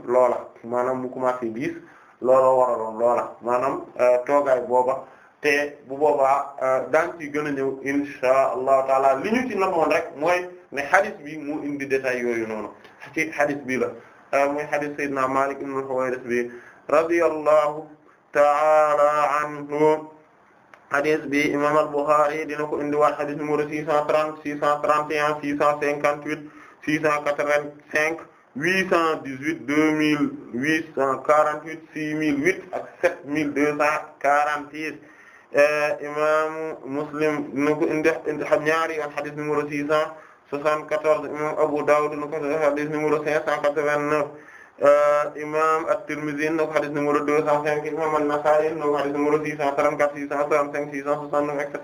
loola maanaam mu commencé diis looloo waraloon loola maanaam euh, toogaay booba te bu boobaa euh, daan ci gën a ñëw insha allah ñu ci namoon rek mooy ne xadis bi moo indi détail yooyu noonu ci xadis bi la ah, mooy xadis Seydina Malik ibn Huwayris bi radiyallahu ta'ala anhu xadis bi imam al-Bukhari dina ko indiwaat xadis numéro 630 631 658 685 818 2848 6008 ak 7246 eh, imam Muslim dina ko indi xam ñaari yoon xadis numéro 600 74 imam Abu Dawud na ko hadith numéro 589 euh, imam At-Tirmidhi na ko hadith numéro 205 imam An-Nasa'i na ko hadith numéro 634 635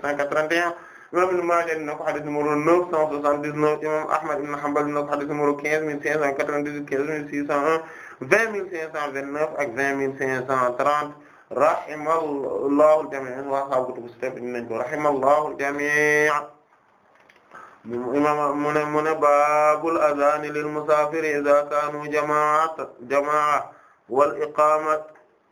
669 ak 781 imam Ibn Majah na ko hadith numéro 979 imam Ahmad ibn Hanbal na ko hadith numéro 15598 15601 20529 ak 20530 rahimallahu al-jami' wa ashabu kutubu sitta nañ ko rahimallahu al-jami' imam mu ne mu ne baabul azani lil musaafiri iza kaanu jamaata jamaa wal iqamat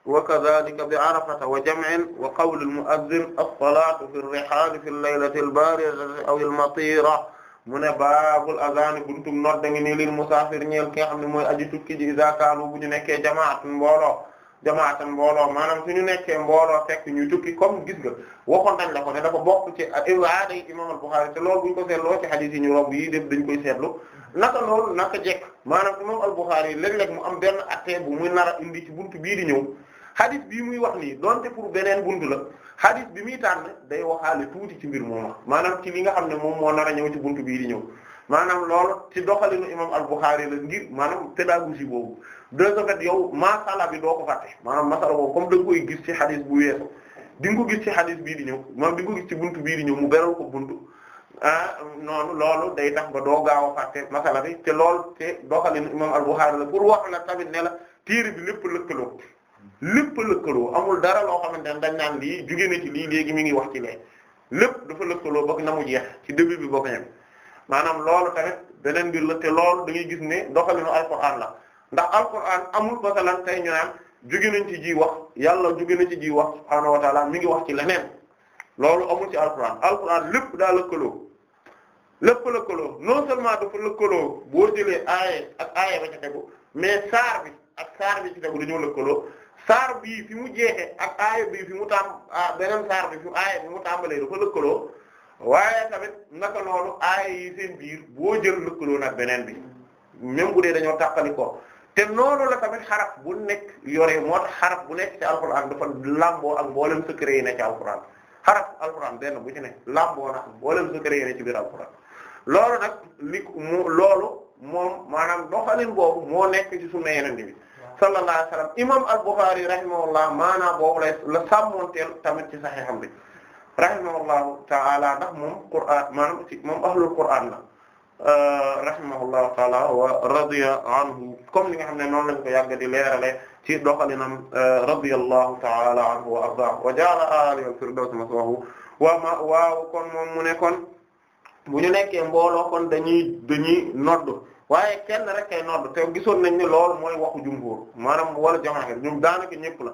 wa kadhalika bi arafata wa jam'in wa qawlil mu'azzin as-salaatu fi r-rihaal fi l-laylati l-baaridati aw al-matiira mu ne baabul azani buntum nodda ngi ni lil musaafir ñeel ki nga xam ne mooy aji tukki ji iza kaanu bu ñu nekkee jamaatun mbooloo jamaatan mbooloo maanaam ñu nekkee mbooloo fekk ñu tukki comme gis nga waxoon nañ la ko ne dafa bokk ci ibaada yi imam al-Bukhari te loolu buñ ko seetloo ci hadith yi ñu rob yi def dañ koy seetlu naka loolu naka jekk maanaam imam al-Bukhari léeg-léeg mu am benn attee bu muy nar a indi ci buntu bii di ñëw hadith bii muy wax nii donte pour beneen bunt la hadith bi muy tànn day waxaale tuuti ci mbir moom maanaam ci li nga xam ne moom moo nar a ñëw ci bunt bii di ñëw maanaam lool ci doxalinu imam al-Bukhari la ngir maanaam pédagogie boobu de ce fait yow masala bi doo ko fàtte maanaam masala boobu comme da nga koy gis ci xadis bu weesu di nga ko gis ci xadis bii di ñëw moom di nga ko gis ci buntu bii di ñëw mu beral ko buntu ah noonu loolu day tax ba doo gaaw a fàtte masala bi te loolu te doxalin imam al-Bukhari la pour wax la tamit ne la téere bi lépp lëkkaloo lépp lëkkaloo amul dara loo xamante ne dañ naan lii jugee na ci lii léegi mu ngi wax ci lee lépp dafa lëkkaloo ba na mu jeex ci début bi ba maanaam loolu tamit beneen la te loolu da ngay gis ne doxalinu alxuraan la ndax alquran amul masalan tey ñu naan jóge nañ ci ji wax yàlla jóge na ci ji wax subhaanahu wa taala mi ngi wax ci leneen loolu amul ci alquran alquran lépp daa lëkkaloo lépp lëkkaloo non seulement dafa lëkkaloo boo jëlee aaye ak aaye ba ci tegu mais saar bi ak saar bi ci tegu dañoo lëkkaloo saar bi fi mu jeexee ak aaye bii fi mu tàmb ah, beneen saar bi fi aaye mu tàmbalee dafa lëkkaloo waaye tamit naka noonu aaye yi seen biir boo jël lëkkaloo nag beneen bi même bu dee dañoo tàqali ko te noonu la tamit xaraf bu nekk yore moo tax xaraf bu nekk ci alquran dafa lamboo ak mboolem secret yi ne ci alquran xaraf alquran benn bu ci ne lamboo na ak mboolem secret yi ne ci biir alquran loolu nag li mu loolu moom maanaam doxalin boobu moo nekk ci sunna Yonent bi sallallahu alayhi wasallam imam al-Bukhari rahimahullah maanaam boobu la la sàmmonteel tamit ci saxiixam bi rahimahullahu ta'ala ndax moom Qur'an maanaam ci moom ahlul Qur'an la Euh, rahimahullahu taala wa radiya anhu comme ni nga xam ne noonu lañ ko yàgg di leerale ci doxalinam euh, radiyallahu taala anhu wa ardaahu wa ja'ala aalihi al-firdawsi maswaahu kon moom mu ne kon bu mbooloo kon dañuy dañuy nodd waaye kenn rek kay te gisoon nañ ne loolu mooy waxu jumhur maanaam wala jamaahir ñoom daanaka ñëpp la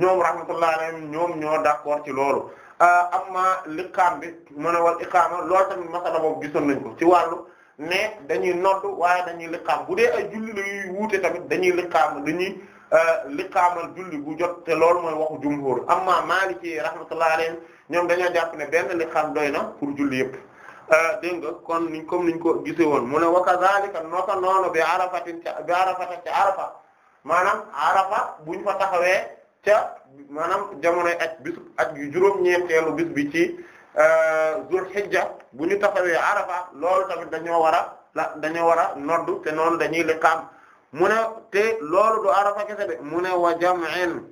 ñoom rahmatullahi alayhim ñoom ñoo d'accord ci loolu euh, amma liqaam bi mu ne wal iqaama loolu tamit masala boobu gisoon nañ ko ci wàllu ne dañuy nodd waaye dañuy liqaam bu dee ay julli la yuy wuute tamit dañuy liqaam dañuy euh, liqaamal julli bu jot te loolu mooy waxu jumhur amma Maliki rahmatullahi alayhim ñoom dañoo jàpp ne benn liqaam doy na pour julli yëpp euh, dégg nga kon niñ comme niñ ko gisee woon mu ne wa kazaalika noo noonu bi arafatin ca bi arafata ca arafa maanaam arafa buñ fa taxawee ca maanaam jamonoy aj bis ak yu juróom-ñeenteelu bis bi ci. zulhijja euh, bu ñu taxawee arafa loolu tamit dañoo war a la dañoo war a noddu te noonu dañuy liqaam mu ne te loolu du arafa kese de mu ne wa jam'in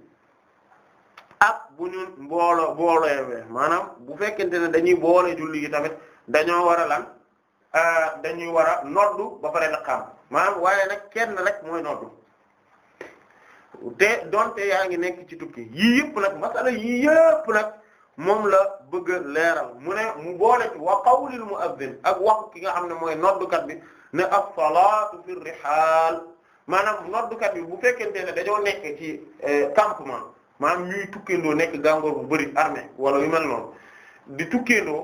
ak bu ñu mbooloo boolewee maanaam bu fekkente ne dañuy boole julli gi tamit dañoo war a lan euh, dañuy war a noddu ba pare liqaam maanaam waaye nag kenn rek mooy noddu te donte yaa ngi nekk ci tukki yii yëpp nag masala yii yëpp nag. moom la bëgg a leeral mu ne mu boole wa wa qawlil mu'adhdhin ak wax ki nga xam ne mooy noddukat bi ne as-salaatu fi rihaal maanaam noddukat bi bu fekkente ne dañoo nekk ci eh, campement maanaam ñuy tukkeendoo nekk gàngoor bu bari armée wala yu mel noonu di tukkeendoo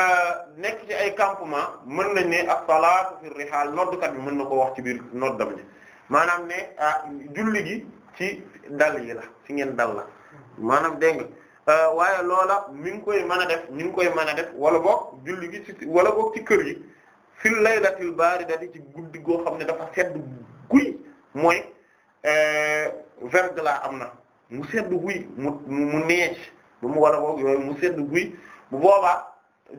euh, nekk ci ay campement mën nañ ne as-salaatu fi rihaal noddukat bi mën na ko wax ci biir noddam ni maanaam ne ah julli gi ci dal yi ci ngeen dal la maanaam Euh, waaye loola mi ngi koy mën a def ñu ngi koy mën a def wala boog julli gi wala boog ci kër gi fil laylatil baridati ci guddi goo xam ne dafa sedd guy mooy euh, verglas am na mu sedd guy mu mu neige ba mu wala boog yooyu mu sedd guy bu boobaa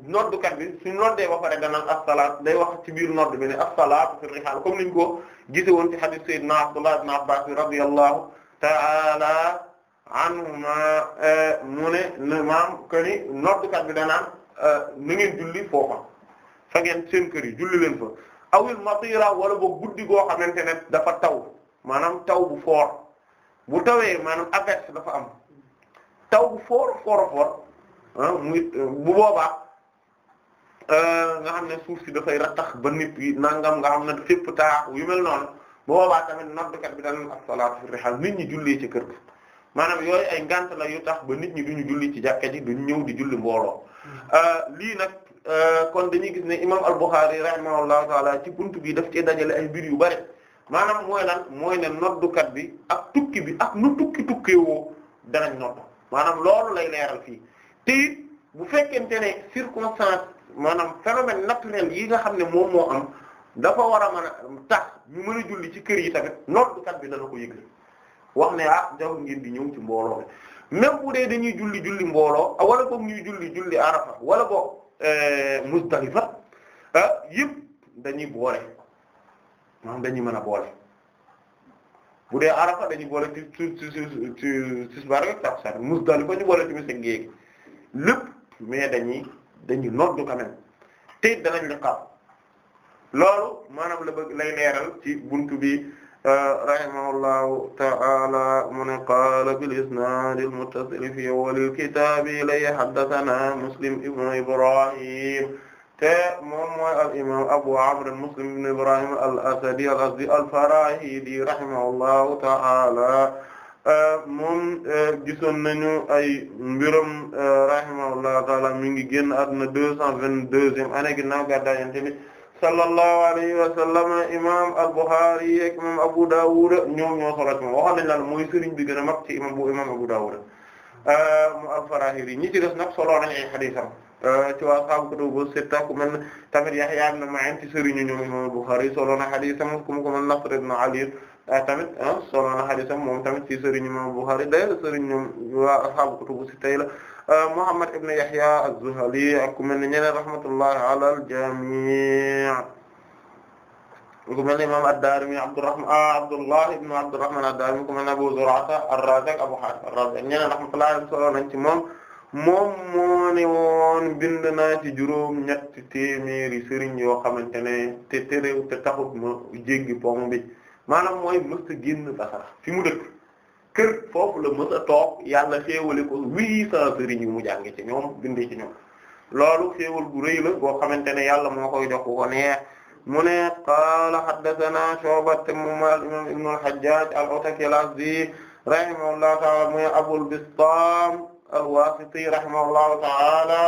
noddukat bi su noddee ba pare danaan as-salaat day wax ci biir nodd bi ne as-salaatu fi rihaal comme niñ ko gise woon ci hadith sayyidina Abdullah ibn Abbas radiyallahu ta'ala anuma euh, mu ne maam que ni noddkat bi danaan euh, na ngeen julli foofa fa ngeen seen kër yi julli leen fa awil matira wala ba guddi goo xamante ne dafa taw maanaam taw bu foor bu tawee maanaam averse dafa am taw bu foor foor foor ah, muy bu boobaa euh, nga xam ne suuf si dafay rattax ba nit yi nangam nga xam ne fépp taax yu mel noonu bu boobaa tamit noddkat bi a asalaatu fi rihal nit ñi jullee ci kër gi. maanaam yooyu ay ngant la yu tax ba nit ñi ñu julli ci jàkka ji duñu ñëw di julli mbooloo euh, lii nag euh, kon dañuy gis ne imam al-Bukhari rahimahullahu taala ci buntu bi daf cee dajale ay mbir yu bari maanaam mooy lan mooy ne noddukat bi ak tukki bi ak nu tukki tukkeewoo danañ nodd maanaam loolu lay leeral fii te bu fekkente ne circonstance maanaam phénomène naturel yi nga xam ne moom moo am dafa war a mën a tax ñu mën a julli ci kër yi tamit noddukat bi dana ko yëgle wax ne ah jarul ngeen di ñëw ci mbooloo mi même bu dee dañuy julli julli mbooloo ah, wala boog ñuy julli julli arafa wala boog euh, Muzdalifa ah yëpp dañuy boole maanaam dañuy mën a boole bu dee arafa dañuy boole ci ci ci ci ci subaar ak takkusaan boole ci misa géegi lépp mais dañuy dañuy noddu quand même te danañ la xaar loolu la bëgg lay leeral ci bunt bi. rahimahullahu ta'ala mu ne qaala bil-isnaad al-muttasil fii awwalil kitaab ilayhi haddathanaa Muslim ibn Ibrahim te moom mooy al-imaam Abu Amr Muslim ibn Ibrahim al-Asadi al-Azdi al-Farahidi rahimahullahu ta'ala moom eh, gisoon nañu ay mbiram eh, rahimahullahu ta'ala mi ngi génn àdduna deux cent vingt-deuxième année ginnaaw gàddaay Yonent bi sallallahu alayhi wa sallam imam al-Bukhari ak imam Abu Dawud ñoom ñoo solo ci moom waxoon nañ la mooy sëriñ bi gën a mag ci imam bu imam Abu Dawud euh, mu al-Farahili ñi ci des nag euh, ci waa ashaabu kutubu sitta ku na xadiisam ku mu ko mel Nasr ibn Ali euh, tamit ah, solo na xadiisam moom tamit ci sëriñu imam al-Bukhari day sëriñ ñoom ashaabu kutubu sitta la Muhammad ibn Yahya ku mel ne ñeneen rahmatullahi ala al-jami' ku mel ne imam ad-Darimi Abdurrahman ah, Abdullah ibn Abdurrahman ad-Darimi ku mel ne Abu Zur'ata ar-Razi Abu Hatim ar-Razi ñeneen rahmatullahi alayhim solo nañ ci moom moom moo ne woon bind naa ci juróom yoo xamante ne te terew te taxut ma jéggi pom bi maanaam mooy mësta génn Basra fi mu dëkk kër foofu la mës a toog yàlla xéewale ko huit cent sëriñ yu mu jànge ci ñoom bindee ci ñoom loolu xéewal gu rëy la boo xamante ne yàlla moo koy jox ko neex mu ne qaala haddathana Shu'ba moom ibn al-Hajjaj al-Ataki al-Azdi rahimahullahu ta'ala muy Abul Bistam al-Wasiti ta'ala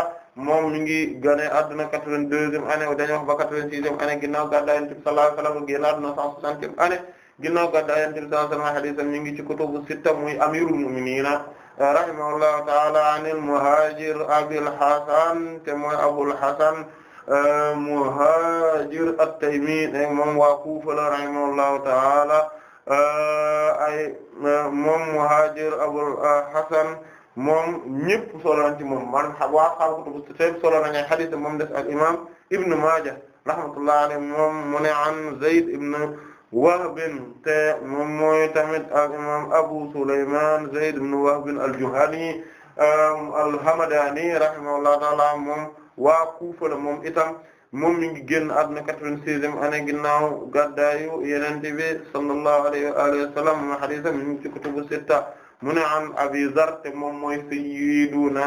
moom mi ngi gane adduna quatre-vingt-deuxième année dañu wax ba quatre-vingt-sixième année ginnaaw gàddaay Yonent bi sallallahu alayhi wa sallam génn adduna ginnaaw gàddaa yonent bi sallallahu alayhi wa sallam hadiisam ñu ngi ci kutubu sitta muy amirul mu'miniina rahimahullahu ta'ala anil muhaajir abil hasan te mooy abul hasan euh, muhaajir at-taymi moom waa Kuufa la rahimahullahu ta'ala euh, ay euh, moom muhaajir abul hasan moom ñëpp solo nañ ci moom man waa xam kutubu sitta solo nañ ay hadiis moom des ak imaam Ibn Maaja rahmatullahi alayhi moom mu ne an Zayd ibn Wahb te moom mooy tamit ak imaam Abu Sulaymaan Zayd ibn Wahb al-Juhani al-Hamdani rahimahullahu ta'ala moom waa Kufa la moom itam moom mi ngi génn àdduna 96e année ginnaaw gàddaayu Yonent bi sallallahu alayhi wa alihi wa sallam moom hadiisam mi ngi ci kutubu sitta mu ne an Abi Zarr te moom mooy sayyiduna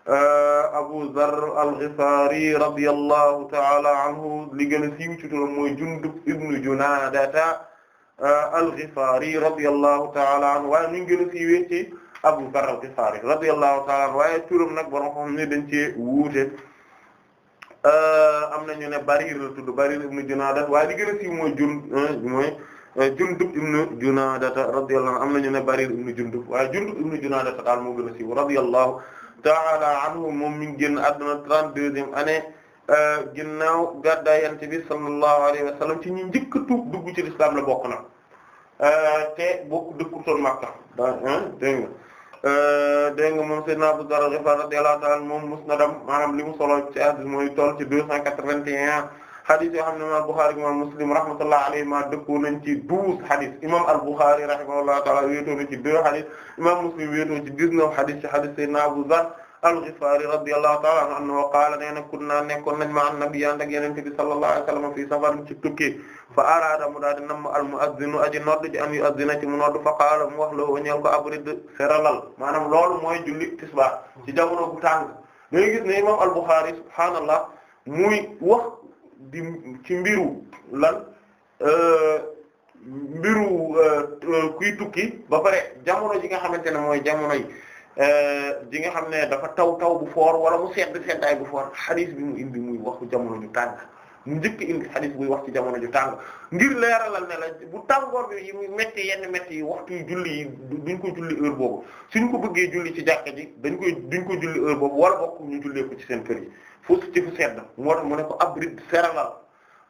Euh, Abu Zar al-Ghifari radiyallahu ta'ala anhu li gën a siiw ci turam mooy Jundub ibn Junaadata euh, al-Ghifari radiyallahu ta'ala anhu waaye ñu ngi gën a siiwee ci Abu Zar al-Ghifari radiyallahu ta'ala anhu waaye turam nag borom xam ne dañ cee wuute euh, am nañu ne Barir la tudd Barir ibn Junaada waaye li gën a siiw mooy jun mooy Jundub ibn Junaada radiyallahu am nañu ne Barir ibn Jundub waaye Jundub ibn Junaada daal moo gën a siiw radiyallahu ta'ala anhu moom mi ngi génn àdduna 32e année euh, ginnaaw gàddaay ci bi sallallahu alayhi wa sallam ci ñi njëkk tuub dugg ci lislaam la bokk na euh, te bokk dëkkutoon Makka dégg nga euh, dégg nga moom Seydina Abu Dharr radiyallahu ta'ala moom musnadam maanaam li mu solo ci hadiis mooy toll ci 281 xadis yoo xam ne imaam Buxaari imaam Muslim rahmatullah alayhima dëppoo nañ ci douze xadis imaam al-Buxaari rahimahullahu ta'ala wéetoo na ci deux xadis imaam Muslim wéetoo ci dix-neuf xadis ci xadis Seydina Abu Zarr al-Ghifari radiyallahu ta'ala anhu annahu qaala nee na kunna nekkoon nañ ma an nabi ànd ak yonent bi sallallahu alayhi wa sallam fii safarin ci tukki fa araada mu daal di namm al-mu'azzinu aji nodd ji an yu'azzina ci mu nodd fa qaala mu wax loo ñeel ko abrid seralal maanaam loolu mooy julli tisbaar ci jamono bu tàng ngay gis ne imam al-Bukhari subhaanallah muy wax di ci mbiru lan euh, mbiru euh, euh, kuy tukki ba pare jamono ji nga xamante ne mooy jamono yi ji nga xam ne dafa taw taw bu foor wala mu sedd seddaay bu foor xadiis bi mu indi muy waxu jamono ju tàng njëkk indi xadis buy wax ci jamono ji tàng ngir leeralal ne la bu tàngoor bi yi muy métti yenn métti yi waxtu yu julli yi duñ ko julli heure boobu suñ ko bëggee julli ci jàkka ji dañ koy duñ ko julli heure boobu wala bokk ñu jullee ko ci seen kër yi fu ci fu sedd moo tax mu ne ko abrid seralal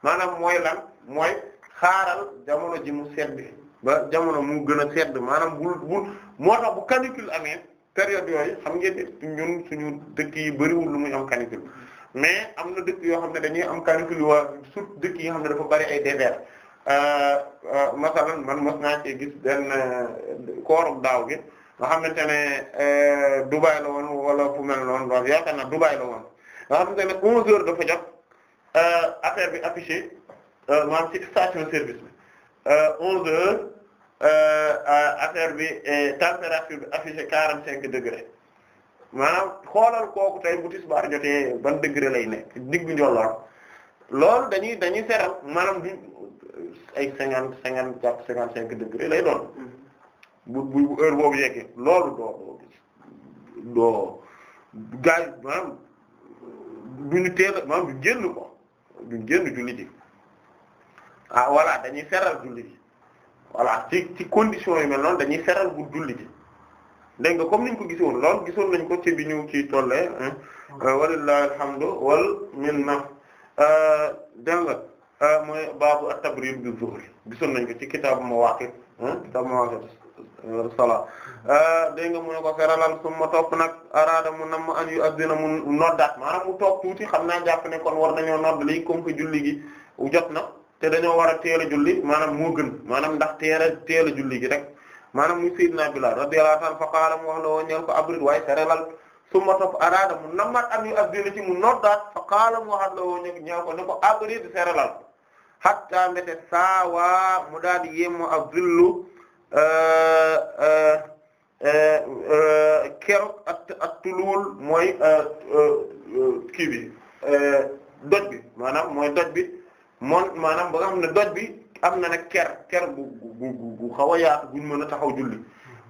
maanaam mooy lan mooy xaaral jamono ji mu sedd ba jamono mu gën a sedd maanaam bul bul moo tax bu canicule amee période yooyu xam ngeen ñun suñu dëkk yi bariwul lu muy am canicule mais am na dëkk yoo xam ne dañuy am canicule waa sut dëkk yi nga xam ne dafa bari ay désert euh, euh, masalan man mos naa ci gis benn euh, koorum daaw gi nga xamante ne Dubaï la woon wala fu mel noonu waaw yaakaar naa Dubaï la woon nga xamante ne 11 heures dafa jot affaire bi affiché maanaam ci station service bi 11 heures affaire bi température bi affiché 45 degrés. maanaam xoolal kooku tey bu tisbaar jotee ban degré lay nekk diggu njolloor loolu dañuy dañuy seral maanaam du ay cinquante cinquante quatre cinquante cinq degré lay doon mm-hmm. bu bu heure boobu loolu doo doo gars yi maanaam duñu du génn ko duñ génn julli ji ah dañuy feral julli ji voilà ci ci condition yi mel noonu dañuy feral bu julli ji dégg nga comme niñ ko gisoon lool gisoon nañ ko ci bi ñu ci tollee euh, walillahi alhamdu wal minna euh, dégg nga euh, mooy baabu at-tabrid bi zuhri gisoon nañ ko ci kitaabu mawaqit kitaabu mawaqit sala dégg nga mu ne ko feralal summa topp nag araada mu nam an yu mu noddaat maanaam mu toog tuuti xam naa jàpp ne kon war dañoo nodd lii comme que julli gi jot na te dañoo war a teel a julli maanaam moo gën maanaam ndax teel teel a julli gi rek maanaam muy Seydina Bilaal radiyallahu anhu fa qaala mu wax la woo ñeel ko abrid waaye serelal summa topp araada mu nammat an yu abdina ci mu hatta mbete saawa mu daal di yéemo abdillu euh, euh, euh, keroog ak ak tuluwul mooy kii bi doj bi maanaam mooy doj bi moon maanaam ba nga doj bi am na nag ker ker bu bu xaw a yaatu buñ mën a taxaw julli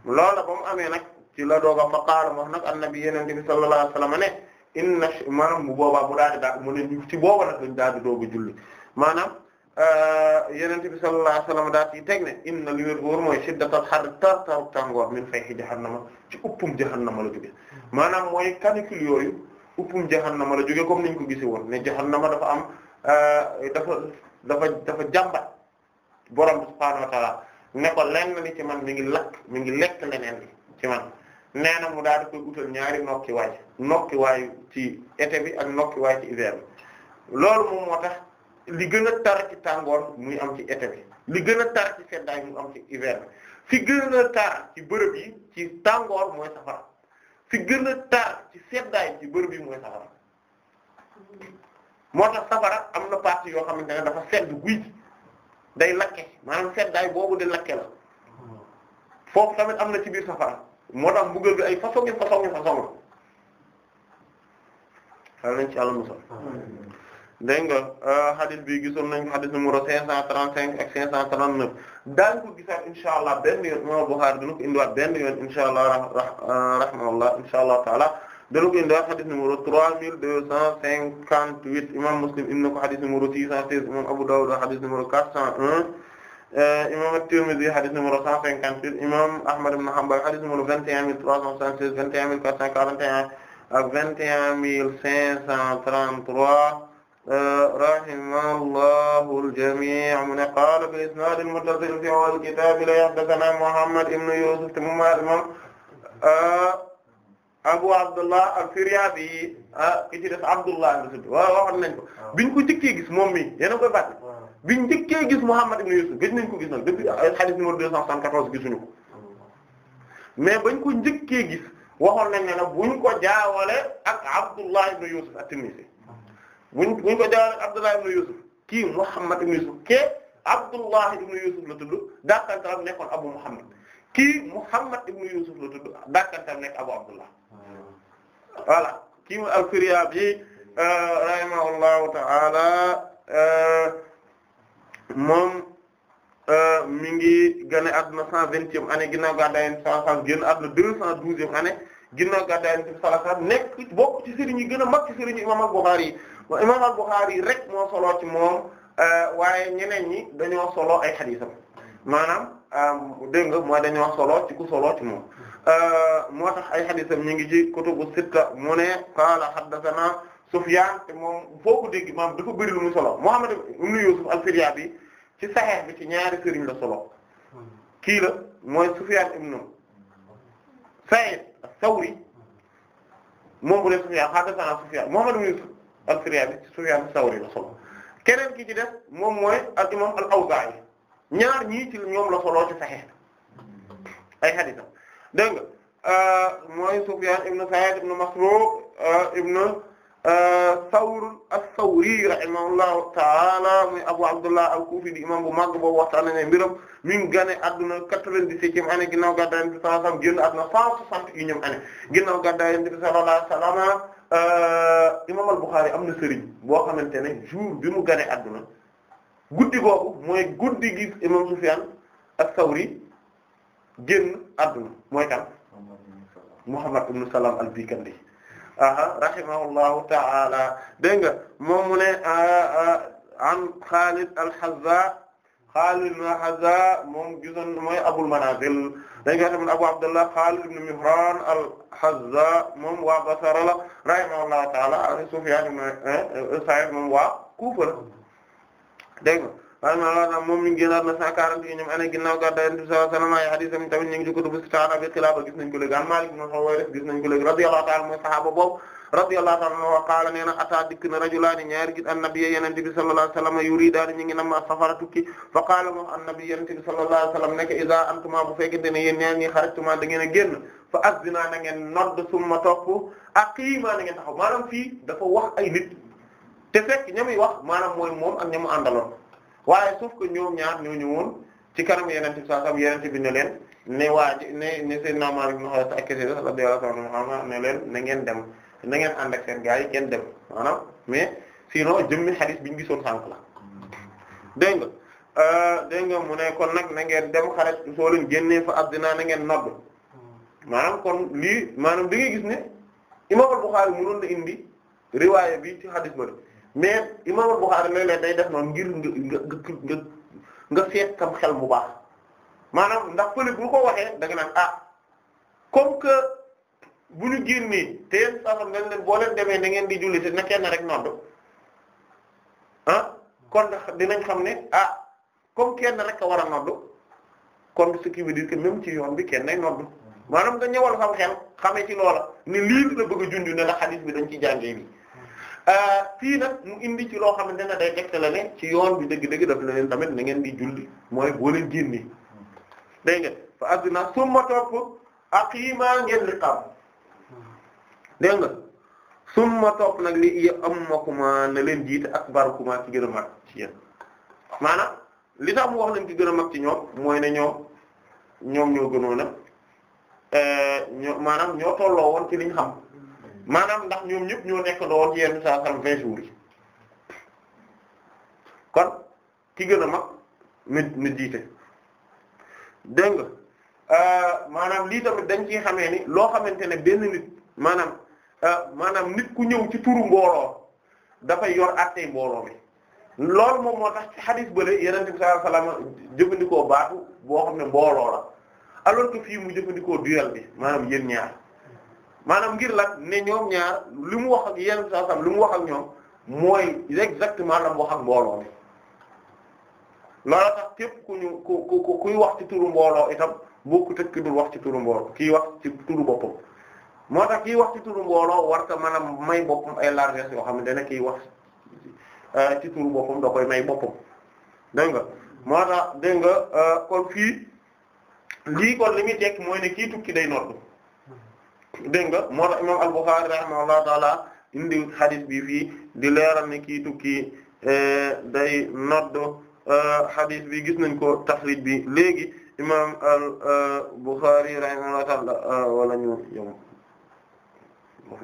loola ba mu amee nag ci la doog a fa qaala wax nag annabi yeneen bi sallallahu alayhi wasallam ne inna maanaam bu boobaa bu daal di daa mu ci booba nag lañ daal di doog a julli maanaam euh, yeneen bi sallallahu alayhi wasallam daal ci teg ne inna li wér wóor mooy shiddatal xar tar taru tàngoor min fayhi jahannama ci uppum jahannama la jóge maanaam mooy canicule yooyu uppum jahannama la jóge comme niñ ko gisi woon ne jahannama dafa am euh, dafa dafa dafa jàmbat borom bi subhaanahu wa ne ko lenn li ci man mi ngi lakk mu ngi lekk leneen li ci man neena mu daal koy utal ñaari nokkiwaay nokkiwaay ci été bi ak nokkiwaay ci hiver bi loolu moom moo tax li gën a tar ci tàngoor muy am ci été bi gën a tar ci seddaay am ci fi gën a tar ci bërëb yi ci tàngoor mooy safara fi gën a tar ci seddaay ci bërëb yi mooy safara moo tax safara am na partie yoo xamante ne dafa sedd guy day lakke maanaam seddaay boobu di lakke tamit am na ci biir safara moo tax mbugal bi ay façon yi façon yi façon la xal nañ ci àlla mosal dégg nga euh, hadith bi gisoon nañ hadith numéro 535 ak 539 daañ ko gisaat insha allah benn yoon imam Bukhari indiwaat benn yoon insha allah euh, rahimahullah taala dana ko indi hadith numéro 3258 imam Muslim indi na ko hadith numéro 616 imam Abu Dawud hadith numéro 401 euh, imam At-Tirmidhi hadith numéro 158 imam Ahmad ibn Hanbal hadith numéro 21376 21441 ak 21533 euh, rahimahullahu al-jami' mu ne qaala bil-isnaad al-muttasil fi awwal kitaab la haddathana Muhammad ibn Yusuf Abu Abdullah al-Firyabi yi ah ki ci des Abdullah la tudd waaw nañ ko biñ ko njëkkee gis moom mi yéen a koy bàtt biñ njëkkee gis Muhammad ibn Yusuf gëj nañ ko gis nag depuis hadith numéro 274 gisuñu ko mais bañ ko njëkkee gis waxoon nañ ne nag buñ ko jaawale ak Abdullah ibn Yusuf a tinnisi buñ buñ jaawale ak Abdullah ibn Yusuf kii Muhammad ibn Yusuf ke Abdullah ibn Yusuf la tudd daa kan nekkoon Abu Muhammad kii Muhammad ibn Yusuf la tudd dàkkantam nekk Abu Abdullah ah. voilà kii mu al-Firyabi euh, rahimahullahu ta'ala euh, moom euh, mi ngi gane àdduna cent vingtième année ginnaaw gàddaay Yonent bi sallallahu alayhi àdduna deux cent douzième année ginnaaw gàddaay Yonent bi sallallahu nekk bokk ci sëriñ yi gën a mag ci sëriñ imam al yi imam al yi rek moo solo ci moom waaye ñeneen ñi dañoo solo ay xadiisam maanaam Euh, dégg nga mooy dañoo solo ci ku solo ci moom euh, moo tax ay xadisam ñu ngi ci kutubu sitta mu ne qaala haddathana Sufyaan te moom foo ko dégg maam dafa bëri lu mu solo Muhammad ibn Yusuf al-Firyaabi ci Sahih bi ci ñaari sëriñ la solo kii la mooy Sufyaan ibn Sa'id as-Sawri moom bu dee Sufyaan haddathana Sufyaan Muhammad ibn Yusuf al-Firyaabi ci Sufyaan sawri la solo keneen ki ci def moom mooy al-Imaam al-Awzaa'i ñaar ñii ci ñoom la soloo saxeex ay xadiisam dégg nga euh, mooy Sufyaan ibn Sa'iid ibn Masruuq euh, ibn euh, Sawr as-Sawri rahimahullahu ta'ala muy Abu Abdullah al-Kufi di imam bu mag boobu waxtaanee ne mbiram mi gane adduna 97e année ginnaw gàddaay Yonent bi sallallahu alayhi wasallam génn adduna 161e année ginnaaw gàddaay Yonent bi sallallahu alayhi wasallam imam al-Bukhari am na sëriñ boo xamante ne jour bi mu gane adduna. guddi googu mooy guddi gi imam Sufyan as-Sawri génn àdduna mooy kan Muhammad ibn Salam al-Bikandi aha rahimahullahu ta'ala dégg nga moom mu ne an Khalid al-Hazza Khalid ibn Hazza moom gisoon mooy Abul Manazil dañ koy tamit Abu Abdullah Khalid ibn Mihran al-Hazza moom waa Basra la rahimahullahu ta'ala Sufyan ibn eh, Sa'id moom waa Kufa dégg nga waaye moom mi ngi génnaat na cent quarante yi ñoom année ginnaaw gàddaay Yonent bi sallallahu alayhi wa sallam ay hadiisam tamit ñu ngi ci kutubu gis nañ ko an Maalik ibn Huwayrith gis nañ ko wa qaala rajulaani ñaari gis annabiyya Yonent bi sallallahu alayhi wa sallam yuriidaani nam as-safara tukki fa qaala moom annabiyya Yonent bi sallallahu alayhi wa sallam bu fekkente ne yéen ñaar ñi xarajtuma génn fa azdinaa ngeen nodd summa topp aqiimaa na ngeen taxaw maanaam fii dafa te fekk ñamuy wax maanaam mooy moom ak ñamu àndaloon waaye sauf ko ñoom ñaar ñoo ñëwoon ci karam yeneen ci saa sam yeneen bi ne leen ne waa ne ne seen naamaar bi la de la soxna leen na ngeen dem na ngeen ànd ak seen gars yi kenn dem maanaam mais sinon bi ñu gisoon sànq la dégg nga euh, dégg nga mu ne kon nag na ngeen dem xaret soo leen génnee fa addinaa na ngeen nodd maanaam kon lii maanaam da ngay gis ne imam al Bukhari mënoon na indi riwaaya bi ci hadith ba mais imaamul Buxaari léeg-léeg day def noonu ngir nga nga nga seet xel bu baax maanaam ndax pële bu ko waxee da nga naan ah comme que bu ñu génnee te yéen saa xam leen boo leen demee da ngeen di julli te na kenn rek noddu ah kon dinañ xam ne ah comme kenn rek a war a noddu kon ce qui veut dire que ci yoon bi kenn nay noddu maanaam nga ñëwal sam xel xamee ci loola ni lii la bëgg a junj ne la xadiis bi dañ ci jàngee lii. Euh, fii nag mu indi ci loo xamante ne day tegte la ne ci yoon bi dëgg-dëgg daf la leen tamit na ngeen di julli mooy boo leen génnee dégg nga fa addina summa topp aqiimaa ngeen li xam dégg nga summa topp nag li yëpp amma kuma na leen jiite akbar kuma ci gën a mag ci yéen maanaam li tax mu wax nañ ci gën a mag ci ñoom mooy ne ñoom ñoom ñoo gënoon a euh, ñoo maanaam ñoo tolloo woon ci liñ xam maanaam ndax ñoom ñépp ñoo nekk doon ci yenn saa sallam vingt jours yi kon ki gën a mag na na jiite dégg nga euh, maanaam lii tamit dañ ciy xamee ni loo xamante ne benn nit maanaam euh, maanaam nit ku ñëw ci turu mbooloo dafay yor attey mbooloo mi loolu moom moo tax ci xadis bële yenente bi sallallahu alayhi wasallam jëfandikoo baatu boo xam ne mbooloo la alors que fii mu jëfandikoo duel bi maanaam yéen ñaar maanaam ngir lan ne ñoom ñaar li mu wax ak yenn saa sam li mu wax ak ñoom mooy exactement la mu wax ak mbooloo mi loola tax képp ku ñu ku ku kuy wax ci turu mbooloo itam bokku tëg ki dul wax ci turu mbooloo kii wax ci turu boppam moo tax kii wax ci turu mbooloo war ta mën may boppam ay largesse yoo xamante ne kii wax euh, ci turu boppam da koy may boppam dégg nga moo tax dégg nga euh, kon fii lii kon li muy tekk mooy ni kii tukki day noddu dégg nga moo tax imam al-Bukhari rahimahullahu taala indi hadith bi fii di leeral ne kii tukki e, day nodd e, hadith bi gis nañ ko taxrij bi léegi imam al-Bukhari rahimahullahu taala e, wala ñu yom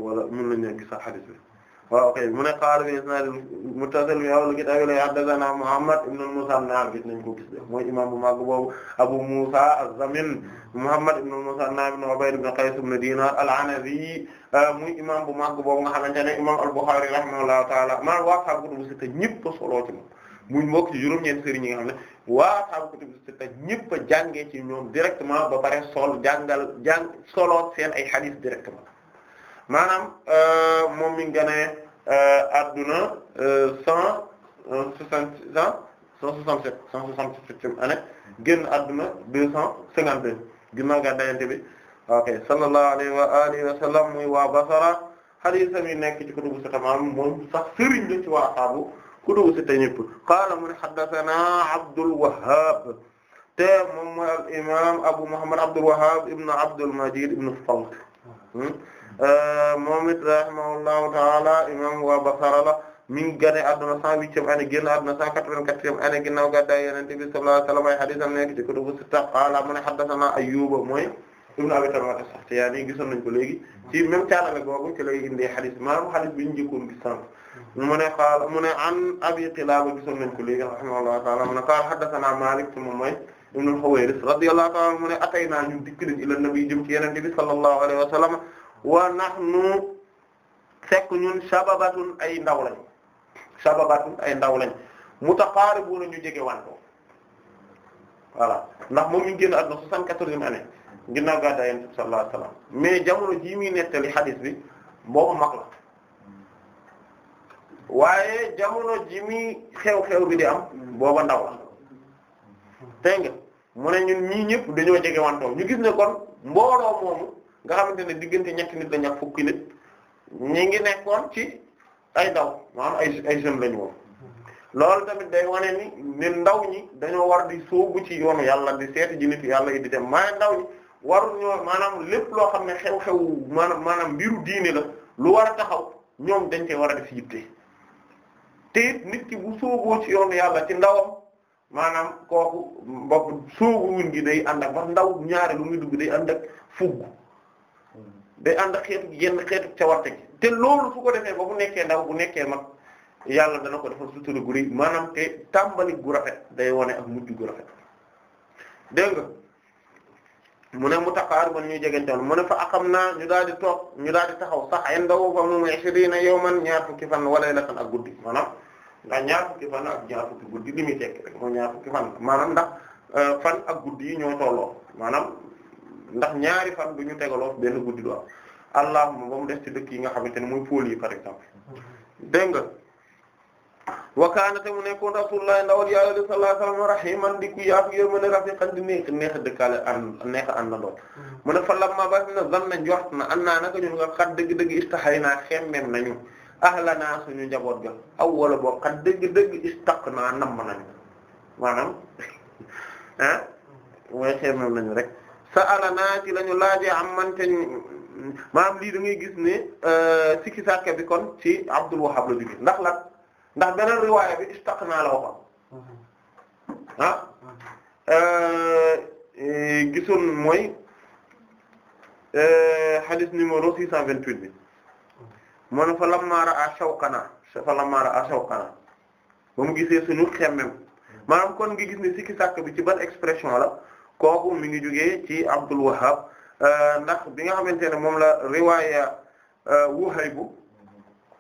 wala mën nañu nekk sax hadith bi waaw kay mu ne qaala bi isnaad muttasil bi awwal kitaab la haddathana Muhammad ibn al-Musanna gis nañ ko gis mooy imam bu mag boobu Abu Musa az-Zamin Muhammad ibn al-Musanna ibn Ubayd ibn Qays ibn Dinar al-Anazi euh, muy imam bu mag boobu nga xamante ne imam al-Bukhari rahimahullahu ta'ala maa waa ashaabu kutubu sitta ñëpp a soloo ci muy mbokk ci juróom-ñeent sëriñ yi nga xam ne waa ashaabu kutubu ñëpp jàngee ci ñoom directement ba pare sol jàngal jàng soloo seen ay hadith maanaam euh, moom mi ngi gënee euh, adduna euh, cent soixante cent soixante sept cent soixante septième année génn adduna deux cent cinquante deux ginnaaw ga dayante bi ok sallallahu alayhi wa alihi wa sallam muy waa Basara hadiisam yi nekk ci kutubu sitta maanaam moom sax sëriñ la ci waa ashaabu kutubu sitta ñëpp qaala mu ne haddathanaa Abdul Wahhab te moom mooy al imaam Abu Muhammad Abdul Wahhab ibn Abdul Majid ibn Falk hmm? Euh, moom it rahimahullahu taala imam wa Basra la mi ngi gane adduna cent huitième année génn adduna cent quatre-vingt-quatrième année ginnaaw gàddaay Yonent bi sallallahu alayhi wa sallam ay hadiisam nekk ci kutubu sitta qaala mu ne haddathana Ayyuba mooy ibn Abi Tamama as-Sakhtiyani gisoon nañ ko léegi ci même caalame googu ci lay indi hadiis maanaam hadiis bi ñu jëkkoon gis sànq mu ne qaala mu ne an Abi Qilaaba gisoon nañ ko léegi rahimahullahu taala mu ne qaala haddathana Maalik te moom mooy ibn al-Huwayrith radiyallahu ta'ala mu ne ataynaa ñu dikk nañ ila nabi jëm ci Yonent bi sallallahu alayhi wa sallam wa nahnu fekk ñun shababatun ay ndaw lañ shababatun ay ndaw lañ mutaqaribuna ñu jege wanto voilà ndax moom ñu ngi génn àdduna soixante-quatorzième année ginnaaw gàddaay Yonent bi sallallahu alayhi wasallam mais jamono ji muy nettali hadith bi boobu mag la waaye jamono ji muy xew-xew bi di am booba ndaw la dégg nga mu ne ñun ñii ñëpp dañoo jege wanto ñu gis ne kon mbooloo moomu nga xamante ne diggante ñetti nit la ñax fukki nit ñi ngi nekkoon ci ay ndaw maanaam ay ay jeunes la loolu tamit day wane ni ne ndaw ñi dañoo war di sóobu ci yoonu yàlla di seeti ji nit yàlla yi di dem maa ndaw ñi warul ñoo maanaam lépp loo xam ne xew-xew maanaam maanaam mbiru diine la lu war a taxaw ñoom dañ cee war a def yitte te it nit ki bu sóoboo ci yoonu yàlla ci ndawam maanaam kooku bopp sóobu wun gi day ànd ak wax ndaw ñaare lu muy dugg day ànd ak fugg day ànd ak xeetu yenn xeetu cawarte gi te loolu fu ko defee ba bu nekkee ndaw bu nekkee mag yàlla dana ko defal sutura gu rëy maanaam te tàmbali gu rafet day wone ak mujj gu rafet dégg nga mu ne mu taqaar man ñuy jegentewoon mu ne fa axam naa ñu daal di toog ñu daal di taxaw sax ay ndaw fa mu ishrina yawman ñaar fukki fan wa laylatan ak guddi maanaam ndax ñaar fukki fan ak ñaar fukki guddi li muy tekk rek moo ñaar fukki fan maanaam ndax euh, fan ak guddi yi ñoo tolloo maanaam ndax ñaari fan du ñu tegaloo benn guddi du am allahumma ba mu des ci dëkk yi nga xamante ne mooy pôles yi par exemple dégg nga wa kaana te mu nekkoon rasulullah ndax yàlla sallallahu alayhi wa sallam rahiman di ku yaafu yër mën a rafiqan di neex neex a dëkkaale an neex a àndandoo mu ne fa lamma ba na zan na njort na an naa naka ñun nga xat dëgg-dëgg istahaynaa xemmem nañu ahlanaa suñu njaboot ga aw wala boo xat dëgg-dëgg istaqnaa namm nañu maanaam ah mooy xemmem nañu rek sa'alanaa ci la ñu laajee am man te lii da ngay gis ni euh, sikki sàkka bi kon ci Abdul Wahhab la jóge ndax la ndax beneen riwaaya bi istaqnaa la waxoon ah euh, gisoon mooy euh, hadith numéro 628 bi mu ne fa lammaa ra'aa shawkanaa fa lammaa ra'aa shawkanaa ba mu suñu xemmem maanaam kon ngi gis ni sikki sàkka bi ci ban expression la. kooku mi ngi jógee ci Abdul Wahhab euh, ndax bi nga xamante ne moom la riwaaya euh, Wuhayb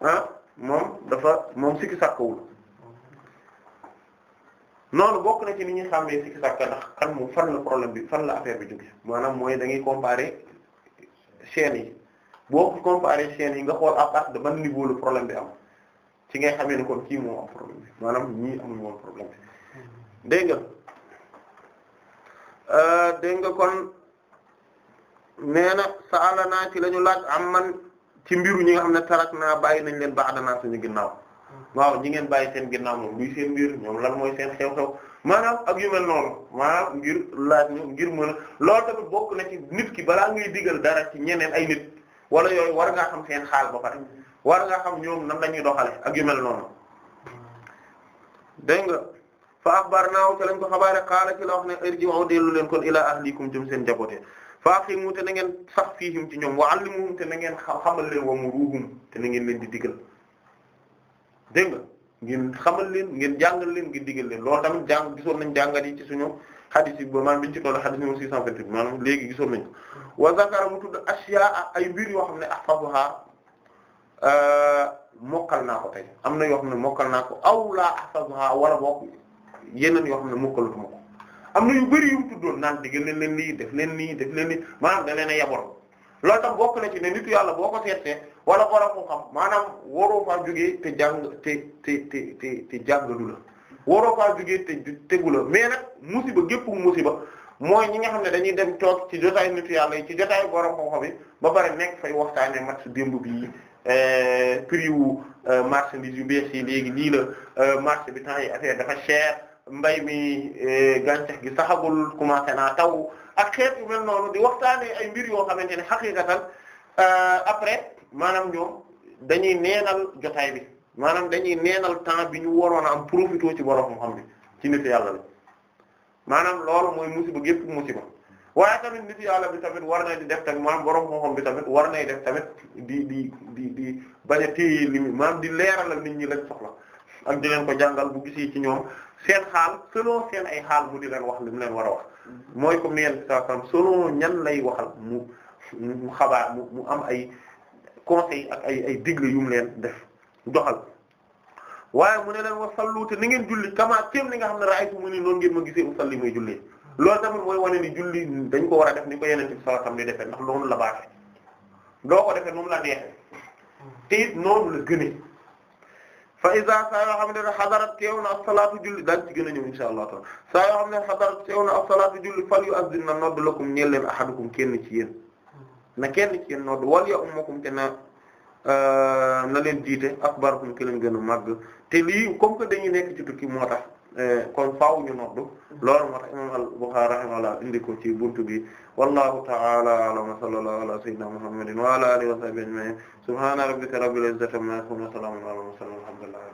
ah moom dafa moom sikki sàkkawul noonu bokk na ci ni ñuy xàmmee sikki sàkka ndax kan moom fan la problème bi fan la affaire bi jóge maanaam mooy dangay ngay comparer yi boo ko comparer chaînes yi nga xool à partir de ban niveau le problème bi am ci ngay xamee ne kon kii moo am problème bi maanaam ñii amuñu woon problème bi dégg nga Euh, dégg nga kon nee na saala naa ci la laaj am man ci mbiru ñi nga xam ne tarak naa bàyyi nañ leen baax danaa suñu ginnaaw waaw ñi ngeen bàyyi seen ginnaaw moom luy seen mbir ñoom lan mooy seen xew-xew maanaam ak yu mel noonu maanaam ngir laaj ngir mën a loolu tamit bokk na ci nit ki balaa ngay digal dara ci ñeneen ay nit wala yooyu war ngaa xam seen xaal ba pare war ngaa xam ñoom nan lañuy ñuy doxale ak yu noonu dégg fa axbarnaa te lañ ko xabaare qaala ci la wax ne irji'u dellu leen kon ilaa ahlikum jëm seen jaboote faaqimu te na ngeen sax fiihim ci ñoom wa allimuhum te na ngeen xamal leen wa muruhum te na ngeen leen di digal dégg nga ngeen xamal leen ngeen jàngal leen ngeen digal leen loolu tamit jàng gisoon nañ jàngat yi ci suñu hadith yi ba maanaam biñu ci toll hadith numéro 628 maanaam léegi gisoon nañ ko wa zakara mu tudd ashyaa ay biir yoo xam ne ahfazuha euh, mokkal naa ko tey am na yoo xam ne mokkal naa ko aw laa ahfazuha wala bokk yeneen yoo xam ne mokkalutuma ko am na yu bari yu mu tuddoon naan digg leen leen nii def leen nii def leen nii maanaam da leen a yaboon lool tax bokk na ci ne nit yu yàlla boo ko seetee wala borom ko xam maanaam waroo faa jógee te jàng te te te te te jàngalu la waroo faa jógee te tegu la mais nag musiba gépp musiba mooy ñi nga xam ne dañuy dem toog ci jotaayu nitu yàlla yi ci jotaayu borom ko xam yi ba pare nekk fay mat match démb bi euh, prix wu euh, marchandise yu bees yi léegi nii la euh, marché bi temps yi affaire dafa cher. mbay mi eh, gàncax gi saxagul commencé naa taw ak xeet yu mel noonu di waxtaanee ay mbir yoo xamante ne xaqiiqatan euh, après maanaam ñoom dañuy neenal jotaay bi maanaam dañuy neenal temps bi ñu waroon a am profité ci borom xam bi ci nit yàlla la maanaam loolu mooy musiba gépp musiba waaye tamit nit yàlla bi tamit war na di def tamit maanaam borom xam-xam bi tamit war nay def tamit di di di di bañ a téye li maanaam di leeralal nit ñi lañ soxla ak di ko jàngal bu gisee ci ñoom seen xaal selon seen ay xaal mu di leen wax li mu leen war a wax mooy comme ni yenn situation selon ñan lay waxal mu mu xabaar mu mu am ay conseil ay ay digle yu leen def doxal waaye mu ne leen wax sallu te ni ngeen julli kama kéem li nga xam ne raay fu mu ni noonu ngeen ma gisee usalli mooy julli loolu tamit mooy wane ni julli dañ ko war a def ni ko yeneen ci sallallahu alayhi wasallam di ndax noonu la baaxee loo ko defee moom la neexee te noonu la gënee fa isa saa yoo xam ne xadarat teew na as-salaatu julli daan ci gën a ñëw insha allah taala saa yoo xam ne xadarat teew na as-salaatu julli fal yu azdin na nodd lakum ñeel leen ahadukum kenn ci yéen na kenn ci yéen nodd wal ya ummakum te na euh, na leen jiite akbarukum ki leen gën a màgg te lii comme que dañuy nekk ci tukki moo tax Eh, kon faaw ñu noddu loolu moo tax imam al-Bukhari rahimahullah indi ko ci buntu bi wallahu ta'ala a'lam wa sallallahu ala sayyidina muhammadin wa ala alihi wa sahbihi ajma'in subhana rabbika rabbil izzati amma yasifun wa salamun ala al-mursalin walhamdulillah